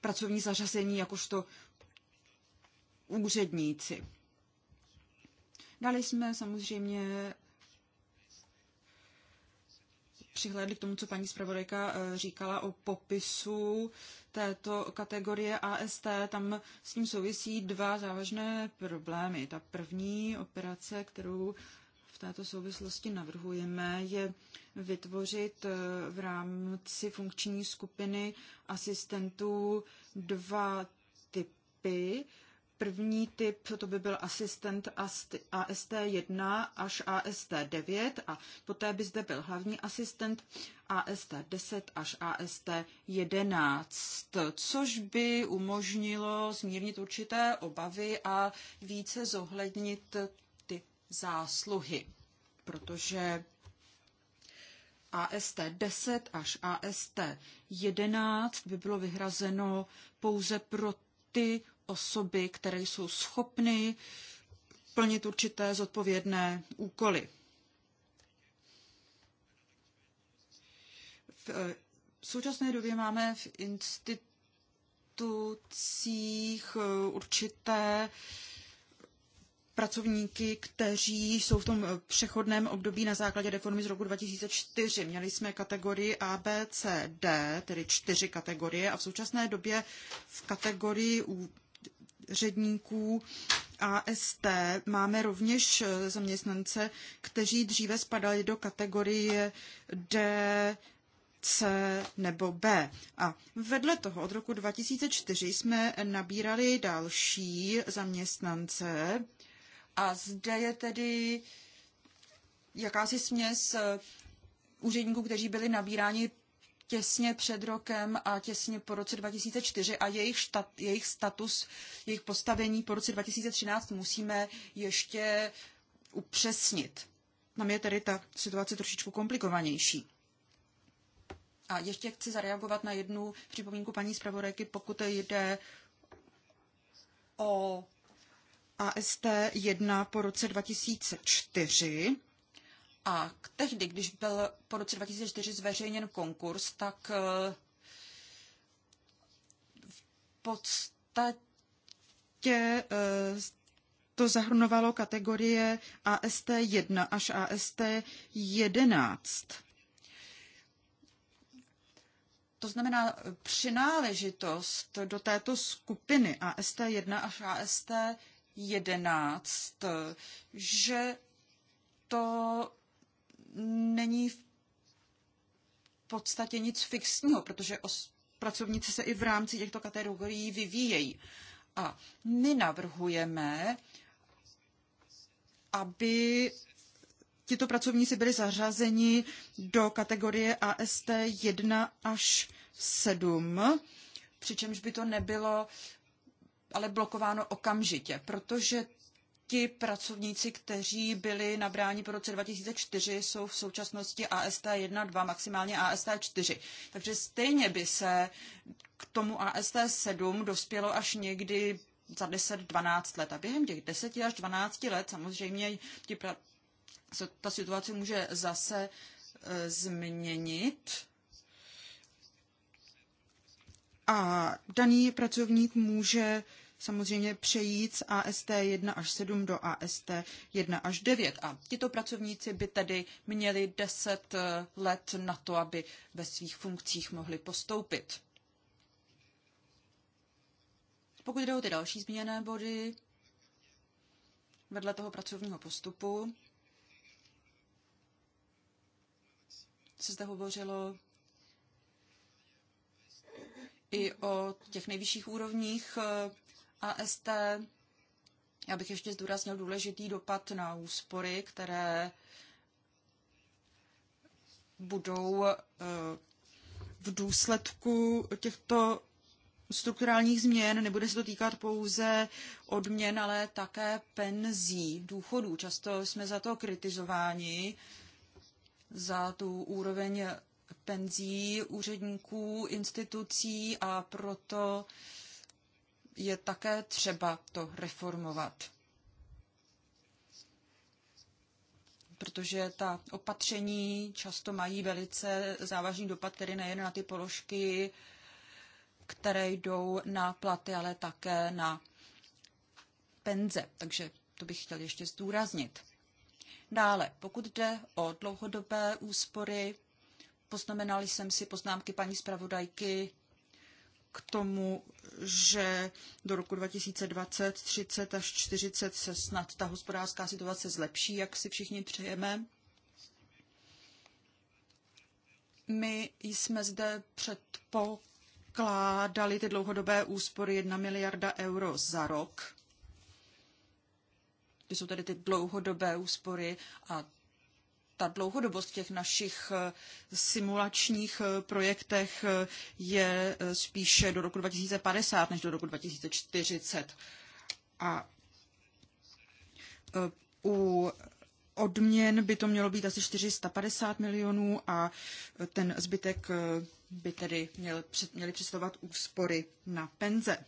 pracovní zařazení jakožto úředníci. Dali jsme samozřejmě přihlédli k tomu, co paní zpravodajka eh, říkala o popisu této kategorie AST, tam s tím souvisí dva závažné problémy. Ta první operace, kterou v této souvislosti navrhujeme, je vytvořit eh, v rámci funkční skupiny asistentů dva typy První typ to by byl asistent AST1 až AST9 a poté by zde byl hlavní asistent AST10 až AST11, což by umožnilo zmírnit určité obavy a více zohlednit ty zásluhy, protože AST 10 až AST 11 by bylo vyhrazeno pouze pro ty osoby, které jsou schopny plnit určité zodpovědné úkoly. V eh, současné době máme v institucích eh, určité pracovníky, kteří jsou v tom eh, přechodném období na základě reformy z roku 2004. Měli jsme kategorii A, B, C, D, tedy čtyři kategorie a v současné době v kategorii ředníků AST máme rovněž eh, zaměstnance, kteří dříve spadali do kategorie D, C nebo B. A vedle toho od roku 2004 jsme nabírali další zaměstnance a zde je tedy jakási směs eh, úředníků, kteří byli nabíráni těsně před rokem a těsně po roce 2004 a jejich, štat, jejich status, jejich postavení po roce 2013 musíme ještě upřesnit. Tam je tedy ta situace trošičku komplikovanější. A ještě chci zareagovat na jednu připomínku paní zpravodajky, pokud jde o AST 1 po roce 2004. A tehdy, když byl po roce 2004 zveřejněn konkurs, tak eh, v podstatě eh, to zahrnovalo kategorie AST 1 až AST 11. To znamená, přináležitost do této skupiny AST1 až AST11, že to není v podstatě nic fixního, protože os, pracovníci se i v rámci těchto kategorií vyvíjejí. A my navrhujeme, aby tito pracovníci byli zařazeni do kategorie AST 1 až 7, přičemž by to nebylo ale blokováno okamžitě, protože ti pracovníci, kteří byli nabráni po roce 2004, jsou v současnosti AST 1, 2, maximálně AST 4. Takže stejně by se k tomu AST 7 dospělo až někdy za 10-12 let. A během těch 10 až 12 let samozřejmě ti pra... ta situace může zase e, změnit. A daný pracovník může samozřejmě přejít z AST 1 až 7 do AST 1 až 9. A tito pracovníci by tedy měli 10 eh, let na to, aby ve svých funkcích mohli postoupit. Pokud jde o ty další změněné body, vedle toho pracovního postupu, se zde hovořilo i o těch nejvyšších úrovních eh, AST. Já bych ještě zdůraznil důležitý dopad na úspory, které budou eh, v důsledku těchto strukturálních změn nebude se to týkat pouze odměn, ale také penzí, důchodů. Často jsme za to kritizováni, za tu úroveň penzí úředníků, institucí a proto je také třeba to reformovat. protože ta opatření často mají velice závažný dopad, tedy nejen na ty položky, které jdou na platy, ale také na penze. Takže to bych chtěl ještě zdůraznit. Dále, pokud jde o dlouhodobé úspory, poznamenali jsem si poznámky paní zpravodajky k tomu, že do roku 2020, 30 až 40 se snad ta hospodářská situace zlepší, jak si všichni přejeme. My jsme zde předpokládali ty dlouhodobé úspory 1 miliarda euro za rok. To jsou tedy ty dlouhodobé úspory a ta dlouhodobost těch našich eh, simulačních eh, projektech eh, je spíše do roku 2050 než do roku 2040. A u odměn by to mělo být asi 450 milionů a ten zbytek by tedy měl, měly představovat úspory na penze.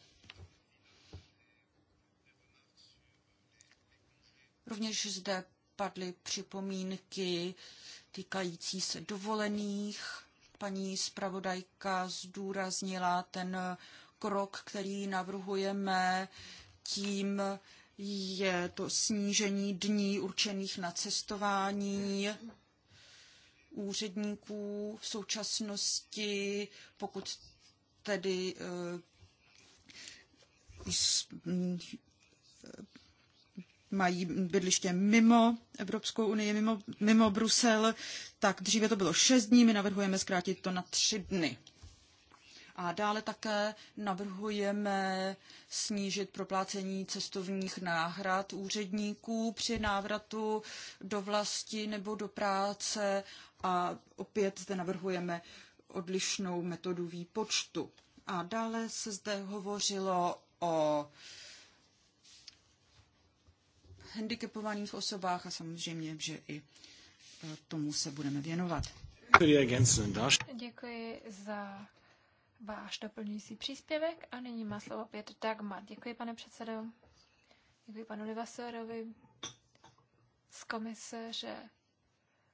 Rovněž zde padly připomínky týkající se dovolených. Paní zpravodajka zdůraznila ten krok, který navrhujeme, tím je to snížení dní určených na cestování úředníků v současnosti, pokud tedy eh, mají bydliště mimo Evropskou unii, mimo, mimo Brusel, tak dříve to bylo 6 dní, my navrhujeme zkrátit to na 3 dny. A dále také navrhujeme snížit proplácení cestovních náhrad úředníků při návratu do vlasti nebo do práce a opět zde navrhujeme odlišnou metodu výpočtu. A dále se zde hovořilo o uh, handicapovaných osobách a samozřejmě, že i e, tomu se budeme věnovat. Děkuji za váš doplňující příspěvek a nyní má slovo Pětr Dagmar. Děkuji, pane předsedo. Děkuji panu Livaserovi z komise, že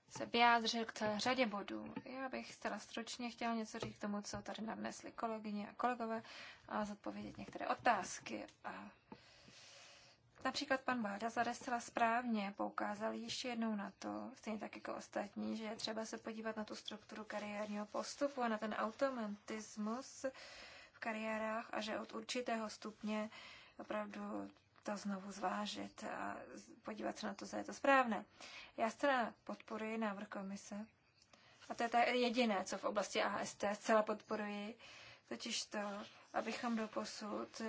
se vyjádřil k celé řadě bodů. Já bych teda stručně chtěla něco říct k tomu, co tady nadnesli kolegyně a kolegové a zodpovědět některé otázky a Například pan Báda zade zcela správně poukázal ještě jednou na to, stejně tak jako ostatní, že je třeba se podívat na tu strukturu kariérního postupu a na ten automatismus v kariérách a že od určitého stupně opravdu to znovu zvážit a podívat se na to, co je to správné. Já zcela podporuji návrh komise. A to je ta jediné, co v oblasti AST zcela podporuji, totiž to, abychom do posud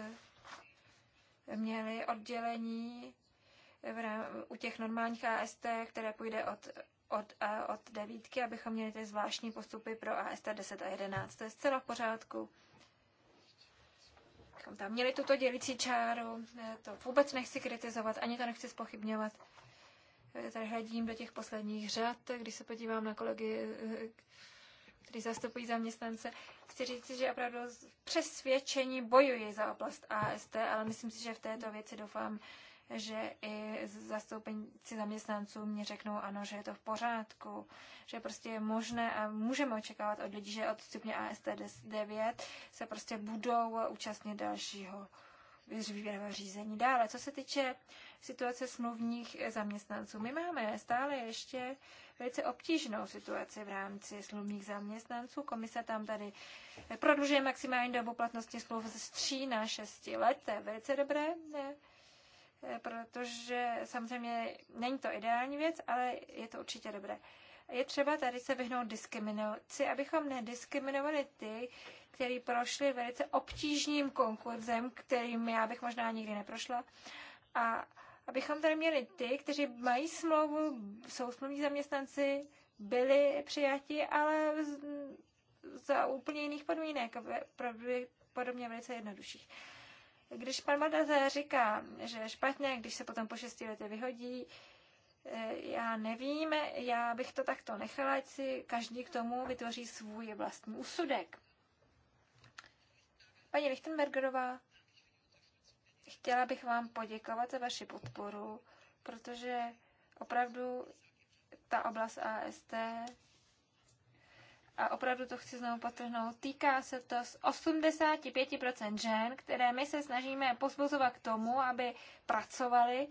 měli oddělení u těch normálních AST, které půjde od, od, od devítky, abychom měli ty zvláštní postupy pro AST 10 a 11. To je zcela v pořádku. Abychom tam měli tuto dělící čáru, to vůbec nechci kritizovat, ani to nechci spochybňovat. Tady hledím do těch posledních řad, když se podívám na kolegy eh, kteří zastupují zaměstnance, chci říct, že opravdu přesvědčení bojuji za oblast AST, ale myslím si, že v této věci doufám, že i zastoupenci zaměstnanců mě řeknou ano, že je to v pořádku, že prostě je možné a můžeme očekávat od lidí, že od stupně AST 9 se prostě budou účastnit dalšího výběrového řízení. Dále, co se týče situace smluvních zaměstnanců, my máme stále ještě velice obtížnou situaci v rámci smluvních zaměstnanců. Komise tam tady prodlužuje maximální dobu platnosti smluv z 3 na 6 let. To je velice dobré, ne? protože samozřejmě není to ideální věc, ale je to určitě dobré. Je třeba tady se vyhnout diskriminaci, abychom nediskriminovali ty, kteří prošli velice obtížným konkurzem, kterým já bych možná nikdy neprošla. A abychom tady měli ty, kteří mají smlouvu, jsou smluvní zaměstnanci, byli přijati, ale za úplně jiných podmínek, podobně velice jednodušších. Když pan Madaze říká, že je špatně, když se potom po šesti letech vyhodí, eh, já nevím, já bych to takto nechala, ať si každý k tomu vytvoří svůj vlastní úsudek. Paní Lichtenbergerová Chtěla bych vám poděkovat za vaši podporu, protože opravdu ta oblast AST a opravdu to chci znovu potrhnout, týká se to z 85% žen, které my se snažíme pozbuzovat k tomu, aby pracovali.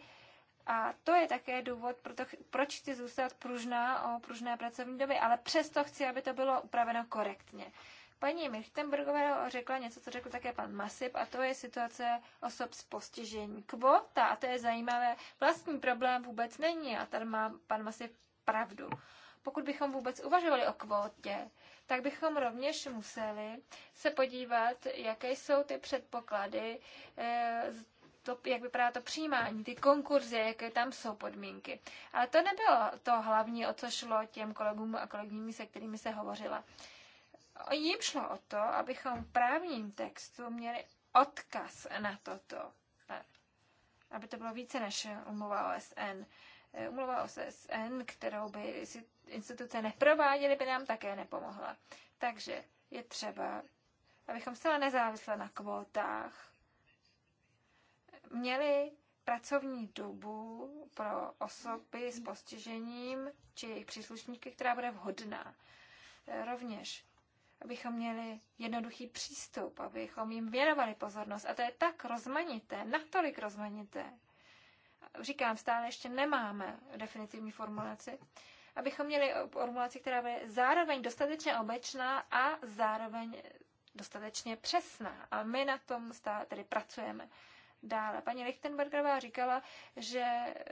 A to je také důvod, proto, proč chci zůstat pružná o pružné pracovní doby, ale přesto chci, aby to bylo upraveno korektně. Paní Michtenbergová řekla něco, co řekl také pan Masip, a to je situace osob s postižení. Kvota, a to je zajímavé, vlastní problém vůbec není a tady má pan Masip pravdu. Pokud bychom vůbec uvažovali o kvótě, tak bychom rovněž museli se podívat, jaké jsou ty předpoklady eh, to, jak vypadá to přijímání, ty konkurzy, jaké tam jsou podmínky. Ale to nebylo to hlavní, o co šlo těm kolegům a kolegyním, se kterými se hovořila. O jim šlo o to, abychom v právním textu měli odkaz na toto, aby to bylo více než umluva OSN. Eh, umluva OSN, kterou by instituce neprováděly, by nám také nepomohla. Takže je třeba, abychom se nezávisle na kvótách měli pracovní dobu pro osoby s postižením či jejich příslušníky, která bude vhodná. Eh, rovněž abychom měli jednoduchý přístup, abychom jim věnovali pozornost. A to je tak rozmanité, natolik rozmanité. Říkám, stále ještě nemáme definitivní formulaci, abychom měli formulaci, která by zároveň dostatečně obecná a zároveň dostatečně přesná. A my na tom stále tedy pracujeme dále. Paní Lichtenbergerová říkala, že eh,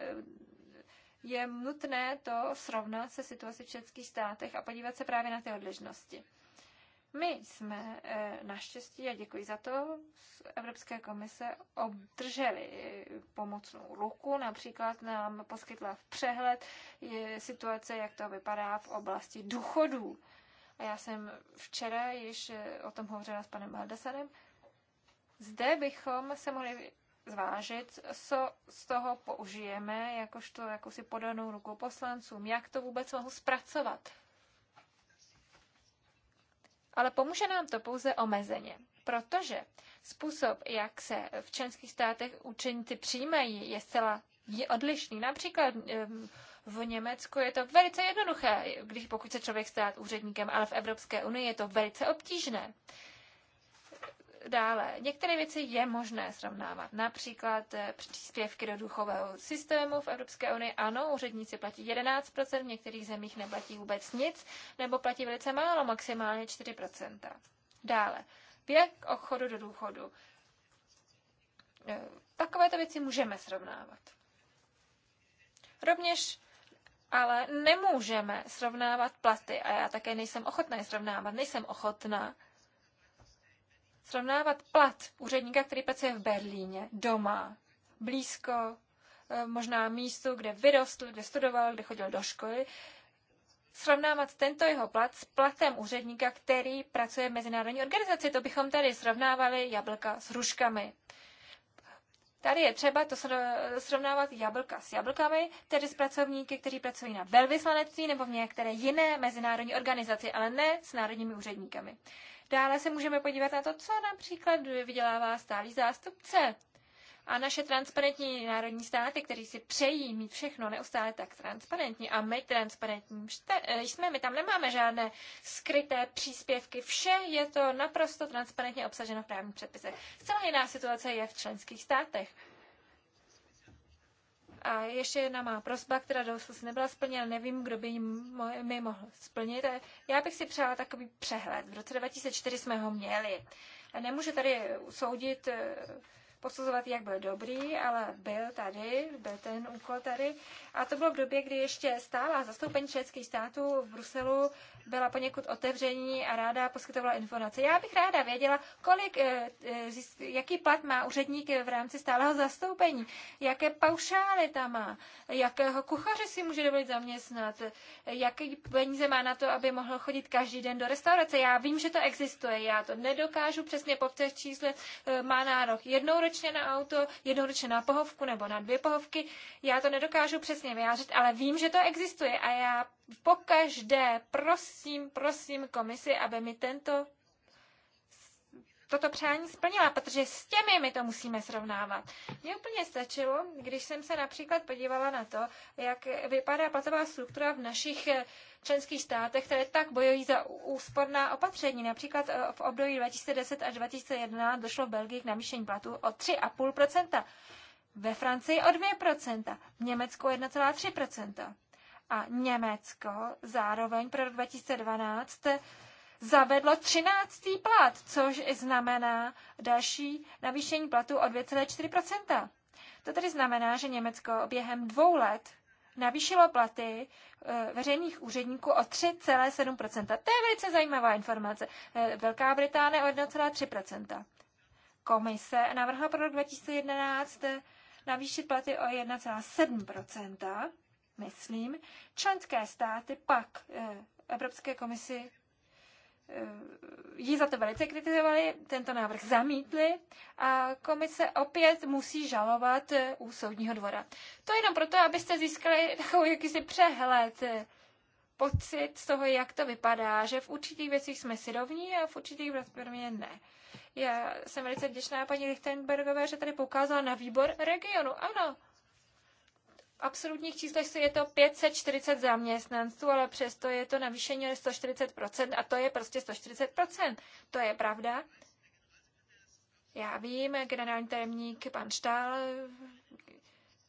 je nutné to srovnat se situací v českých státech a podívat se právě na ty odlišnosti. My jsme e, naštěstí, a děkuji za to, z Evropské komise obdrželi e, pomocnou ruku. Například nám poskytla v přehled situace, jak to vypadá v oblasti důchodů. A já jsem včera již e, o tom hovořila s panem Baldasarem. Zde bychom se mohli zvážit, co z toho použijeme, jakožto jakousi podanou rukou poslancům, jak to vůbec mohu zpracovat ale pomůže nám to pouze omezeně, protože způsob, jak se v členských státech učeníci přijímají, je zcela je odlišný. Například v Německu je to velice jednoduché, když pokud se člověk stát úředníkem, ale v Evropské unii je to velice obtížné. Dále, některé věci je možné srovnávat, například eh, příspěvky do duchového systému v Evropské unii. Ano, úředníci platí 11%, v některých zemích neplatí vůbec nic, nebo platí velice málo, maximálně 4%. Dále, věk odchodu do důchodu. Eh, takovéto věci můžeme srovnávat. Rovněž ale nemůžeme srovnávat platy a já také nejsem ochotná je srovnávat, nejsem ochotná srovnávat plat úředníka, který pracuje v Berlíně, doma, blízko eh, možná místu, kde vyrostl, kde studoval, kde chodil do školy, srovnávat tento jeho plat s platem úředníka, který pracuje v mezinárodní organizaci. To bychom tady srovnávali jablka s hruškami. Tady je třeba to srovnávat jablka s jablkami, tedy s pracovníky, kteří pracují na velvyslanectví nebo v některé jiné mezinárodní organizaci, ale ne s národními úředníkami. Dále se můžeme podívat na to, co například vydělává stálý zástupce. A naše transparentní národní státy, kteří si přejí mít všechno neustále tak transparentní a my transparentní eh, jsme, my tam nemáme žádné skryté příspěvky, vše je to naprosto transparentně obsaženo v právních předpisech. Zcela jiná situace je v členských státech. A ještě jedna má prosba, která dosud nebyla splněna, nevím, kdo by mi mohl splnit. Já bych si přála takový přehled. V roce 2004 jsme ho měli. Nemůžu tady soudit eh, posuzovat, jak byl dobrý, ale byl tady, byl ten úkol tady. A to bylo v době, kdy ještě stála zastoupení českých států v Bruselu, byla poněkud otevření a ráda poskytovala informace. Já bych ráda věděla, kolik, eh, eh, jaký plat má úředník v rámci stáleho zastoupení, jaké paušály tam má, jakého kuchaře si může dovolit zaměstnat, jaký peníze má na to, aby mohl chodit každý den do restaurace. Já vím, že to existuje, já to nedokážu přesně po čísle, eh, má nárok jednou jednoročně na auto, jednoročně na pohovku nebo na dvě pohovky. Já to nedokážu přesně vyjádřit, ale vím, že to existuje a já pokaždé prosím, prosím komisi, aby mi tento toto přání splnila, protože s těmi my to musíme srovnávat. Mně úplně stačilo, když jsem se například podívala na to, jak vypadá platová struktura v našich eh, členských státech, které tak bojují za úsporná opatření. Například eh, v období 2010 až 2011 došlo v Belgii k navýšení platů o 3,5%, ve Francii o 2%, v Německu 1,3%. A Německo zároveň pro rok 2012 zavedlo 13. plat, což znamená další navýšení platu o 2,4 To tedy znamená, že Německo během dvou let navýšilo platy e, veřejných úředníků o 3,7 To je velice zajímavá informace. E, Velká Británie o 1,3 Komise navrhla pro rok 2011 navýšit platy o 1,7 myslím. Členské státy pak e, Evropské komisi ji za to velice kritizovali, tento návrh zamítli a komise opět musí žalovat eh, u soudního dvora. To jenom proto, abyste získali takový jakýsi přehled, eh, pocit z toho, jak to vypadá, že v určitých věcích jsme si rovní a v určitých rozměrně ne. Já jsem velice vděčná paní Lichtenbergové, že tady poukázala na výbor regionu. Ano, v absolutních číslech je to 540 zaměstnanců, ale přesto je to navýšení 140% a to je prostě 140%. To je pravda. Já vím, generální tajemník pan Štál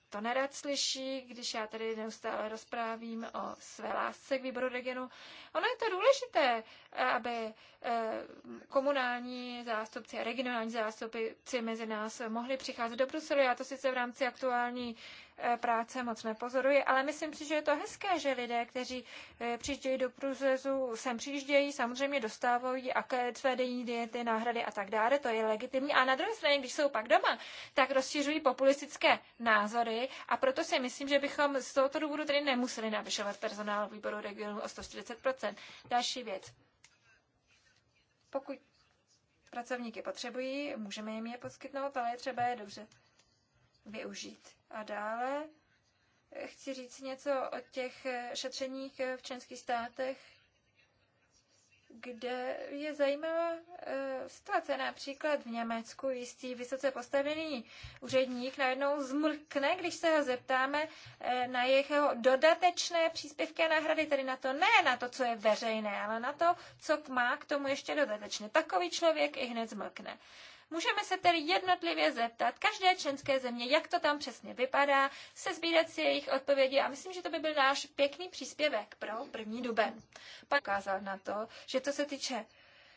to nerad slyší, když já tady neustále rozprávím o své lásce k výboru regionu. Ono je to důležité, aby eh, komunální zástupci a regionální zástupci mezi nás mohli přicházet do Bruselu. Já to sice v rámci aktuální Eh, práce moc nepozoruji, ale myslím si, že je to hezké, že lidé, kteří eh, přijíždějí do průzezu, sem přijíždějí, samozřejmě dostávají své denní diety, náhrady a tak dále, to je legitimní. A na druhé straně, když jsou pak doma, tak rozšiřují populistické názory a proto si myslím, že bychom z tohoto důvodu tedy nemuseli navyšovat personál výboru regionu o 140%. Další věc. Pokud pracovníky potřebují, můžeme jim je poskytnout, ale je třeba je dobře využít. A dále chci říct něco o těch šetřeních v členských státech, kde je zajímavá eh, situace. Například v Německu jistý vysoce postavený úředník najednou zmlkne, když se ho zeptáme eh, na jeho dodatečné příspěvky a náhrady, tedy na to ne na to, co je veřejné, ale na to, co má k tomu ještě dodatečně. Takový člověk i hned zmlkne. Můžeme se tedy jednotlivě zeptat každé členské země, jak to tam přesně vypadá, se sbírat si jejich odpovědi a myslím, že to by byl náš pěkný příspěvek pro první duben. Pak ukázal na to, že co se týče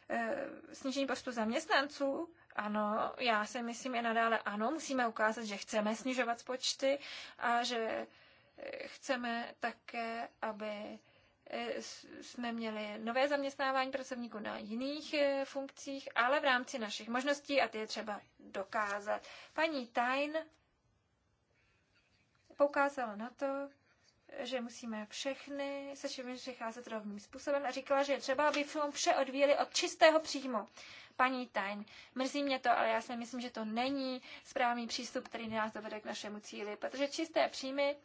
e, snížení postu zaměstnanců, ano, já si myslím i nadále ano, musíme ukázat, že chceme snižovat počty a že e, chceme také, aby Eh, jsme měli nové zaměstnávání pracovníků na jiných eh, funkcích, ale v rámci našich možností a ty je třeba dokázat. Paní Tajn poukázala na to, že musíme všechny se všemi přicházet rovným způsobem a říkala, že je třeba, aby vše odvíjeli od čistého příjmu. Paní Tajn, mrzí mě to, ale já si myslím, že to není správný přístup, který nás dovede k našemu cíli, protože čisté příjmy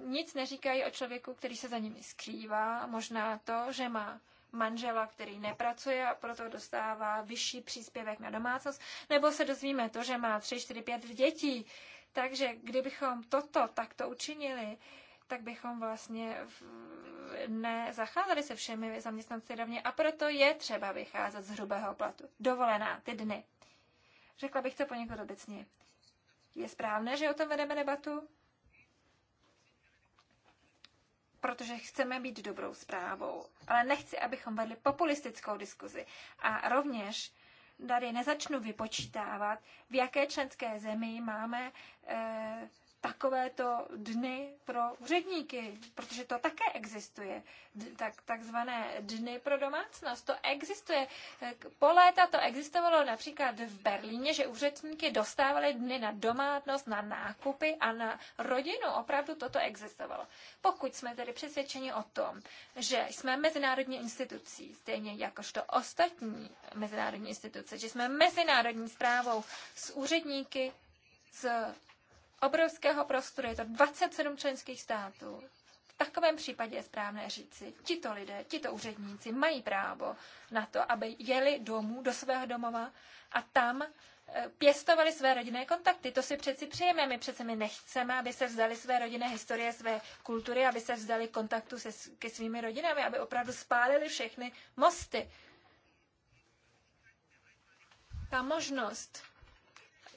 nic neříkají o člověku, který se za nimi skrývá. Možná to, že má manžela, který nepracuje a proto dostává vyšší příspěvek na domácnost, nebo se dozvíme to, že má 3, 4, 5 dětí. Takže kdybychom toto takto učinili, tak bychom vlastně nezacházeli se všemi zaměstnanci rovně a proto je třeba vycházet z hrubého platu. Dovolená, ty dny. Řekla bych to poněkud obecně. Je správné, že o tom vedeme debatu? protože chceme být dobrou zprávou. Ale nechci, abychom vedli populistickou diskuzi. A rovněž tady nezačnu vypočítávat, v jaké členské zemi máme eh, takovéto dny pro úředníky, protože to také existuje. Tak, takzvané dny pro domácnost, to existuje. Po léta to existovalo například v Berlíně, že úředníky dostávali dny na domácnost, na nákupy a na rodinu. Opravdu toto existovalo. Pokud jsme tedy přesvědčeni o tom, že jsme mezinárodní institucí, stejně jakožto ostatní mezinárodní instituce, že jsme mezinárodní zprávou s úředníky, s obrovského prostoru, je to 27 členských států. V takovém případě je správné říci, tito lidé, tito úředníci mají právo na to, aby jeli domů, do svého domova a tam eh, pěstovali své rodinné kontakty. To si přeci přejeme. My přece my nechceme, aby se vzdali své rodinné historie, své kultury, aby se vzdali kontaktu se, ke svými rodinami, aby opravdu spálili všechny mosty. Ta možnost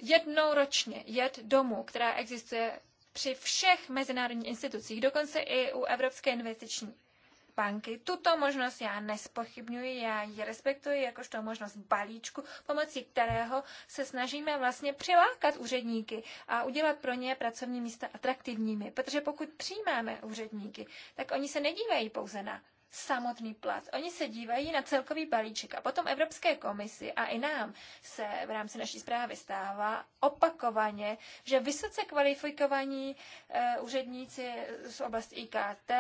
jednou ročně jet domů, která existuje při všech mezinárodních institucích, dokonce i u Evropské investiční banky. Tuto možnost já nespochybnuji, já ji respektuji jakožto možnost balíčku, pomocí kterého se snažíme vlastně přilákat úředníky a udělat pro ně pracovní místa atraktivními. Protože pokud přijímáme úředníky, tak oni se nedívají pouze na samotný plat. Oni se dívají na celkový balíček a potom Evropské komisi a i nám se v rámci naší zprávy stává opakovaně, že vysoce kvalifikovaní e, úředníci z oblasti IKT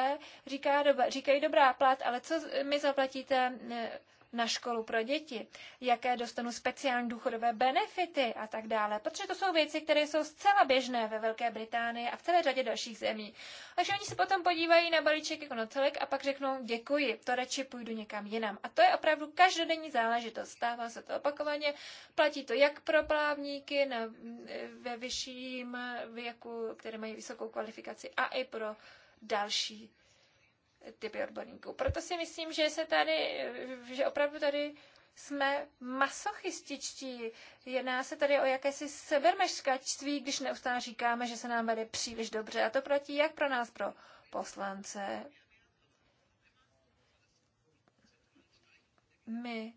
říká, doba, říkají dobrá plat, ale co mi zaplatíte e, na školu pro děti, jaké dostanu speciální důchodové benefity a tak dále. Protože to jsou věci, které jsou zcela běžné ve Velké Británii a v celé řadě dalších zemí. Takže oni se potom podívají na balíček jako na celek a pak řeknou děkuji, to radši půjdu někam jinam. A to je opravdu každodenní záležitost. Stává se to opakovaně, platí to jak pro plávníky na, ve vyšším věku, které mají vysokou kvalifikaci, a i pro další typy odborníků. Proto si myslím, že se tady, že opravdu tady jsme masochističtí. Jedná se tady o jakési sebermeškačství, když neustále říkáme, že se nám vede příliš dobře. A to platí jak pro nás, pro poslance. My,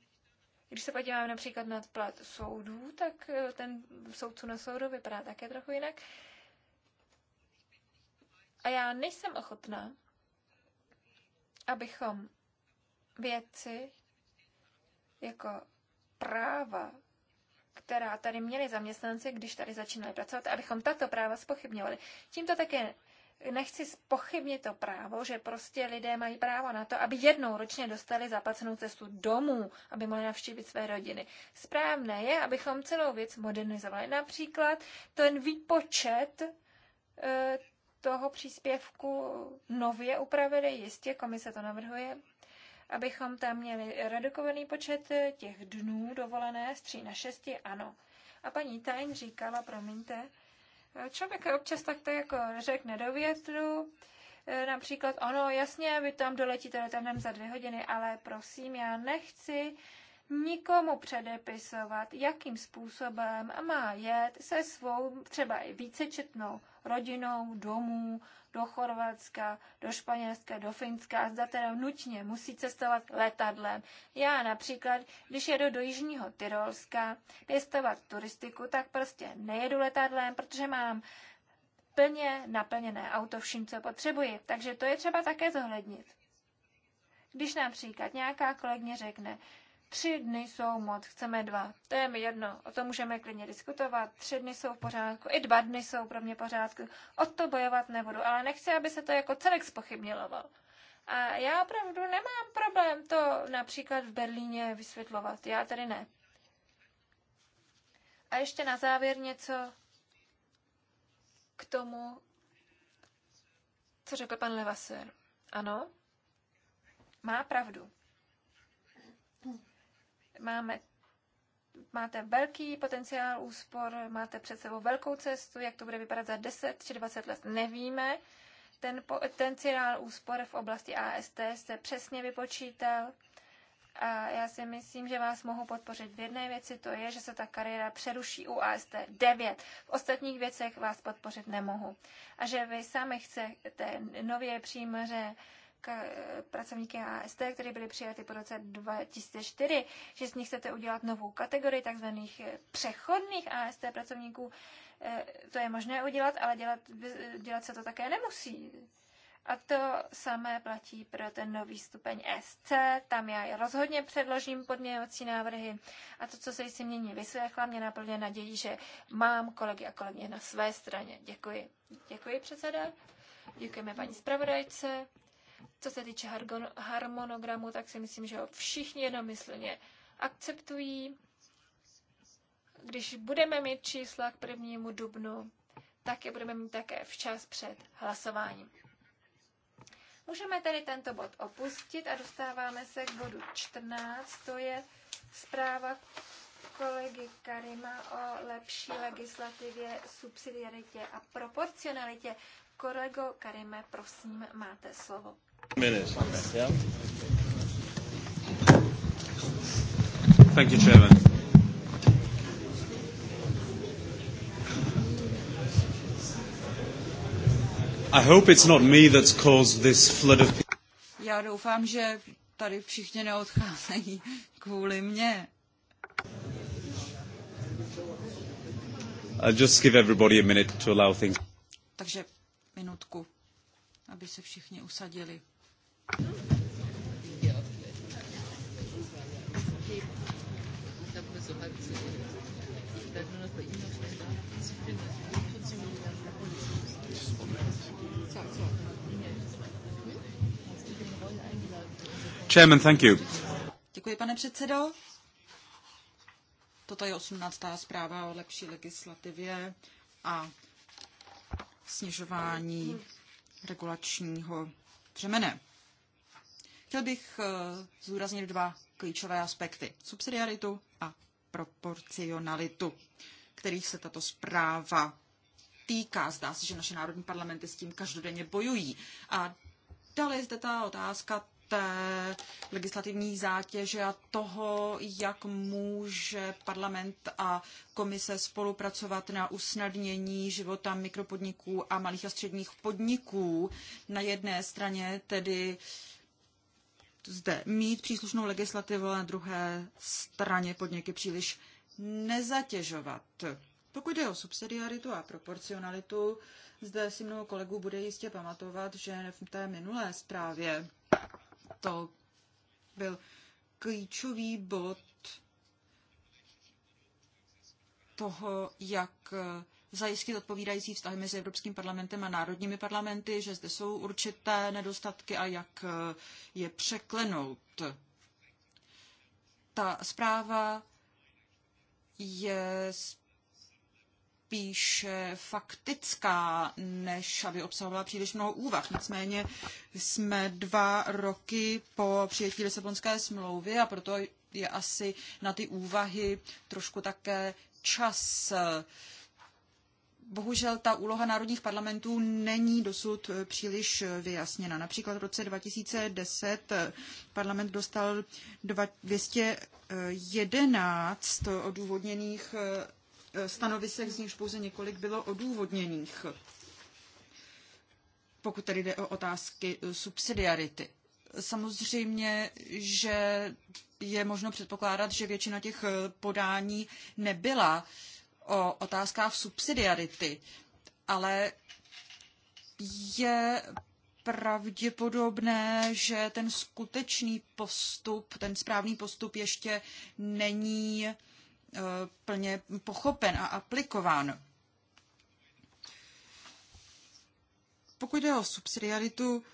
když se podíváme například na plat soudů, tak eh, ten soudcu na soudu vypadá také trochu jinak. A já nejsem ochotná abychom věci jako práva, která tady měli zaměstnanci, když tady začínali pracovat, abychom tato práva spochybňovali. Tímto také nechci spochybnit to právo, že prostě lidé mají právo na to, aby jednou ročně dostali zaplacenou cestu domů, aby mohli navštívit své rodiny. Správné je, abychom celou věc modernizovali. Například ten výpočet eh, toho příspěvku nově upravili, jistě komise to navrhuje, abychom tam měli redukovaný počet těch dnů dovolené z 3 na 6, ano. A paní Tajn říkala, promiňte, člověk občas takto jako řekne do větru, například, ano, jasně, vy tam doletíte letadlem za dvě hodiny, ale prosím, já nechci nikomu předepisovat, jakým způsobem má jet se svou třeba i vícečetnou rodinou domů do Chorvatska, do Španělska, do Finska a zda teda nutně musí cestovat letadlem. Já například, když jedu do Jižního Tyrolska pěstovat turistiku, tak prostě nejedu letadlem, protože mám plně naplněné auto vším, co potřebuji. Takže to je třeba také zohlednit. Když například nějaká kolegně řekne, Tři dny jsou moc, chceme dva. To je mi jedno, o tom můžeme klidně diskutovat. Tři dny jsou v pořádku, i dva dny jsou pro mě v pořádku. O to bojovat nebudu, ale nechci, aby se to jako celek spochybnilovalo. A já opravdu nemám problém to například v Berlíně vysvětlovat. Já tady ne. A ještě na závěr něco k tomu, co řekl pan Levasser. Ano, má pravdu máme máte velký potenciál úspor, máte před sebou velkou cestu, jak to bude vypadat za 10 či 20 let, nevíme. Ten potenciál úspor v oblasti AST se přesně vypočítal a já si myslím, že vás mohu podpořit v jedné věci, to je, že se ta kariéra přeruší u AST 9. V ostatních věcech vás podpořit nemohu. A že vy sami chcete nově příjmeře k eh, pracovníky AST, které byly přijaty po roce 2004, že z nich chcete udělat novou kategorii tzv. Eh, přechodných AST pracovníků, eh, to je možné udělat, ale dělat, dělat se to také nemusí. A to samé platí pro ten nový stupeň SC. Tam já rozhodně předložím podměňovací návrhy. A to, co se jsi mění vyslechla, mě naplně nadějí, že mám kolegy a kolegy na své straně. Děkuji. Děkuji, předseda. Děkujeme paní zpravodajce. Co se týče harmonogramu, tak si myslím, že ho všichni jednomyslně akceptují. Když budeme mít čísla k prvnímu dubnu, tak je budeme mít také včas před hlasováním. Můžeme tedy tento bod opustit a dostáváme se k bodu 14, to je zpráva kolegy Karima o lepší legislativě, subsidiaritě a proporcionalitě. Kolego Karime, prosím, máte slovo. Minute. Yeah. Thank you, Chairman. I hope it's not me that's caused this flood of... Já doufám, že tady všichni neodcházejí kvůli mně. I'll just give everybody a minute to allow things. Takže minutku, aby se všichni usadili. Chairman, thank you. Děkuji, pane předsedo. Toto je 18. zpráva o lepší legislativě a snižování regulačního břemene. Chtěl bych eh, zúraznit dva klíčové aspekty. Subsidiaritu a proporcionalitu, kterých se tato zpráva týká. Zdá se, že naše národní parlamenty s tím každodenně bojují. A dále je zde ta otázka té legislativní zátěže a toho, jak může parlament a komise spolupracovat na usnadnění života mikropodniků a malých a středních podniků. Na jedné straně tedy zde mít příslušnou legislativu na druhé straně podniky příliš nezatěžovat. Pokud jde o subsidiaritu a proporcionalitu, zde si mnoho kolegů bude jistě pamatovat, že v té minulé zprávě to byl klíčový bod toho, jak zajistit odpovídající vztahy mezi Evropským parlamentem a národními parlamenty, že zde jsou určité nedostatky a jak eh, je překlenout. Ta zpráva je spíše faktická, než aby obsahovala příliš mnoho úvah. Nicméně jsme dva roky po přijetí Lisabonské smlouvy a proto je asi na ty úvahy trošku také čas. Uh, bohužel ta úloha národních parlamentů není dosud eh, příliš eh, vyjasněna. Například v roce 2010 eh, parlament dostal 211 odůvodněných stanovisek, z nichž pouze několik bylo odůvodněných, pokud tedy jde o otázky subsidiarity. Samozřejmě, že je možno předpokládat, že většina těch podání nebyla uh, o otázkách subsidiarity, ale je pravděpodobné, že ten skutečný postup, ten správný postup ještě není e, plně pochopen a aplikován. Pokud jde o subsidiaritu,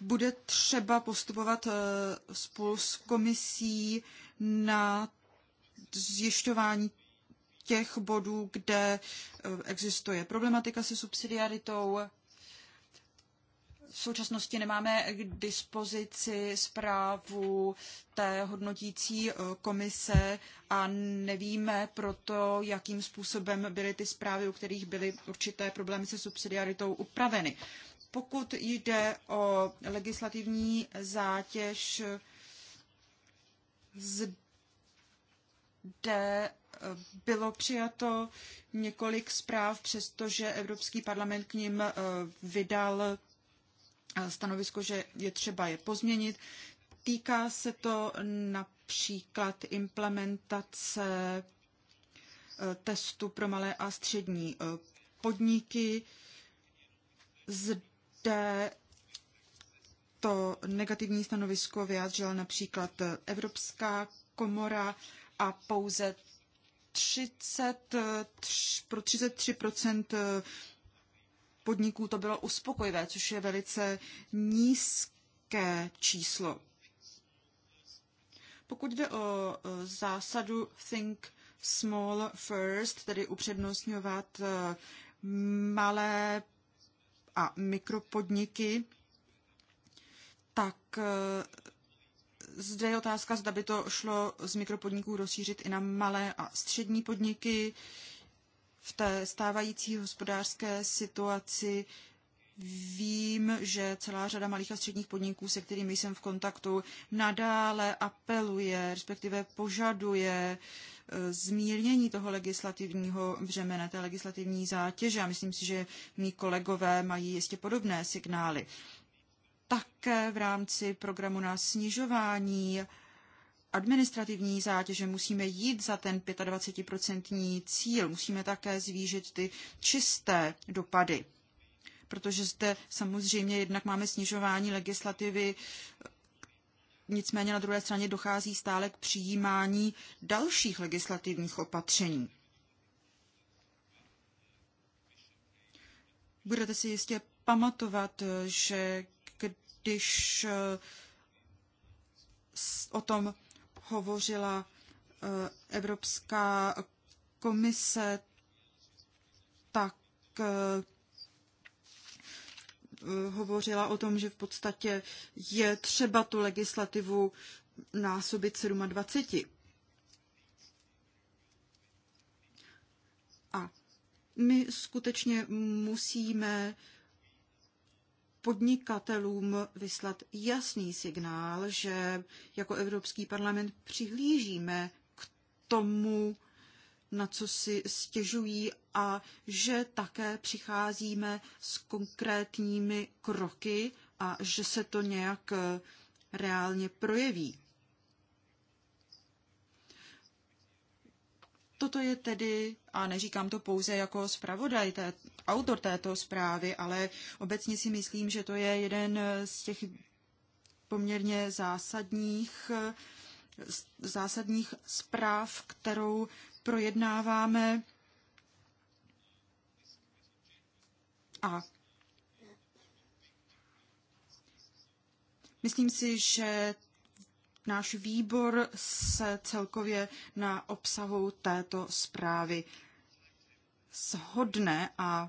bude třeba postupovat e, spolu s komisí na zjišťování těch bodů, kde eh, existuje problematika se subsidiaritou. V současnosti nemáme k dispozici zprávu té hodnotící eh, komise a nevíme proto, jakým způsobem byly ty zprávy, u kterých byly určité problémy se subsidiaritou upraveny. Pokud jde o legislativní zátěž, zde bylo přijato několik zpráv, přestože Evropský parlament k ním eh, vydal eh, stanovisko, že je třeba je pozměnit. Týká se to například implementace eh, testu pro malé a střední podniky. Zde to negativní stanovisko vyjádřila například Evropská komora a pouze pro 33 eh, podniků to bylo uspokojivé, což je velice nízké číslo. Pokud jde o eh, zásadu think small first, tedy upřednostňovat eh, malé a mikropodniky, tak zde je otázka, zda by to šlo z mikropodniků rozšířit i na malé a střední podniky. V té stávající hospodářské situaci vím, že celá řada malých a středních podniků, se kterými jsem v kontaktu, nadále apeluje, respektive požaduje eh, zmírnění toho legislativního břemene, té legislativní zátěže. A myslím si, že mý kolegové mají jistě podobné signály také v rámci programu na snižování administrativní zátěže musíme jít za ten 25% cíl. Musíme také zvýšit ty čisté dopady, protože zde samozřejmě jednak máme snižování legislativy, nicméně na druhé straně dochází stále k přijímání dalších legislativních opatření. Budete si jistě pamatovat, že když eh, o tom hovořila eh, Evropská komise, tak eh, hovořila o tom, že v podstatě je třeba tu legislativu násobit 27. A my skutečně musíme podnikatelům vyslat jasný signál, že jako Evropský parlament přihlížíme k tomu, na co si stěžují a že také přicházíme s konkrétními kroky a že se to nějak reálně projeví. Toto je tedy, a neříkám to pouze jako zpravodaj, té, autor této zprávy, ale obecně si myslím, že to je jeden z těch poměrně zásadních, zásadních zpráv, kterou projednáváme. A myslím si, že náš výbor se celkově na obsahu této zprávy shodne a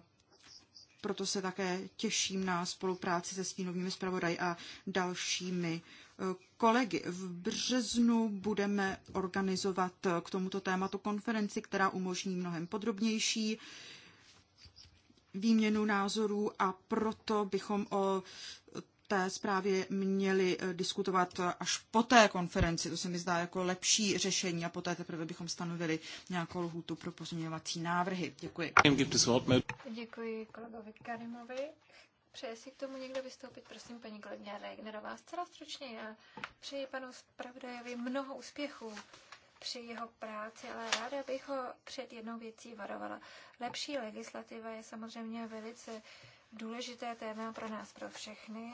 proto se také těším na spolupráci se stínovými zpravodaji a dalšími eh, kolegy. V březnu budeme organizovat eh, k tomuto tématu konferenci, která umožní mnohem podrobnější výměnu názorů a proto bychom o té zprávě měli eh, diskutovat až po té konferenci. To se mi zdá jako lepší řešení a poté teprve bychom stanovili nějakou lhůtu pro pozměňovací návrhy. Děkuji. Děkuji kolegovi Karimovi. Přeje si k tomu někdo vystoupit, prosím, paní kolegyně Regnerová. Zcela stručně já přeji panu zpravodajovi mnoho úspěchů při jeho práci, ale ráda bych ho před jednou věcí varovala. Lepší legislativa je samozřejmě velice uh, důležité téma pro nás, pro všechny,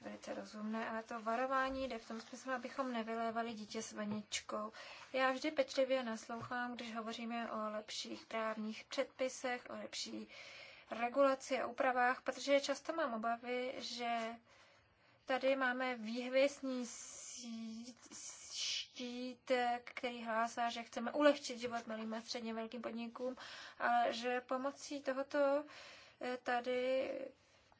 velice rozumné, ale to varování jde v tom smyslu, abychom nevylévali dítě s vaničkou. Já vždy pečlivě naslouchám, když hovoříme o lepších právních předpisech, o lepší regulaci a úpravách, protože často mám obavy, že tady máme výhvěsní štít, který hlásá, že chceme ulehčit život malým a středně velkým podnikům, ale že pomocí tohoto tady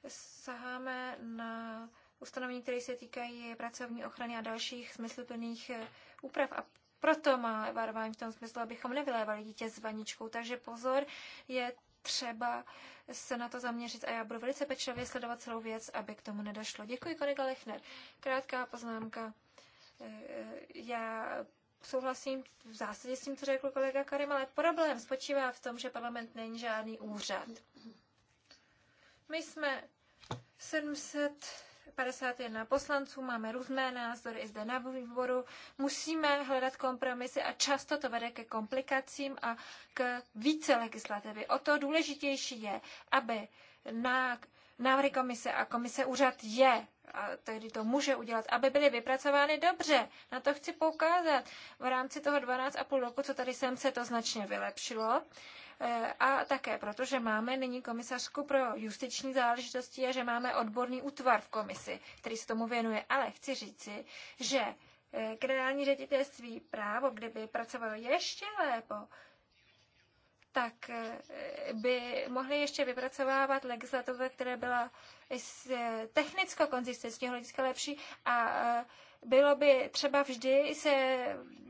saháme na ustanovení, které se týkají pracovní ochrany a dalších smysluplných eh, úprav. A proto má varování v tom smyslu, abychom nevylévali dítě s vaničkou. Takže pozor, je třeba se na to zaměřit a já budu velice pečlivě sledovat celou věc, aby k tomu nedošlo. Děkuji, kolega Lechner. Krátká poznámka. Eh, já souhlasím v zásadě s tím, co řekl kolega Karim, ale problém spočívá v tom, že parlament není žádný úřad. My jsme 751 poslanců, máme různé názory i zde na výboru, musíme hledat kompromisy a často to vede ke komplikacím a k více legislativy. O to důležitější je, aby na návrhy komise a komise úřad je, a tedy to může udělat, aby byly vypracovány dobře. Na to chci poukázat. V rámci toho 12,5 roku, co tady jsem, se to značně vylepšilo a také proto, že máme nyní komisařku pro justiční záležitosti a že máme odborný útvar v komisi, který se tomu věnuje. Ale chci říci, že eh, generální ředitelství právo, kdyby pracovalo ještě lépe, tak eh, by mohli ještě vypracovávat legislativu, která byla eh, z technicko-konzistentního hlediska lepší a bylo by třeba vždy se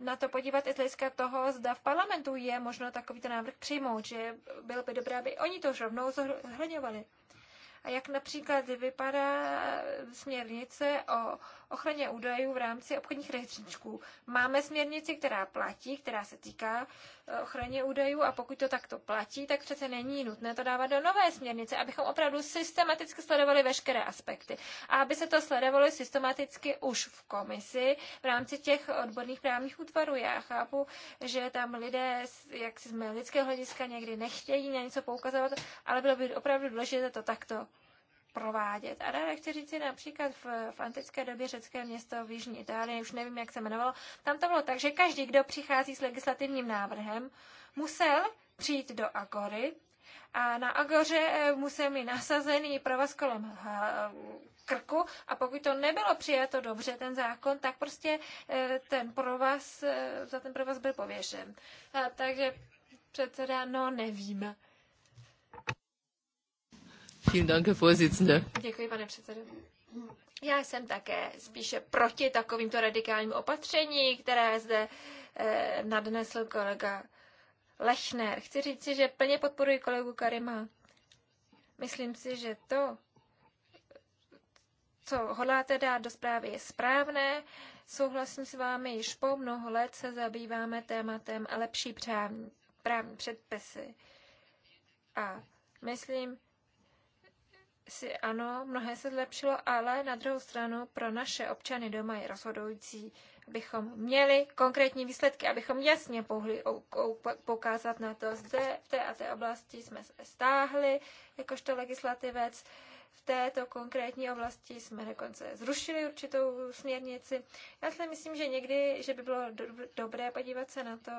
na to podívat i z hlediska toho, zda v parlamentu je možno takovýto návrh přijmout, že bylo by dobré, aby oni to rovnou zohledňovali. A jak například vypadá směrnice o ochraně údajů v rámci obchodních rejstříčků. Máme směrnici, která platí, která se týká eh, ochraně údajů a pokud to takto platí, tak přece není nutné to dávat do nové směrnice, abychom opravdu systematicky sledovali veškeré aspekty. A aby se to sledovalo systematicky už v komisi v rámci těch odborných právních útvarů. Já chápu, že tam lidé, jak si z lidského hlediska někdy nechtějí na něco poukazovat, ale bylo by opravdu důležité to takto provádět. A ráda chci říct si například v, v antické době řecké město v Jižní Itálii, už nevím, jak se jmenovalo, tam to bylo tak, že každý, kdo přichází s legislativním návrhem, musel přijít do Agory a na Agoře eh, musel mít nasazený provaz kolem eh, krku a pokud to nebylo přijato dobře, ten zákon, tak prostě eh, ten provaz, za ten provaz byl pověšen. A, takže předseda, no nevím. Děkuji, pane předsedo. Já jsem také spíše proti takovýmto radikálním opatření, které zde eh, nadnesl kolega Lechner. Chci říct si, že plně podporuji kolegu Karima. Myslím si, že to, co hodláte dát do zprávy, je správné. Souhlasím s vámi, již po mnoho let se zabýváme tématem lepší právní, právní předpisy. A myslím, si ano, mnohé se zlepšilo, ale na druhou stranu pro naše občany doma je rozhodující, abychom měli konkrétní výsledky, abychom jasně pohli, poukázat na to, zde v té a té oblasti jsme se stáhli jakožto legislativec, v této konkrétní oblasti jsme dokonce zrušili určitou směrnici. Já si myslím, že někdy, že by bylo do, dobré podívat se na to,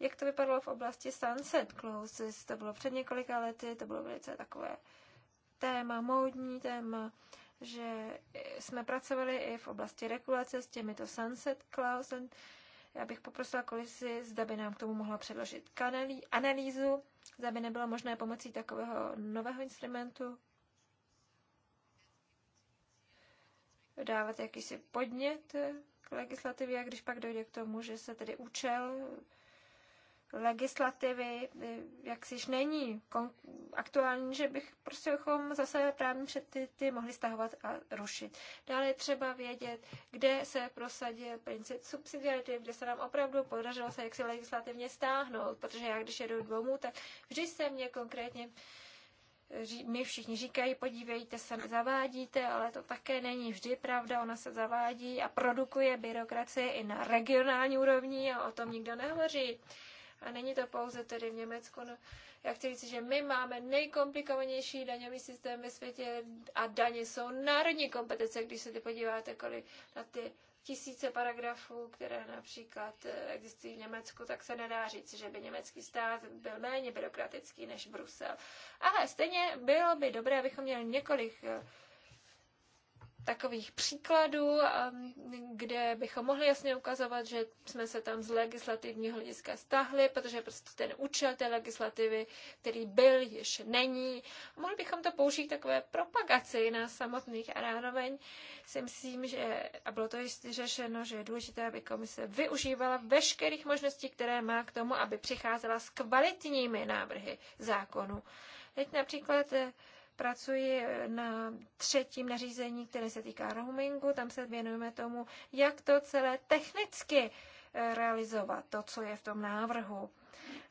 jak to vypadalo v oblasti Sunset Clauses. To bylo před několika lety, to bylo velice takové téma, módní téma, že jsme pracovali i v oblasti regulace s těmito sunset clause. Já bych poprosila kolisi, zda by nám k tomu mohla předložit kanalí, analýzu, zda by nebylo možné pomocí takového nového instrumentu dávat jakýsi podnět k legislativě, a když pak dojde k tomu, že se tedy účel legislativy, eh, jak již není aktuální, že bych prostě bychom zase právní předpisy mohli stahovat a rušit. Dále je třeba vědět, kde se prosadil princip subsidiarity, kde se nám opravdu podařilo se jaksi legislativně stáhnout, protože já když jedu domů, tak vždy se mě konkrétně eh, my všichni říkají, podívejte se, zavádíte, ale to také není vždy pravda, ona se zavádí a produkuje byrokracie i na regionální úrovni a o tom nikdo nehovoří. A není to pouze tedy v Německu. No, já chci říct, že my máme nejkomplikovanější daňový systém ve světě a daně jsou národní kompetence, když se ty podíváte kolik na ty tisíce paragrafů, které například eh, existují v Německu, tak se nedá říct, že by německý stát byl méně byrokratický než Brusel. Ale stejně bylo by dobré, abychom měli několik eh, takových příkladů, um, kde bychom mohli jasně ukazovat, že jsme se tam z legislativního hlediska stáhli, protože prostě ten účel té legislativy, který byl, již není. A mohli bychom to použít takové propagaci na samotných a zároveň si myslím, že, a bylo to jistě řešeno, že je důležité, aby komise využívala veškerých možností, které má k tomu, aby přicházela s kvalitními návrhy zákonu. Teď například eh, Pracuji na třetím nařízení, které se týká roamingu. Tam se věnujeme tomu, jak to celé technicky eh, realizovat, to, co je v tom návrhu.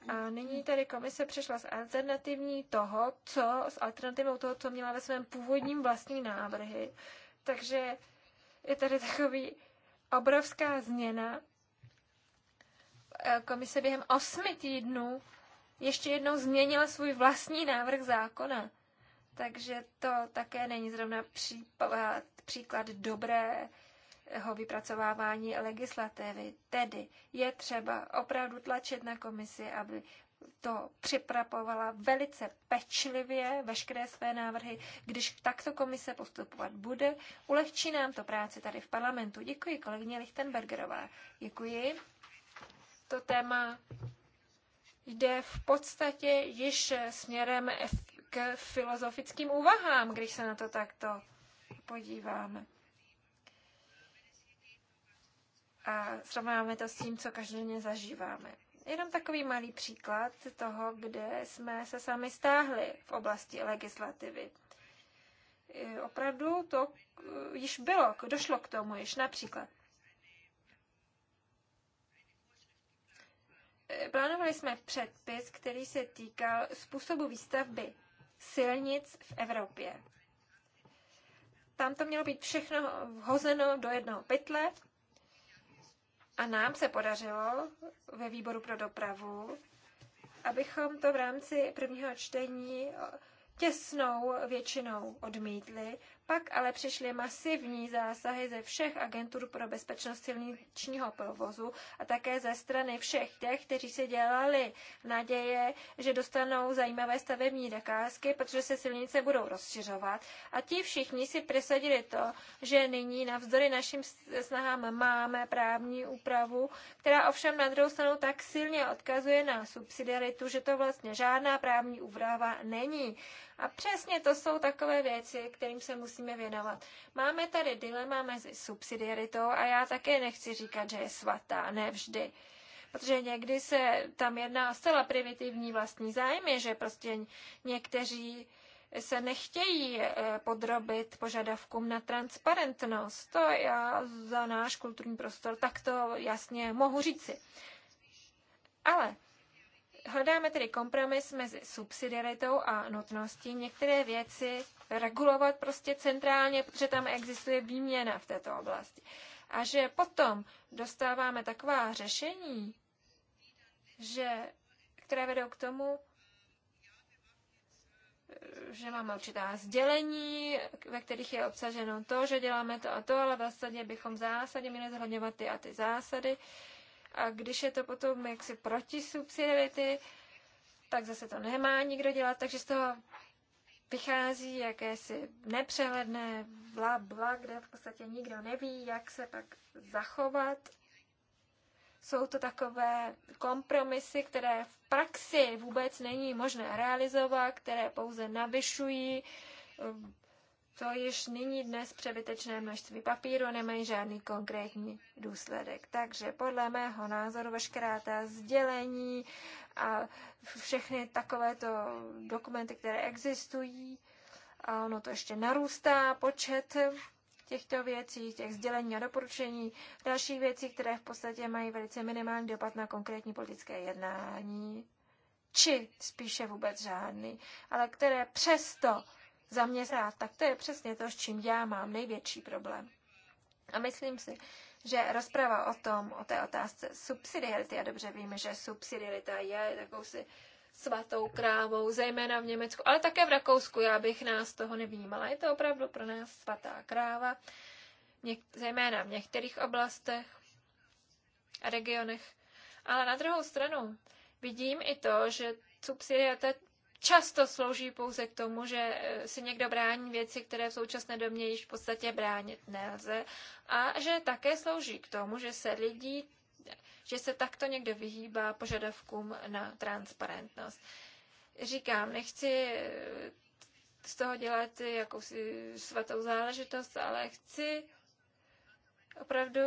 A nyní tedy komise přišla s alternativní toho, co, s alternativou toho, co měla ve svém původním vlastní návrhy. Takže je tady takový obrovská změna. Eh, komise během osmi týdnů ještě jednou změnila svůj vlastní návrh zákona. Takže to také není zrovna případ, příklad dobrého vypracovávání legislativy. Tedy je třeba opravdu tlačit na komisi, aby to připravovala velice pečlivě, veškeré své návrhy. Když takto komise postupovat bude, ulehčí nám to práci tady v parlamentu. Děkuji kolegyně Lichtenbergerová. Děkuji. To téma jde v podstatě již směrem k filozofickým úvahám, když se na to takto podíváme. A srovnáme to s tím, co každodenně zažíváme. Jenom takový malý příklad toho, kde jsme se sami stáhli v oblasti legislativy. E, opravdu to e, již bylo, došlo k tomu již například. E, plánovali jsme předpis, který se týkal způsobu výstavby silnic v Evropě. Tam to mělo být všechno vhozeno do jednoho pytle a nám se podařilo ve výboru pro dopravu, abychom to v rámci prvního čtení těsnou většinou odmítli pak ale přišly masivní zásahy ze všech agentur pro bezpečnost silničního provozu a také ze strany všech těch, kteří si dělali naděje, že dostanou zajímavé stavební zakázky, protože se silnice budou rozšiřovat. A ti všichni si přesadili to, že nyní navzdory našim snahám máme právní úpravu, která ovšem na druhou stranu tak silně odkazuje na subsidiaritu, že to vlastně žádná právní úprava není. A přesně to jsou takové věci, kterým se musíme věnovat. Máme tady dilema mezi subsidiaritou a já také nechci říkat, že je svatá, ne vždy protože někdy se tam jedná o zcela primitivní vlastní zájmy, že prostě někteří se nechtějí eh, podrobit požadavkům na transparentnost. To já za náš kulturní prostor takto jasně mohu říci. Ale Hledáme tedy kompromis mezi subsidiaritou a nutností některé věci regulovat prostě centrálně, protože tam existuje výměna v této oblasti. A že potom dostáváme taková řešení, že, které vedou k tomu, že máme určitá sdělení, ve kterých je obsaženo to, že děláme to a to, ale v zásadě vlastně bychom v zásadě měli zhodňovat ty a ty zásady. Uh, a když je to potom jaksi proti subsidiarity, tak zase to nemá nikdo dělat, takže z toho vychází jakési nepřehledné bla, bla, kde v podstatě nikdo neví, jak se pak zachovat. Jsou to takové kompromisy, které v praxi vůbec není možné realizovat, které pouze navyšují to již nyní dnes přebytečné množství papíru nemají žádný konkrétní důsledek. Takže podle mého názoru veškerá ta sdělení a všechny takovéto dokumenty, které existují, a ono to ještě narůstá, počet těchto věcí, těch sdělení a doporučení, dalších věcí, které v podstatě mají velice minimální dopad na konkrétní politické jednání, či spíše vůbec žádný, ale které přesto zaměřovat, tak to je přesně to, s čím já mám největší problém. A myslím si, že rozprava o tom, o té otázce subsidiarity, a dobře víme, že subsidiarita je takovou si svatou krávou, zejména v Německu, ale také v Rakousku, já bych nás toho nevnímala. Je to opravdu pro nás svatá kráva, něk- zejména v některých oblastech a regionech. Ale na druhou stranu vidím i to, že subsidiarita často slouží pouze k tomu, že eh, se někdo brání věci, které v současné době již v podstatě bránit nelze a že také slouží k tomu, že se lidí, že se takto někdo vyhýbá požadavkům na transparentnost. Říkám, nechci eh, z toho dělat jakousi svatou záležitost, ale chci opravdu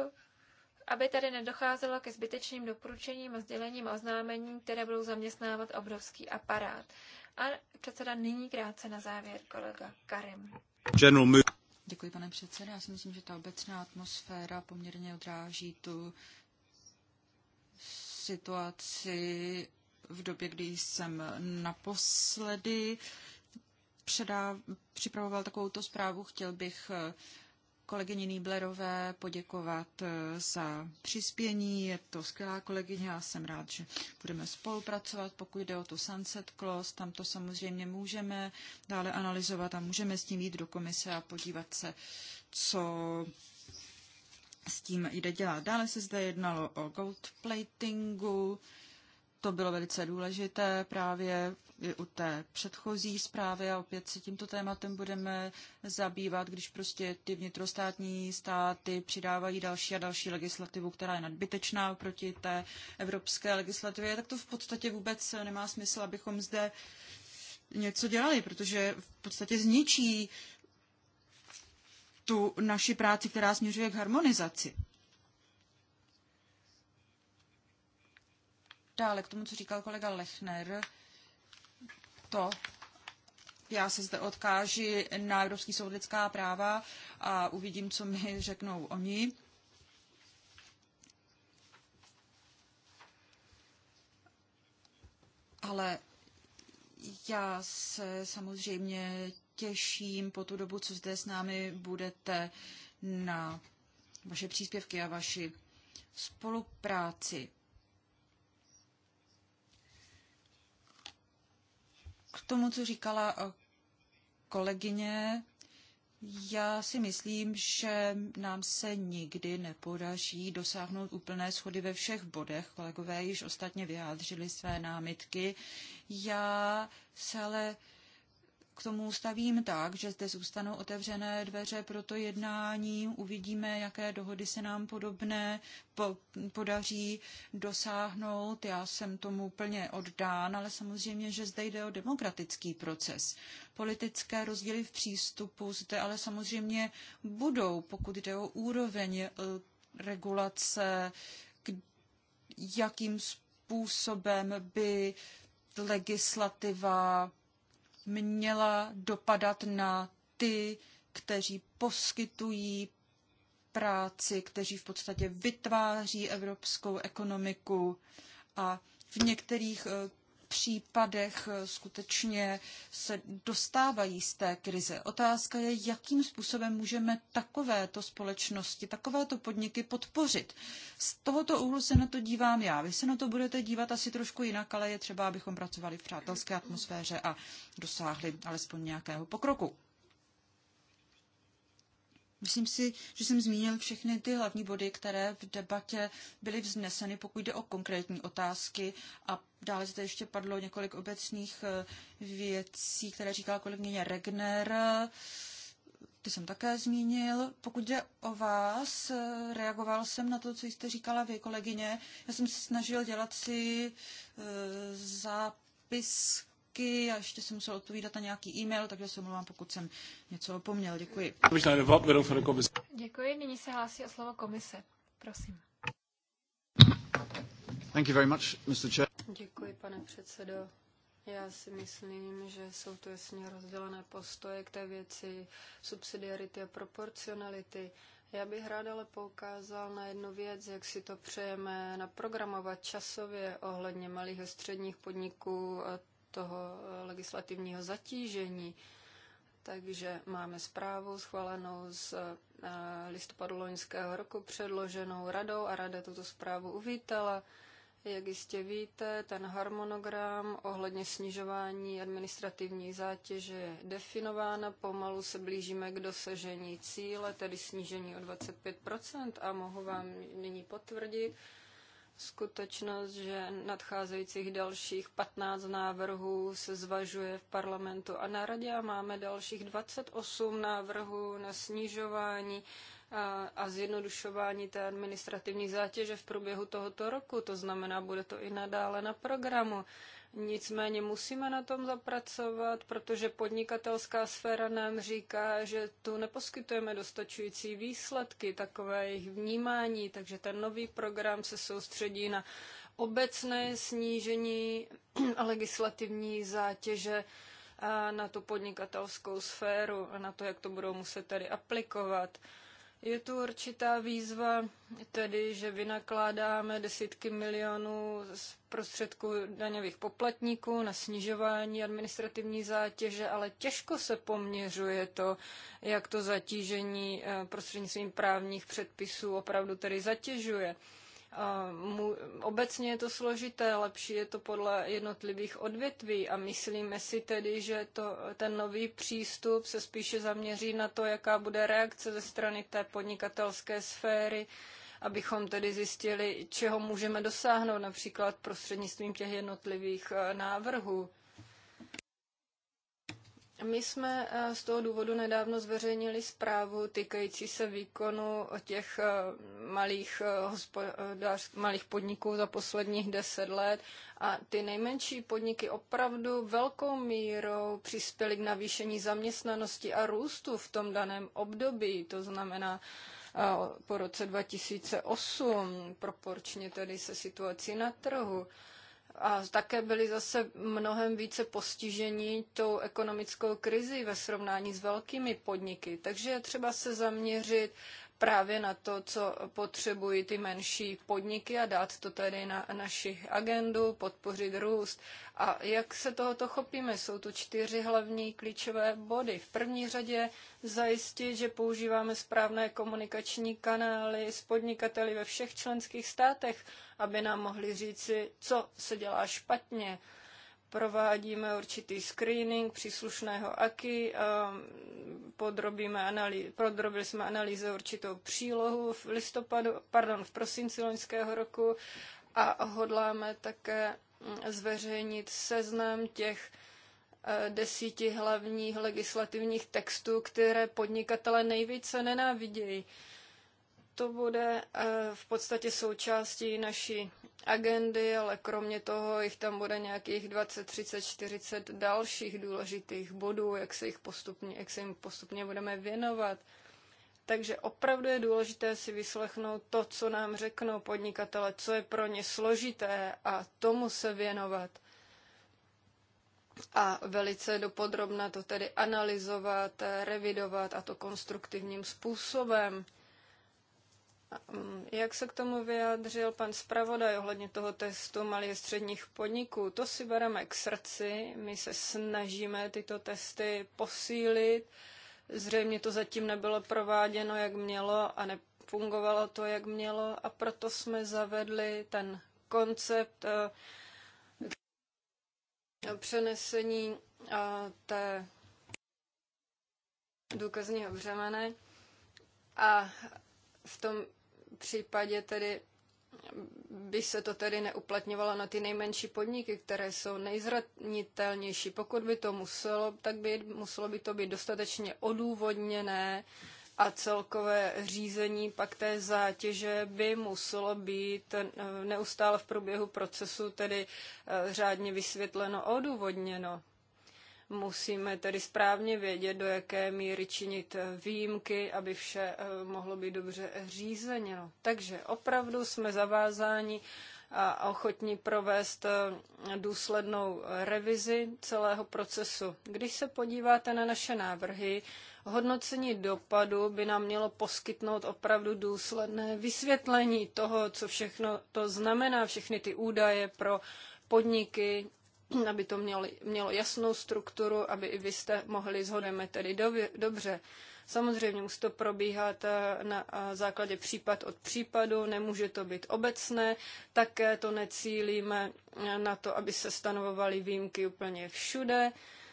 aby tady nedocházelo ke zbytečným doporučením a sdělením a oznámením, které budou zaměstnávat obrovský aparát. A předseda nyní krátce na závěr kolega Karim. Děkuji, pane předseda. Já si myslím, že ta obecná atmosféra poměrně odráží tu situaci v době, kdy jsem naposledy předá, připravoval takovouto zprávu. Chtěl bych eh, kolegyni Nýblerové poděkovat eh, za přispění. Je to skvělá kolegyně a jsem rád, že budeme spolupracovat. Pokud jde o tu Sunset Clause, tam to samozřejmě můžeme dále analyzovat a můžeme s tím jít do komise a podívat se, co s tím jde dělat. Dále se zde jednalo o gold platingu. To bylo velice důležité právě i u té předchozí zprávy a opět se tímto tématem budeme zabývat, když prostě ty vnitrostátní státy přidávají další a další legislativu, která je nadbytečná proti té evropské legislativě, tak to v podstatě vůbec nemá smysl, abychom zde něco dělali, protože v podstatě zničí tu naši práci, která směřuje k harmonizaci. Dále k tomu, co říkal kolega Lechner, to já se zde odkáži na Evropský soud lidská práva a uvidím, co mi řeknou oni. Ale já se samozřejmě těším po tu dobu, co zde s námi budete na vaše příspěvky a vaši spolupráci. K tomu, co říkala eh, kolegyně, já si myslím, že nám se nikdy nepodaří dosáhnout úplné schody ve všech bodech. Kolegové již ostatně vyjádřili své námitky. Já se ale k tomu stavím tak, že zde zůstanou otevřené dveře pro to jednání, uvidíme, jaké dohody se nám podobné po, podaří dosáhnout. Já jsem tomu plně oddán, ale samozřejmě, že zde jde o demokratický proces. Politické rozdíly v přístupu zde ale samozřejmě budou, pokud jde o úroveň eh, regulace, k, jakým způsobem by legislativa měla dopadat na ty, kteří poskytují práci, kteří v podstatě vytváří evropskou ekonomiku a v některých eh, případech eh, skutečně se dostávají z té krize. Otázka je, jakým způsobem můžeme takovéto společnosti, takovéto podniky podpořit. Z tohoto úhlu se na to dívám já. Vy se na to budete dívat asi trošku jinak, ale je třeba, abychom pracovali v přátelské atmosféře a dosáhli alespoň nějakého pokroku. Myslím si, že jsem zmínil všechny ty hlavní body, které v debatě byly vzneseny, pokud jde o konkrétní otázky. A dále zde ještě padlo několik obecných eh, věcí, které říkala kolegyně Regner. Ty jsem také zmínil. Pokud jde o vás, eh, reagoval jsem na to, co jste říkala vy, kolegyně. Já jsem se snažil dělat si eh, zápis otázky a ještě jsem musel odpovídat na nějaký e-mail, takže se omlouvám, pokud jsem něco opomněl. Děkuji. Děkuji, nyní se hlásí o slovo komise. Prosím. Thank you very much, Mr. Chair. Děkuji, pane předsedo. Já si myslím, že jsou tu jasně rozdělené postoje k té věci subsidiarity a proporcionality. Já bych rád ale poukázal na jednu věc, jak si to přejeme naprogramovat časově ohledně malých a středních podniků, a toho eh, legislativního zatížení. Takže máme zprávu schválenou z eh, listopadu loňského roku předloženou radou a rada tuto zprávu uvítala. Jak jistě víte, ten harmonogram ohledně snižování administrativní zátěže je definována. Pomalu se blížíme k dosažení cíle, tedy snížení o 25 a mohu vám nyní potvrdit, skutečnost, že nadcházejících dalších 15 návrhů se zvažuje v parlamentu a na radě a máme dalších 28 návrhů na snižování a, a zjednodušování té administrativní zátěže v průběhu tohoto roku. To znamená, bude to i nadále na programu. Nicméně musíme na tom zapracovat, protože podnikatelská sféra nám říká, že tu neposkytujeme dostačující výsledky, takové jejich vnímání, takže ten nový program se soustředí na obecné snížení legislativní zátěže na tu podnikatelskou sféru a na to, jak to budou muset tedy aplikovat. Je tu určitá výzva, tedy, že vynakládáme desítky milionů z prostředků daňových poplatníků na snižování administrativní zátěže, ale těžko se poměřuje to, jak to zatížení eh, prostřednictvím právních předpisů opravdu tedy zatěžuje. Obecně je to složité, lepší je to podle jednotlivých odvětví a myslíme si tedy, že to, ten nový přístup se spíše zaměří na to, jaká bude reakce ze strany té podnikatelské sféry, abychom tedy zjistili, čeho můžeme dosáhnout například prostřednictvím těch jednotlivých eh, návrhů. My jsme eh, z toho důvodu nedávno zveřejnili zprávu týkající se výkonu těch eh, malých, eh, hospodář, malých podniků za posledních deset let a ty nejmenší podniky opravdu velkou mírou přispěly k navýšení zaměstnanosti a růstu v tom daném období, to znamená po roce 2008, proporčně tedy se situací na trhu a také byli zase mnohem více postiženi tou ekonomickou krizi ve srovnání s velkými podniky. Takže je třeba se zaměřit právě na to, co potřebují ty menší podniky a dát to tedy na naši agendu, podpořit růst. A jak se tohoto chopíme? Jsou tu čtyři hlavní klíčové body. V první řadě zajistit, že používáme správné komunikační kanály s podnikateli ve všech členských státech, aby nám mohli říci, co se dělá špatně, provádíme určitý screening příslušného AKI, podrobíme analý, podrobili jsme analýze určitou přílohu v listopadu, pardon, v prosinci loňského roku a hodláme také mm, zveřejnit seznam těch e, desíti hlavních legislativních textů, které podnikatele nejvíce nenávidějí to bude e, v podstatě součástí naší agendy, ale kromě toho jich tam bude nějakých 20, 30, 40 dalších důležitých bodů, jak se, jich postupně, jak se jim postupně budeme věnovat. Takže opravdu je důležité si vyslechnout to, co nám řeknou podnikatele, co je pro ně složité a tomu se věnovat. A velice dopodrobna to tedy analyzovat, revidovat a to konstruktivním způsobem. Jak se k tomu vyjádřil pan zpravodaj ohledně toho testu malých a středních podniků? To si bereme k srdci, my se snažíme tyto testy posílit. Zřejmě to zatím nebylo prováděno, jak mělo a nefungovalo to, jak mělo a proto jsme zavedli ten koncept eh, přenesení eh, té důkazního břemene a v tom případě tedy by se to tedy neuplatňovalo na ty nejmenší podniky, které jsou nejzranitelnější. Pokud by to muselo, tak by muselo by to být dostatečně odůvodněné a celkové řízení pak té zátěže by muselo být neustále v průběhu procesu tedy eh, řádně vysvětleno a odůvodněno. Musíme tedy správně vědět, do jaké míry činit eh, výjimky, aby vše eh, mohlo být dobře řízeno. Takže opravdu jsme zavázáni a ochotní provést eh, důslednou revizi celého procesu. Když se podíváte na naše návrhy, hodnocení dopadu by nám mělo poskytnout opravdu důsledné vysvětlení toho, co všechno to znamená, všechny ty údaje pro podniky aby to mělo, mělo jasnou strukturu, aby i vy jste mohli zhodeme tedy dobře. Samozřejmě musí to probíhat eh, na základě případ od případu, nemůže to být obecné, také to necílíme eh, na to, aby se stanovovaly výjimky úplně všude.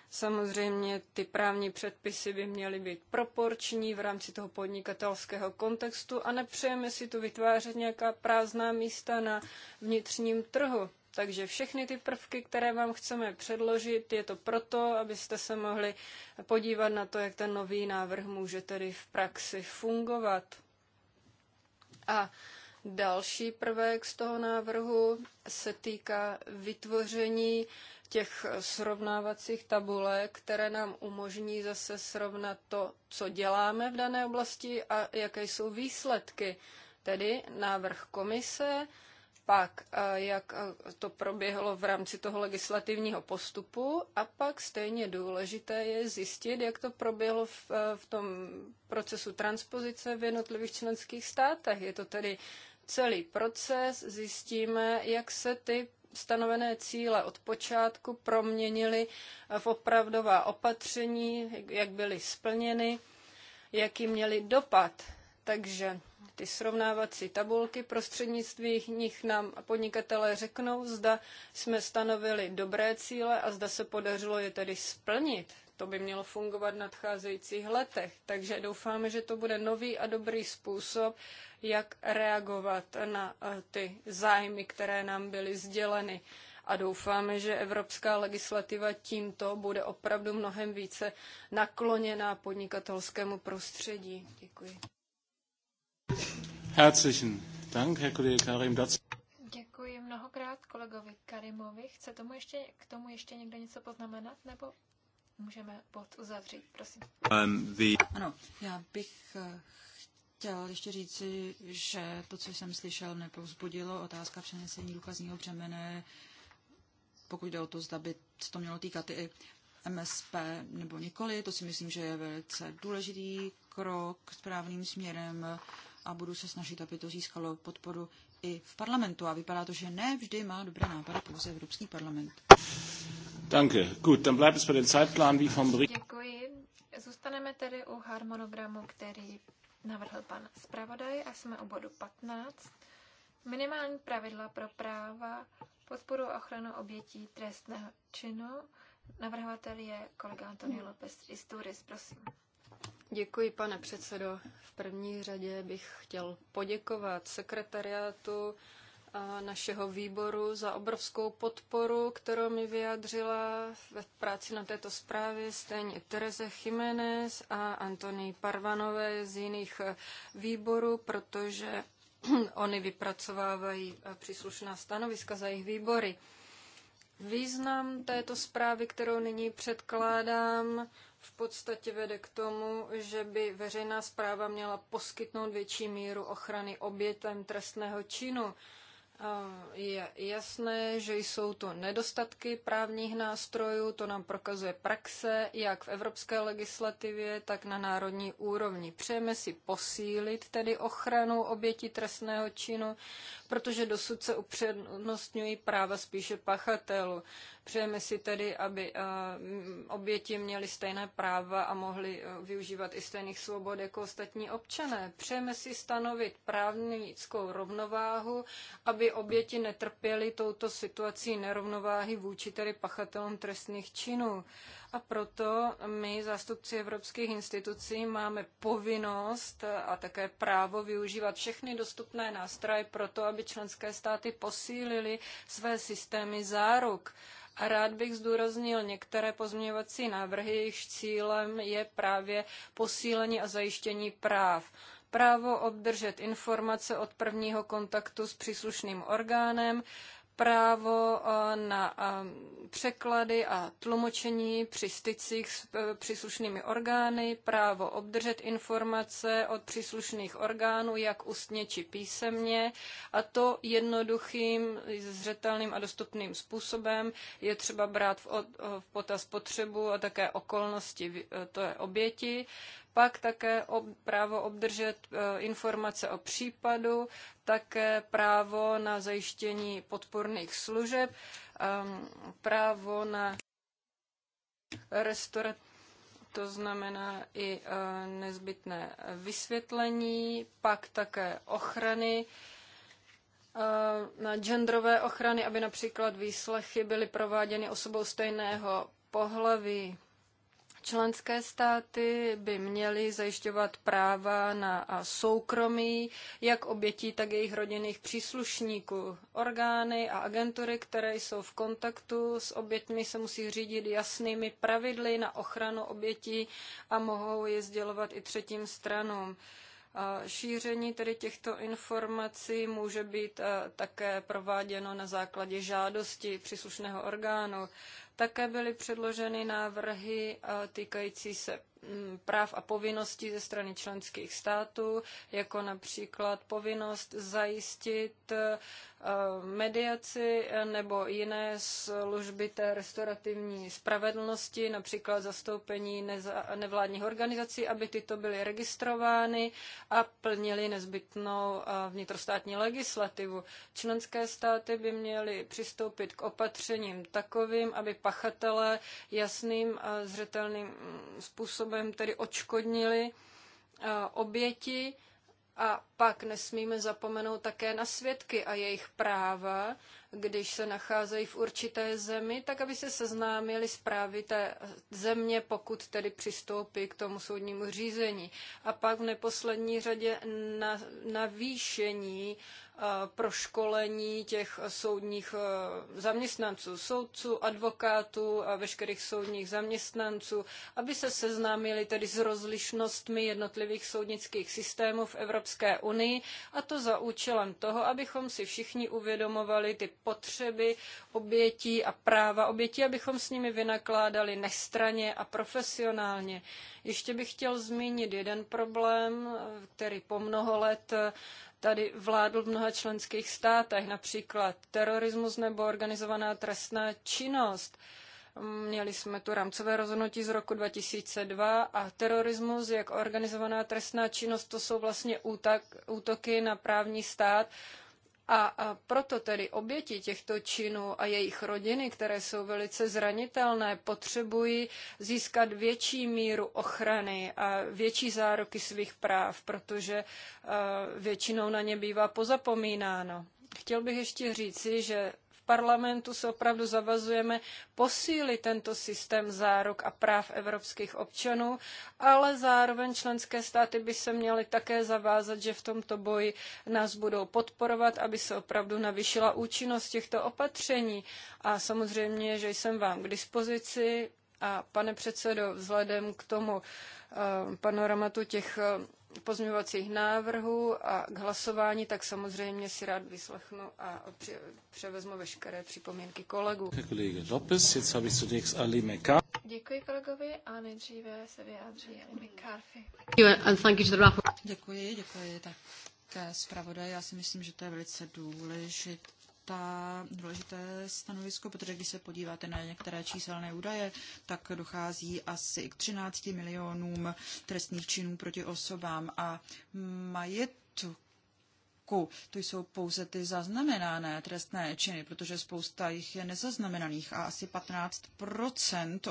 Samozřejmě ty právní předpisy by měly být proporční v rámci toho podnikatelského kontextu a nepřejeme si tu vytvářet nějaká prázdná místa na vnitřním trhu. Takže všechny ty prvky, které vám chceme předložit, je to proto, abyste se mohli podívat na to, jak ten nový návrh může tedy v praxi fungovat. A další prvek z toho návrhu se týká vytvoření těch srovnávacích tabulek, které nám umožní zase srovnat to, co děláme v dané oblasti a jaké jsou výsledky. Tedy návrh komise pak, eh, jak eh, to proběhlo v rámci toho legislativního postupu a pak stejně důležité je zjistit, jak to proběhlo v, eh, v tom procesu transpozice v jednotlivých členských státech. Je to tedy celý proces, zjistíme, jak se ty stanovené cíle od počátku proměnily v opravdová opatření, jak byly splněny, jaký měly dopad. Takže ty srovnávací tabulky, prostřednictvím nich nám podnikatelé řeknou, zda jsme stanovili dobré cíle a zda se podařilo je tedy splnit. To by mělo fungovat v nadcházejících letech, takže doufáme, že to bude nový a dobrý způsob, jak reagovat na eh, ty zájmy, které nám byly sděleny a doufáme, že evropská legislativa tímto bude opravdu mnohem více nakloněná podnikatelskému prostředí. Děkuji. Herzlichen Dank, Herr Kollege Karim. Děkuji mnohokrát kolegovi Karimovi. Chce tomu ještě, k tomu ještě někdo něco poznamenat, nebo můžeme bod uzavřít, prosím. Um, the... Ano, já bych eh, chtěl ještě říci, že to, co jsem slyšel, nepovzbudilo Otázka přenesení důkazního břemene, pokud jde o to, zda by se to mělo týkat i MSP nebo nikoli, to si myslím, že je velice důležitý krok správným směrem a budu se snažit, aby to získalo podporu i v parlamentu. A vypadá to, že ne vždy má dobré nápady pouze Evropský parlament. Danke. Gut, dann bleibt es bei den Zeitplan wie vom Bericht. Děkuji. Zůstaneme tedy u harmonogramu, který navrhl pan zpravodaj a jsme u bodu 15. Minimální pravidla pro práva, podporu a ochranu obětí trestného činu. Navrhovatel je kolega Antonio López Isturis, prosím. Děkuji, pane předsedo. V první řadě bych chtěl poděkovat sekretariátu našeho výboru za obrovskou podporu, kterou mi vyjádřila v práci na této zprávě stejně Tereze Jiménez a Antoní Parvanové z jiných eh, výborů, protože oni vypracovávají eh, příslušná stanoviska za jejich výbory. Význam této zprávy, kterou nyní předkládám, v podstatě vede k tomu, že by veřejná zpráva měla poskytnout větší míru ochrany obětem trestného činu. Je jasné, že jsou to nedostatky právních nástrojů, to nám prokazuje praxe, jak v evropské legislativě, tak na národní úrovni. Přejeme si posílit tedy ochranu obětí trestného činu, protože dosud se upřednostňují práva spíše pachatelů. Přejeme si tedy, aby eh, oběti měly stejné práva a mohly eh, využívat i stejných svobod jako ostatní občané. Přejeme si stanovit právnickou rovnováhu, aby oběti netrpěly touto situací nerovnováhy vůči tedy pachatelům trestných činů a proto my, zástupci evropských institucí, máme povinnost a také právo využívat všechny dostupné nástroje pro to, aby členské státy posílily své systémy záruk. A rád bych zdůraznil některé pozměňovací návrhy, jejichž cílem je právě posílení a zajištění práv právo obdržet informace od prvního kontaktu s příslušným orgánem, právo eh, na eh, překlady a tlumočení při stycích s eh, příslušnými orgány, právo obdržet informace od příslušných orgánů, jak ústně či písemně, a to jednoduchým, zřetelným a dostupným způsobem. Je třeba brát v potaz potřebu a také okolnosti, to je oběti, pak také ob, právo obdržet eh, informace o případu, také právo na zajištění podporných služeb, ehm, právo na restaurat, to znamená i eh, nezbytné vysvětlení, pak také ochrany, eh, na genderové ochrany, aby například výslechy byly prováděny osobou stejného pohlaví. Členské státy by měly zajišťovat práva na soukromí jak obětí, tak jejich rodinných příslušníků. Orgány a agentury, které jsou v kontaktu s oběťmi, se musí řídit jasnými pravidly na ochranu obětí a mohou je sdělovat i třetím stranům. Šíření tedy těchto informací může být také prováděno na základě žádosti příslušného orgánu. Také byly předloženy návrhy eh, týkající se Mm, práv a povinností ze strany členských států, jako například povinnost zajistit eh, mediaci eh, nebo jiné služby té restaurativní spravedlnosti, například zastoupení nevládních organizací, aby tyto byly registrovány a plnily nezbytnou eh, vnitrostátní legislativu. Členské státy by měly přistoupit k opatřením takovým, aby pachatele jasným a zřetelným mm, způsobem způsobem tedy odškodnili eh, oběti a pak nesmíme zapomenout také na svědky a jejich práva, když se nacházejí v určité zemi, tak aby se seznámili s právy té země, pokud tedy přistoupí k tomu soudnímu řízení. A pak v neposlední řadě na, navýšení pro školení těch soudních zaměstnanců, soudců, advokátů a veškerých soudních zaměstnanců, aby se seznámili tedy s rozlišnostmi jednotlivých soudnických systémů v Evropské unii a to za účelem toho, abychom si všichni uvědomovali ty potřeby obětí a práva obětí, abychom s nimi vynakládali nestraně a profesionálně. Ještě bych chtěl zmínit jeden problém, který po mnoho let tady vládl v mnoha členských státech, například terorismus nebo organizovaná trestná činnost. Měli jsme tu rámcové rozhodnutí z roku 2002 a terorismus, jak organizovaná trestná činnost, to jsou vlastně útak, útoky na právní stát a proto tedy oběti těchto činů a jejich rodiny, které jsou velice zranitelné, potřebují získat větší míru ochrany a větší záruky svých práv, protože většinou na ně bývá pozapomínáno. Chtěl bych ještě říci, že parlamentu se opravdu zavazujeme posílit tento systém záruk a práv evropských občanů, ale zároveň členské státy by se měly také zavázat, že v tomto boji nás budou podporovat, aby se opravdu navýšila účinnost těchto opatření. A samozřejmě, že jsem vám k dispozici. A pane předsedo, vzhledem k tomu eh, panoramatu těch eh, pozměňovacích návrhů a k hlasování, tak samozřejmě si rád vyslechnu a převezmu veškeré připomínky kolegů. Děkuji kolegovi a nejdříve se vyjádří Amy McCarthy. Děkuji, děkuji také zpravodaj. Já si myslím, že to je velice důležité ta důležité stanovisko, protože když se podíváte na některé číselné údaje, tak dochází asi k 13 milionům trestných činů proti osobám a majetku roku. To jsou pouze ty zaznamenané trestné činy, protože spousta jich je nezaznamenaných a asi 15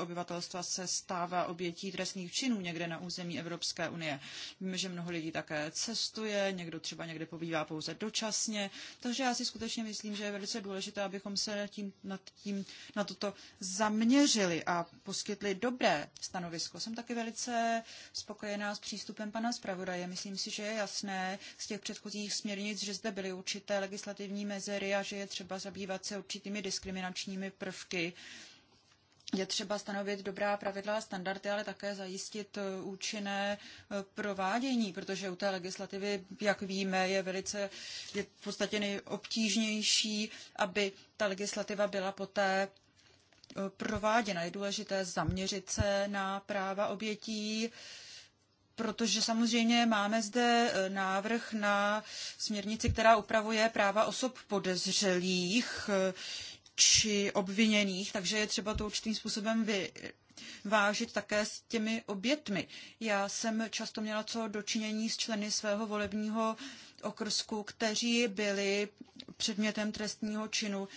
obyvatelstva se stává obětí trestných činů někde na území Evropské unie. Víme, že mnoho lidí také cestuje, někdo třeba někde pobývá pouze dočasně, takže já si skutečně myslím, že je velice důležité, abychom se tím, nad tím, na toto zaměřili a poskytli dobré stanovisko. Jsem taky velice spokojená s přístupem pana zpravodaje. Myslím si, že je jasné z těch předchozích směrnic, nic, že zde byly určité legislativní mezery a že je třeba zabývat se určitými diskriminačními prvky. Je třeba stanovit dobrá pravidla a standardy, ale také zajistit e, účinné e, provádění, protože u té legislativy, jak víme, je velice je v podstatě nejobtížnější, aby ta legislativa byla poté e, prováděna. Je důležité zaměřit se na práva obětí, protože samozřejmě máme zde e, návrh na směrnici, která upravuje práva osob podezřelých e, či obviněných, takže je třeba to určitým způsobem vážit také s těmi obětmi. Já jsem často měla co dočinění s členy svého volebního okrsku, kteří byli předmětem trestního činu.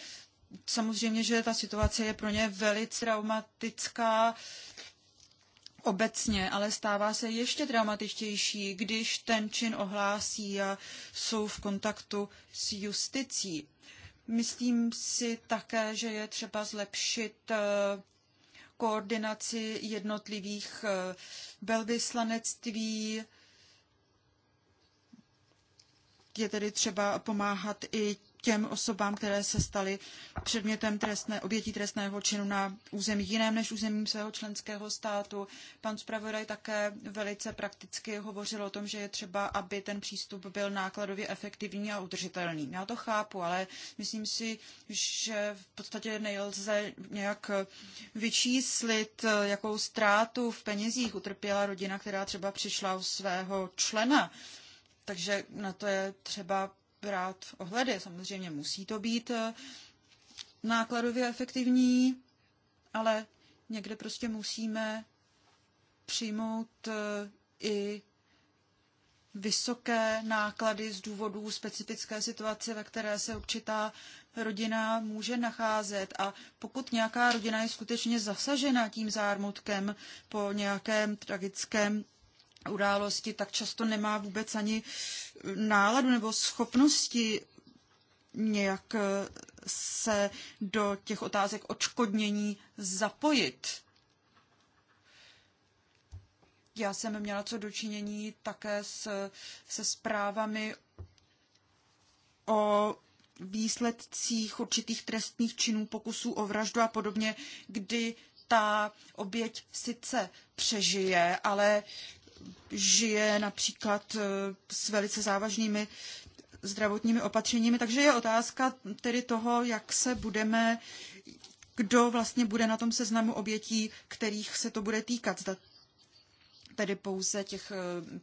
Samozřejmě, že ta situace je pro ně velice traumatická, obecně, ale stává se ještě dramatičtější, když ten čin ohlásí a jsou v kontaktu s justicí. Myslím si také, že je třeba zlepšit eh, koordinaci jednotlivých eh, velvyslanectví. Je tedy třeba pomáhat i těm osobám, které se staly předmětem trestné, obětí trestného činu na území jiném než územím svého členského státu. Pan zpravodaj také velice prakticky hovořil o tom, že je třeba, aby ten přístup byl nákladově efektivní a udržitelný. Já to chápu, ale myslím si, že v podstatě nelze nějak vyčíslit, jakou ztrátu v penězích utrpěla rodina, která třeba přišla o svého člena. Takže na to je třeba brát ohledy. Samozřejmě musí to být eh, nákladově efektivní, ale někde prostě musíme přijmout eh, i vysoké náklady z důvodu specifické situace, ve které se určitá rodina může nacházet. A pokud nějaká rodina je skutečně zasažena tím zármutkem po nějakém tragickém události, tak často nemá vůbec ani eh, náladu nebo schopnosti nějak eh, se do těch otázek odškodnění zapojit. Já jsem měla co dočinění také s, se zprávami o výsledcích určitých trestných činů, pokusů o vraždu a podobně, kdy ta oběť sice přežije, ale žije například eh, s velice závažnými zdravotními opatřeními. Takže je otázka tedy toho, jak se budeme, kdo vlastně bude na tom seznamu obětí, kterých se to bude týkat. Zda tedy pouze těch eh,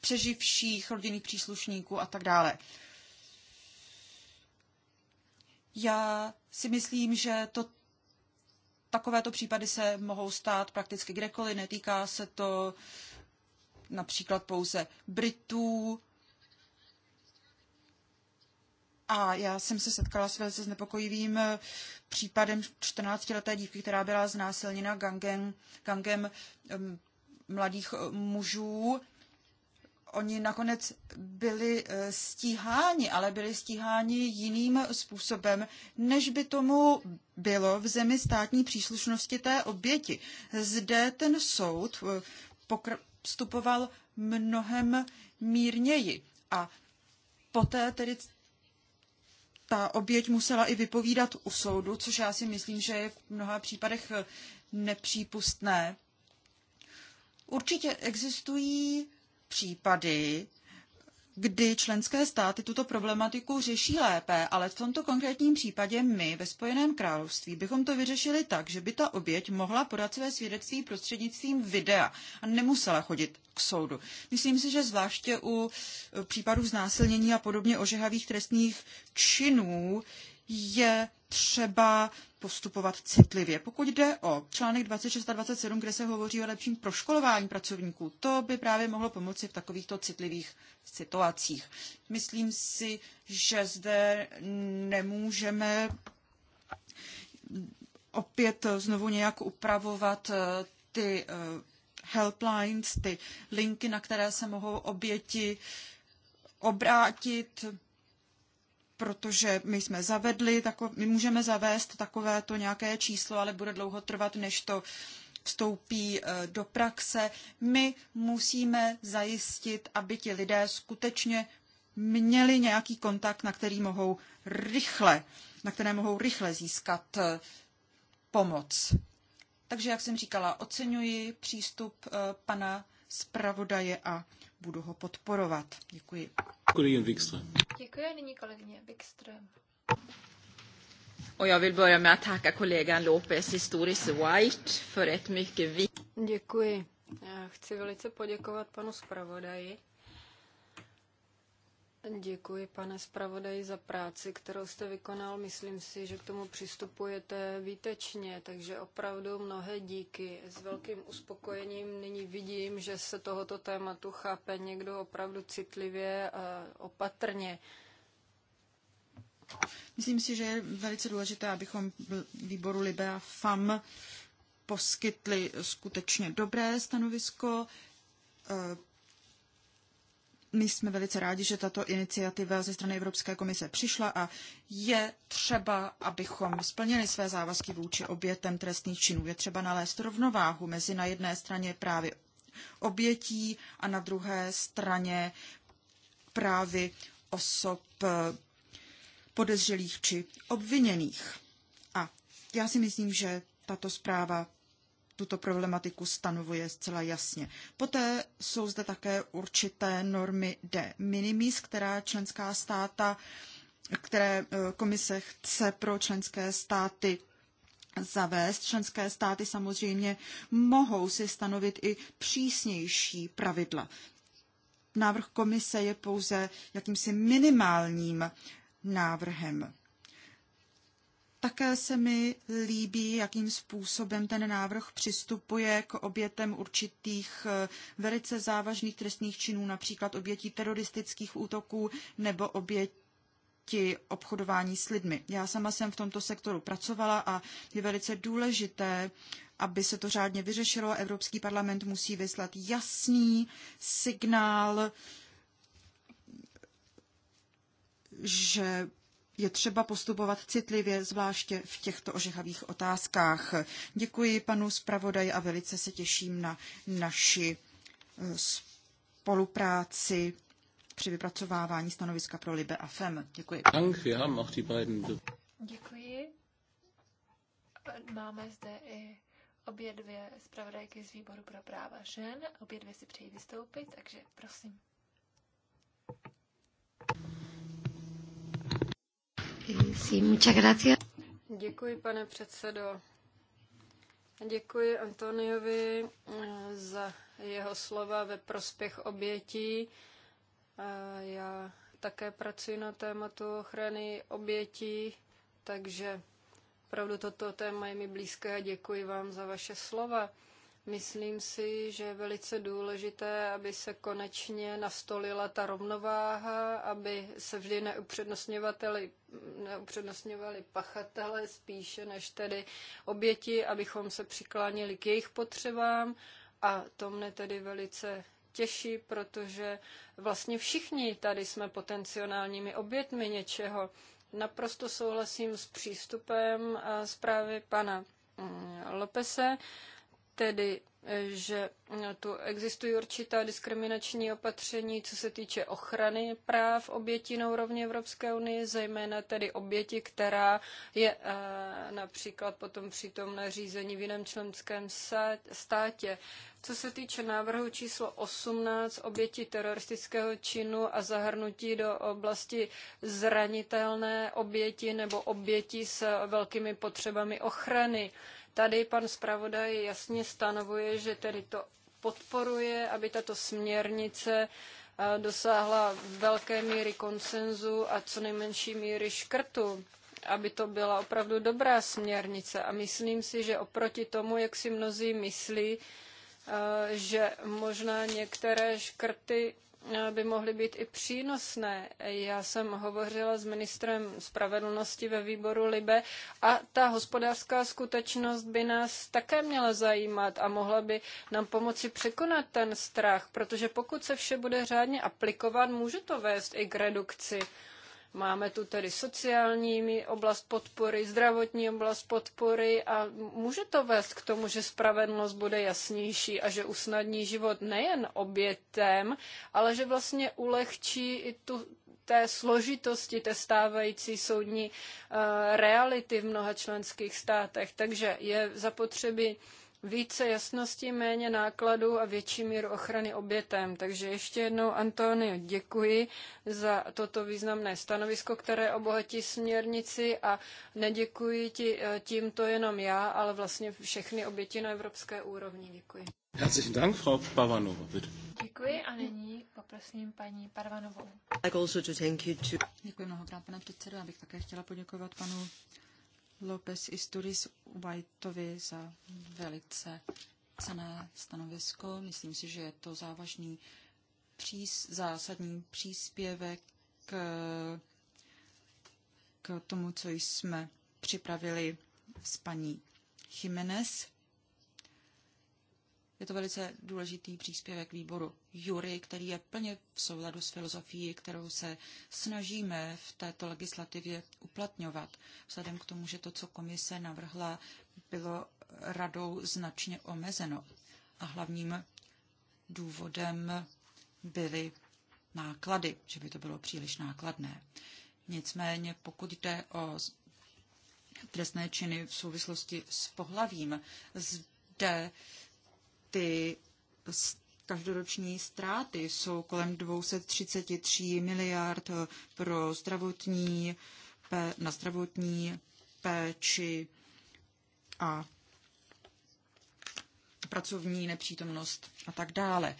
přeživších, rodinných příslušníků a tak dále. Já si myslím, že to, takovéto případy se mohou stát prakticky kdekoliv, netýká se to uh, například pouze Britů. A já jsem se setkala s velice znepokojivým eh, případem 14-leté dívky, která byla znásilněna gangem, gangem mladých eh, mužů. Oni nakonec byli eh, stíháni, ale byli stíháni jiným způsobem, než by tomu bylo v zemi státní příslušnosti té oběti. Zde ten soud vstupoval mnohem mírněji. A poté tedy ta oběť musela i vypovídat u soudu, což já si myslím, že je v mnoha případech nepřípustné. Určitě existují případy, kdy členské státy tuto problematiku řeší lépe, ale v tomto konkrétním případě my ve Spojeném království bychom to vyřešili tak, že by ta oběť mohla podat své svědectví prostřednictvím videa a nemusela chodit k soudu. Myslím si, že zvláště u případů znásilnění a podobně ožehavých trestných činů je třeba postupovat citlivě. Pokud jde o článek 26 a 27, kde se hovoří o lepším proškolování pracovníků, to by právě mohlo pomoci v takovýchto citlivých situacích. Myslím si, že zde nemůžeme opět znovu nějak upravovat eh, ty eh, helplines, ty linky, na které se mohou oběti obrátit protože my jsme zavedli, tako, my můžeme zavést takovéto nějaké číslo, ale bude dlouho trvat, než to vstoupí e, do praxe. My musíme zajistit, aby ti lidé skutečně měli nějaký kontakt, na který mohou rychle, na které mohou rychle získat e, pomoc. Takže, jak jsem říkala, oceňuji přístup e, pana zpravodaje a budu ho podporovat. Děkuji. Děkuji, Děkuji, nyní kolegyně Wikström. Och jag vill börja med att tacka kollegan Historis White för ett mycket Děkuji. Já chci velice poděkovat panu zpravodaji Děkuji, pane zpravodaji, za práci, kterou jste vykonal. Myslím si, že k tomu přistupujete výtečně, takže opravdu mnohé díky. S velkým uspokojením nyní vidím, že se tohoto tématu chápe někdo opravdu citlivě a opatrně. Myslím si, že je velice důležité, abychom výboru Libe a FAM poskytli skutečně dobré stanovisko eh, my jsme velice rádi, že tato iniciativa ze strany Evropské komise přišla a je třeba, abychom splnili své závazky vůči obětem trestných činů. Je třeba nalézt rovnováhu mezi na jedné straně právě obětí a na druhé straně právy osob eh, podezřelých či obviněných. A já si myslím, že tato zpráva tuto problematiku stanovuje zcela jasně. Poté jsou zde také určité normy de minimis, která členská státa, které eh, komise chce pro členské státy zavést. Členské státy samozřejmě mohou si stanovit i přísnější pravidla. Návrh komise je pouze jakýmsi minimálním návrhem. Také se mi líbí, jakým způsobem ten návrh přistupuje k obětem určitých eh, velice závažných trestných činů, například obětí teroristických útoků nebo obětí obchodování s lidmi. Já sama jsem v tomto sektoru pracovala a je velice důležité, aby se to řádně vyřešilo. Evropský parlament musí vyslat jasný signál, že je třeba postupovat citlivě, zvláště v těchto ožehavých otázkách. Děkuji panu zpravodaji a velice se těším na naši e, spolupráci při vypracovávání stanoviska pro Libe a FEM. Děkuji. Děkuji. Máme zde i obě dvě zpravodajky z výboru pro práva žen. Obě dvě si přejí vystoupit, takže prosím. Sí, muchas gracias. Děkuji, pane předsedo. Děkuji Antoniovi eh, za jeho slova ve prospěch obětí. Eh, já také pracuji na tématu ochrany obětí, takže opravdu toto téma je mi blízké a děkuji vám za vaše slova. Myslím si, že je velice důležité, aby se konečně nastolila ta rovnováha, aby se vždy neupřednostňovali pachatele spíše než tedy oběti, abychom se přiklánili k jejich potřebám a to mne tedy velice těší, protože vlastně všichni tady jsme potenciálními obětmi něčeho. Naprosto souhlasím s přístupem zprávy pana mm, Lopese tedy že tu existují určitá diskriminační opatření, co se týče ochrany práv obětí na úrovni Evropské unie, zejména tedy oběti, která je eh, například potom přítomné řízení v jiném členském státě. Co se týče návrhu číslo 18 oběti teroristického činu a zahrnutí do oblasti zranitelné oběti nebo oběti s velkými potřebami ochrany, Tady pan zpravodaj jasně stanovuje, že tedy to podporuje, aby tato směrnice eh, dosáhla velké míry konsenzu a co nejmenší míry škrtu, aby to byla opravdu dobrá směrnice. A myslím si, že oproti tomu, jak si mnozí myslí, eh, že možná některé škrty by mohly být i přínosné. Já jsem hovořila s ministrem spravedlnosti ve výboru Libe a ta hospodářská skutečnost by nás také měla zajímat a mohla by nám pomoci překonat ten strach, protože pokud se vše bude řádně aplikovat, může to vést i k redukci Máme tu tedy sociální oblast podpory, zdravotní oblast podpory a může to vést k tomu, že spravedlnost bude jasnější a že usnadní život nejen obětem, ale že vlastně ulehčí i tu, té složitosti té stávající soudní eh, reality v mnoha členských státech. Takže je zapotřebí více jasnosti, méně nákladů a větší míru ochrany obětem. Takže ještě jednou, Antonio, děkuji za toto významné stanovisko, které obohatí směrnici a neděkuji ti eh, tímto jenom já, ale vlastně všechny oběti na evropské úrovni. Děkuji. Herzlichen Dank, Frau Pavanova, Děkuji a nyní poprosím paní Parvanovou. Děkuji mnohokrát, pane předsedo. abych také chtěla poděkovat panu López Isturis Whiteovi za velice cené stanovisko. Myslím si, že je to závažný přís, zásadní příspěvek k, eh, k tomu, co jsme připravili s paní Jiménez. Je to velice důležitý příspěvek výboru Jury, který je plně v souladu s filozofií, kterou se snažíme v této legislativě uplatňovat. Vzhledem k tomu, že to, co komise navrhla, bylo radou značně omezeno. A hlavním důvodem byly náklady, že by to bylo příliš nákladné. Nicméně, pokud jde o trestné činy v souvislosti s pohlavím, zde ty každoroční ztráty jsou kolem 233 miliard pro zdravotní, na zdravotní péči a pracovní nepřítomnost a tak dále.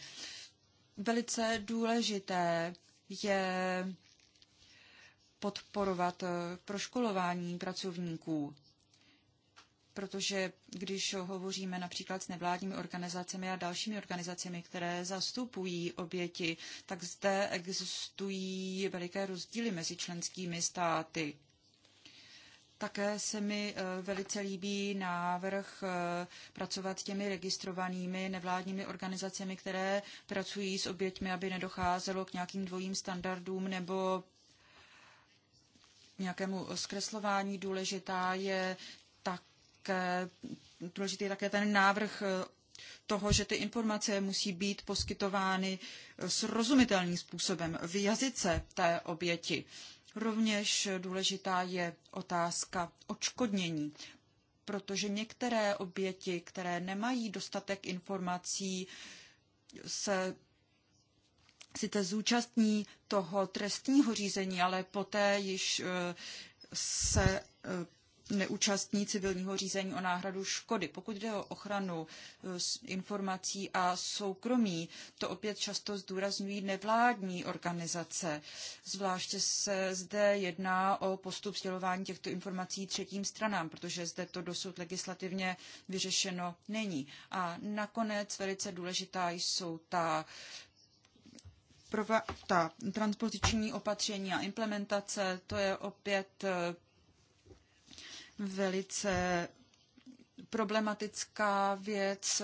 Velice důležité je podporovat proškolování pracovníků protože když hovoříme například s nevládními organizacemi a dalšími organizacemi, které zastupují oběti, tak zde existují veliké rozdíly mezi členskými státy. Také se mi eh, velice líbí návrh eh, pracovat s těmi registrovanými nevládními organizacemi, které pracují s oběťmi, aby nedocházelo k nějakým dvojím standardům nebo nějakému zkreslování. Důležitá je také, eh, důležitý je také ten návrh eh, toho, že ty informace musí být poskytovány eh, srozumitelným způsobem v jazyce té oběti. Rovněž důležitá je otázka odškodnění, protože některé oběti, které nemají dostatek informací, se sice zúčastní toho trestního řízení, ale poté již se neúčastní civilního řízení o náhradu škody. Pokud jde o ochranu e, informací a soukromí, to opět často zdůrazňují nevládní organizace. Zvláště se zde jedná o postup sdělování těchto informací třetím stranám, protože zde to dosud legislativně vyřešeno není. A nakonec velice důležitá jsou ta ta transpoziční opatření a implementace, to je opět e, velice problematická věc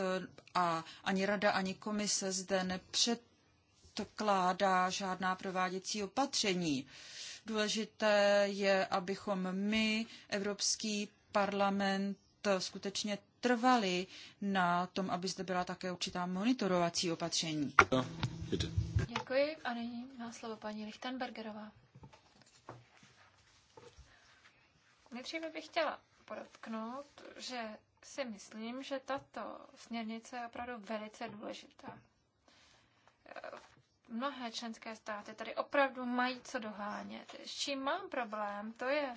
a ani rada, ani komise zde nepředkládá žádná prováděcí opatření. Důležité je, abychom my, Evropský parlament, skutečně trvali na tom, aby zde byla také určitá monitorovací opatření. No, Děkuji a nyní má slovo paní Lichtenbergerová. Nejdříve bych chtěla podotknout, že si myslím, že tato směrnice je opravdu velice důležitá. Mnohé členské státy tady opravdu mají co dohánět. S čím mám problém, to je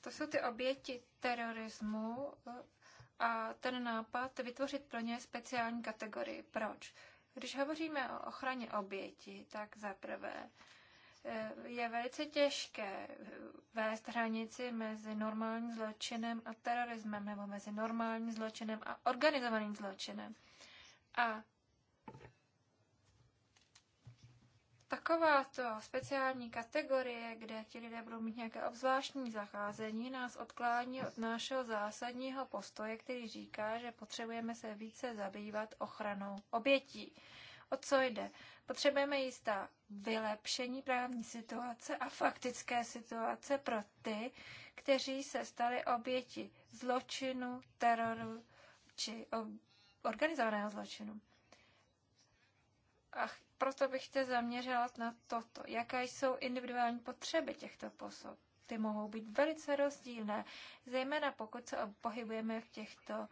to jsou ty oběti terorismu eh, a ten nápad vytvořit pro ně speciální kategorii. Proč? Když hovoříme o ochraně oběti, tak za prvé Eh, je velice těžké eh, vést hranici mezi normálním zločinem a terorismem, nebo mezi normálním zločinem a organizovaným zločinem. A taková to speciální kategorie, kde ti lidé budou mít nějaké obzvláštní zacházení, nás odklání od našeho zásadního postoje, který říká, že potřebujeme se více zabývat ochranou obětí. O co jde? Potřebujeme jistá vylepšení právní situace a faktické situace pro ty, kteří se stali oběti zločinu, teroru či organizovaného zločinu. A proto bych se zaměřila na toto. Jaké jsou individuální potřeby těchto posob? Ty mohou být velice rozdílné, zejména pokud se pohybujeme v těchto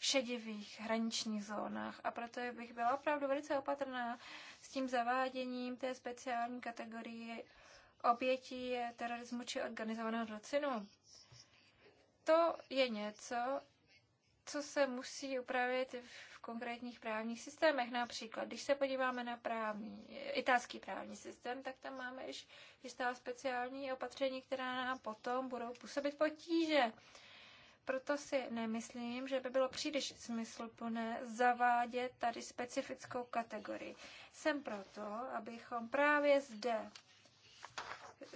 šedivých hraničních zónách. A proto bych byla opravdu velice opatrná s tím zaváděním té speciální kategorie obětí terorismu či organizovaného zločinu. To je něco, co se musí upravit v konkrétních právních systémech. Například, když se podíváme na právní, italský právní systém, tak tam máme již jistá speciální opatření, která nám potom budou působit potíže. Proto si nemyslím, že by bylo příliš smysluplné zavádět tady specifickou kategorii. Jsem proto, abychom právě zde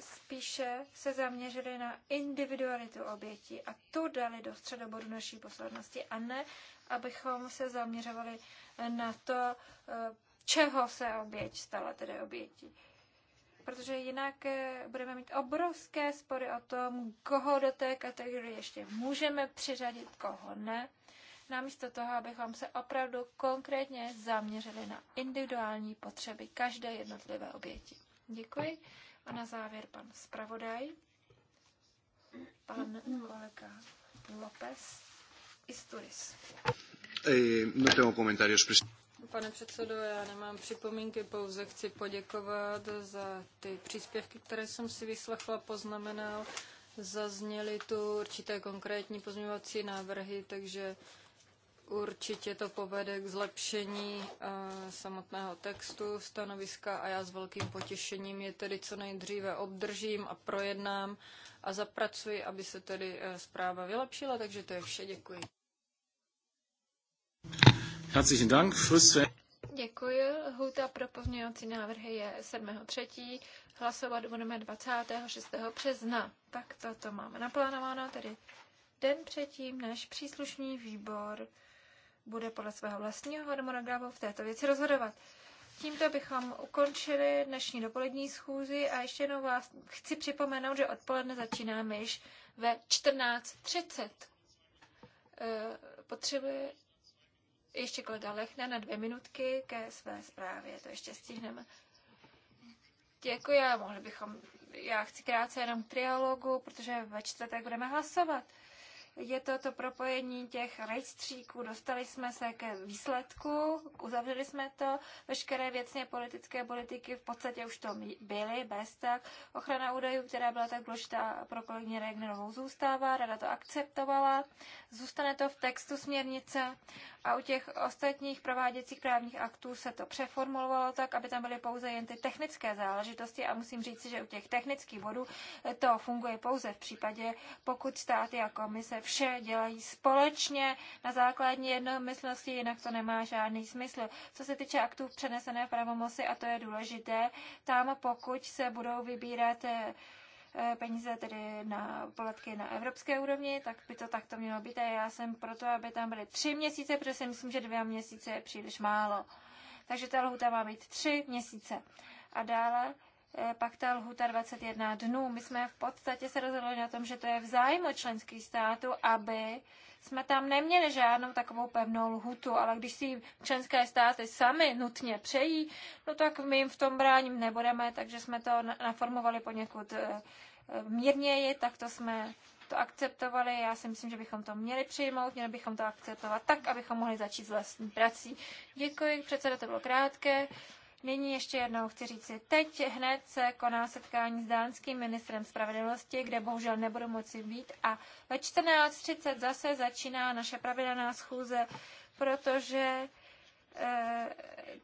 spíše se zaměřili na individualitu obětí a tu dali do středobodu naší pozornosti a ne, abychom se zaměřovali na to, eh, čeho se oběť stala, tedy obětí protože jinak eh, budeme mít obrovské spory o tom, koho do té kategorie ještě můžeme přiřadit, koho ne, namísto toho, abychom se opravdu konkrétně zaměřili na individuální potřeby každé jednotlivé oběti. Děkuji. A na závěr pan zpravodaj, pan kolega López Isturis. Eh, no tengo comentarios, presidente. Pane předsedo, já nemám připomínky, pouze chci poděkovat za ty příspěvky, které jsem si vyslechla, poznamenal. Zazněly tu určité konkrétní pozměňovací návrhy, takže určitě to povede k zlepšení eh, samotného textu stanoviska a já s velkým potěšením je tedy co nejdříve obdržím a projednám a zapracuji, aby se tedy eh, zpráva vylepšila, takže to je vše, děkuji. Herzlichen Dank. Děkuji. Huta pro pozměňovací návrhy je 7.3. Hlasovat budeme 26. března. Tak to, to máme naplánováno, tedy den předtím, než příslušný výbor bude podle svého vlastního harmonogramu v této věci rozhodovat. Tímto bychom ukončili dnešní dopolední schůzi a ještě jednou vás chci připomenout, že odpoledne začínáme již ve 14.30. Eh, potřebuje ještě kolega Lechna na dvě minutky ke své zprávě, to ještě stihneme. Děkuji, a mohli bychom, já chci krátce jenom trialogu, protože ve čtvrtek budeme hlasovat. Je to to propojení těch rejstříků. Dostali jsme se ke výsledku, uzavřeli jsme to. Veškeré věcně politické politiky v podstatě už to byly, bez tak. Ochrana údajů, která byla tak důležitá pro kolegyně Regnerovou, zůstává. Rada to akceptovala. Zůstane to v textu směrnice a u těch ostatních prováděcích právních aktů se to přeformulovalo tak, aby tam byly pouze jen ty technické záležitosti a musím říct, že u těch technických bodů to funguje pouze v případě, pokud státy a komise vše dělají společně na základní jednomyslnosti, jinak to nemá žádný smysl. Co se týče aktů přenesené pravomoci, a to je důležité, tam pokud se budou vybírat eh, Eh, peníze tedy na poletky na evropské úrovni, tak by to takto mělo být. A já jsem proto, aby tam byly tři měsíce, protože si myslím, že dva měsíce je příliš málo. Takže ta lhuta má být tři měsíce. A dále eh, pak ta lhuta 21 dnů. My jsme v podstatě se rozhodli na tom, že to je v zájmu členských států, aby jsme tam neměli žádnou takovou pevnou lhutu, ale když si členské státy sami nutně přejí, no tak my jim v tom bráním nebudeme, takže jsme to naformovali poněkud eh, eh, mírněji, tak to jsme to akceptovali. Já si myslím, že bychom to měli přijmout, měli bychom to akceptovat tak, abychom mohli začít s vlastní prací. Děkuji, předseda, to bylo krátké. Nyní ještě jednou chci říci, teď hned se koná setkání s dánským ministrem spravedlnosti, kde bohužel nebudu moci být a ve 14.30 zase začíná naše pravidelná schůze, protože eh,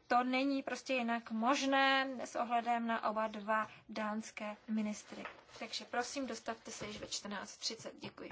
to není prostě jinak možné s ohledem na oba dva dánské ministry. Takže prosím, dostavte se již ve 14.30. Děkuji.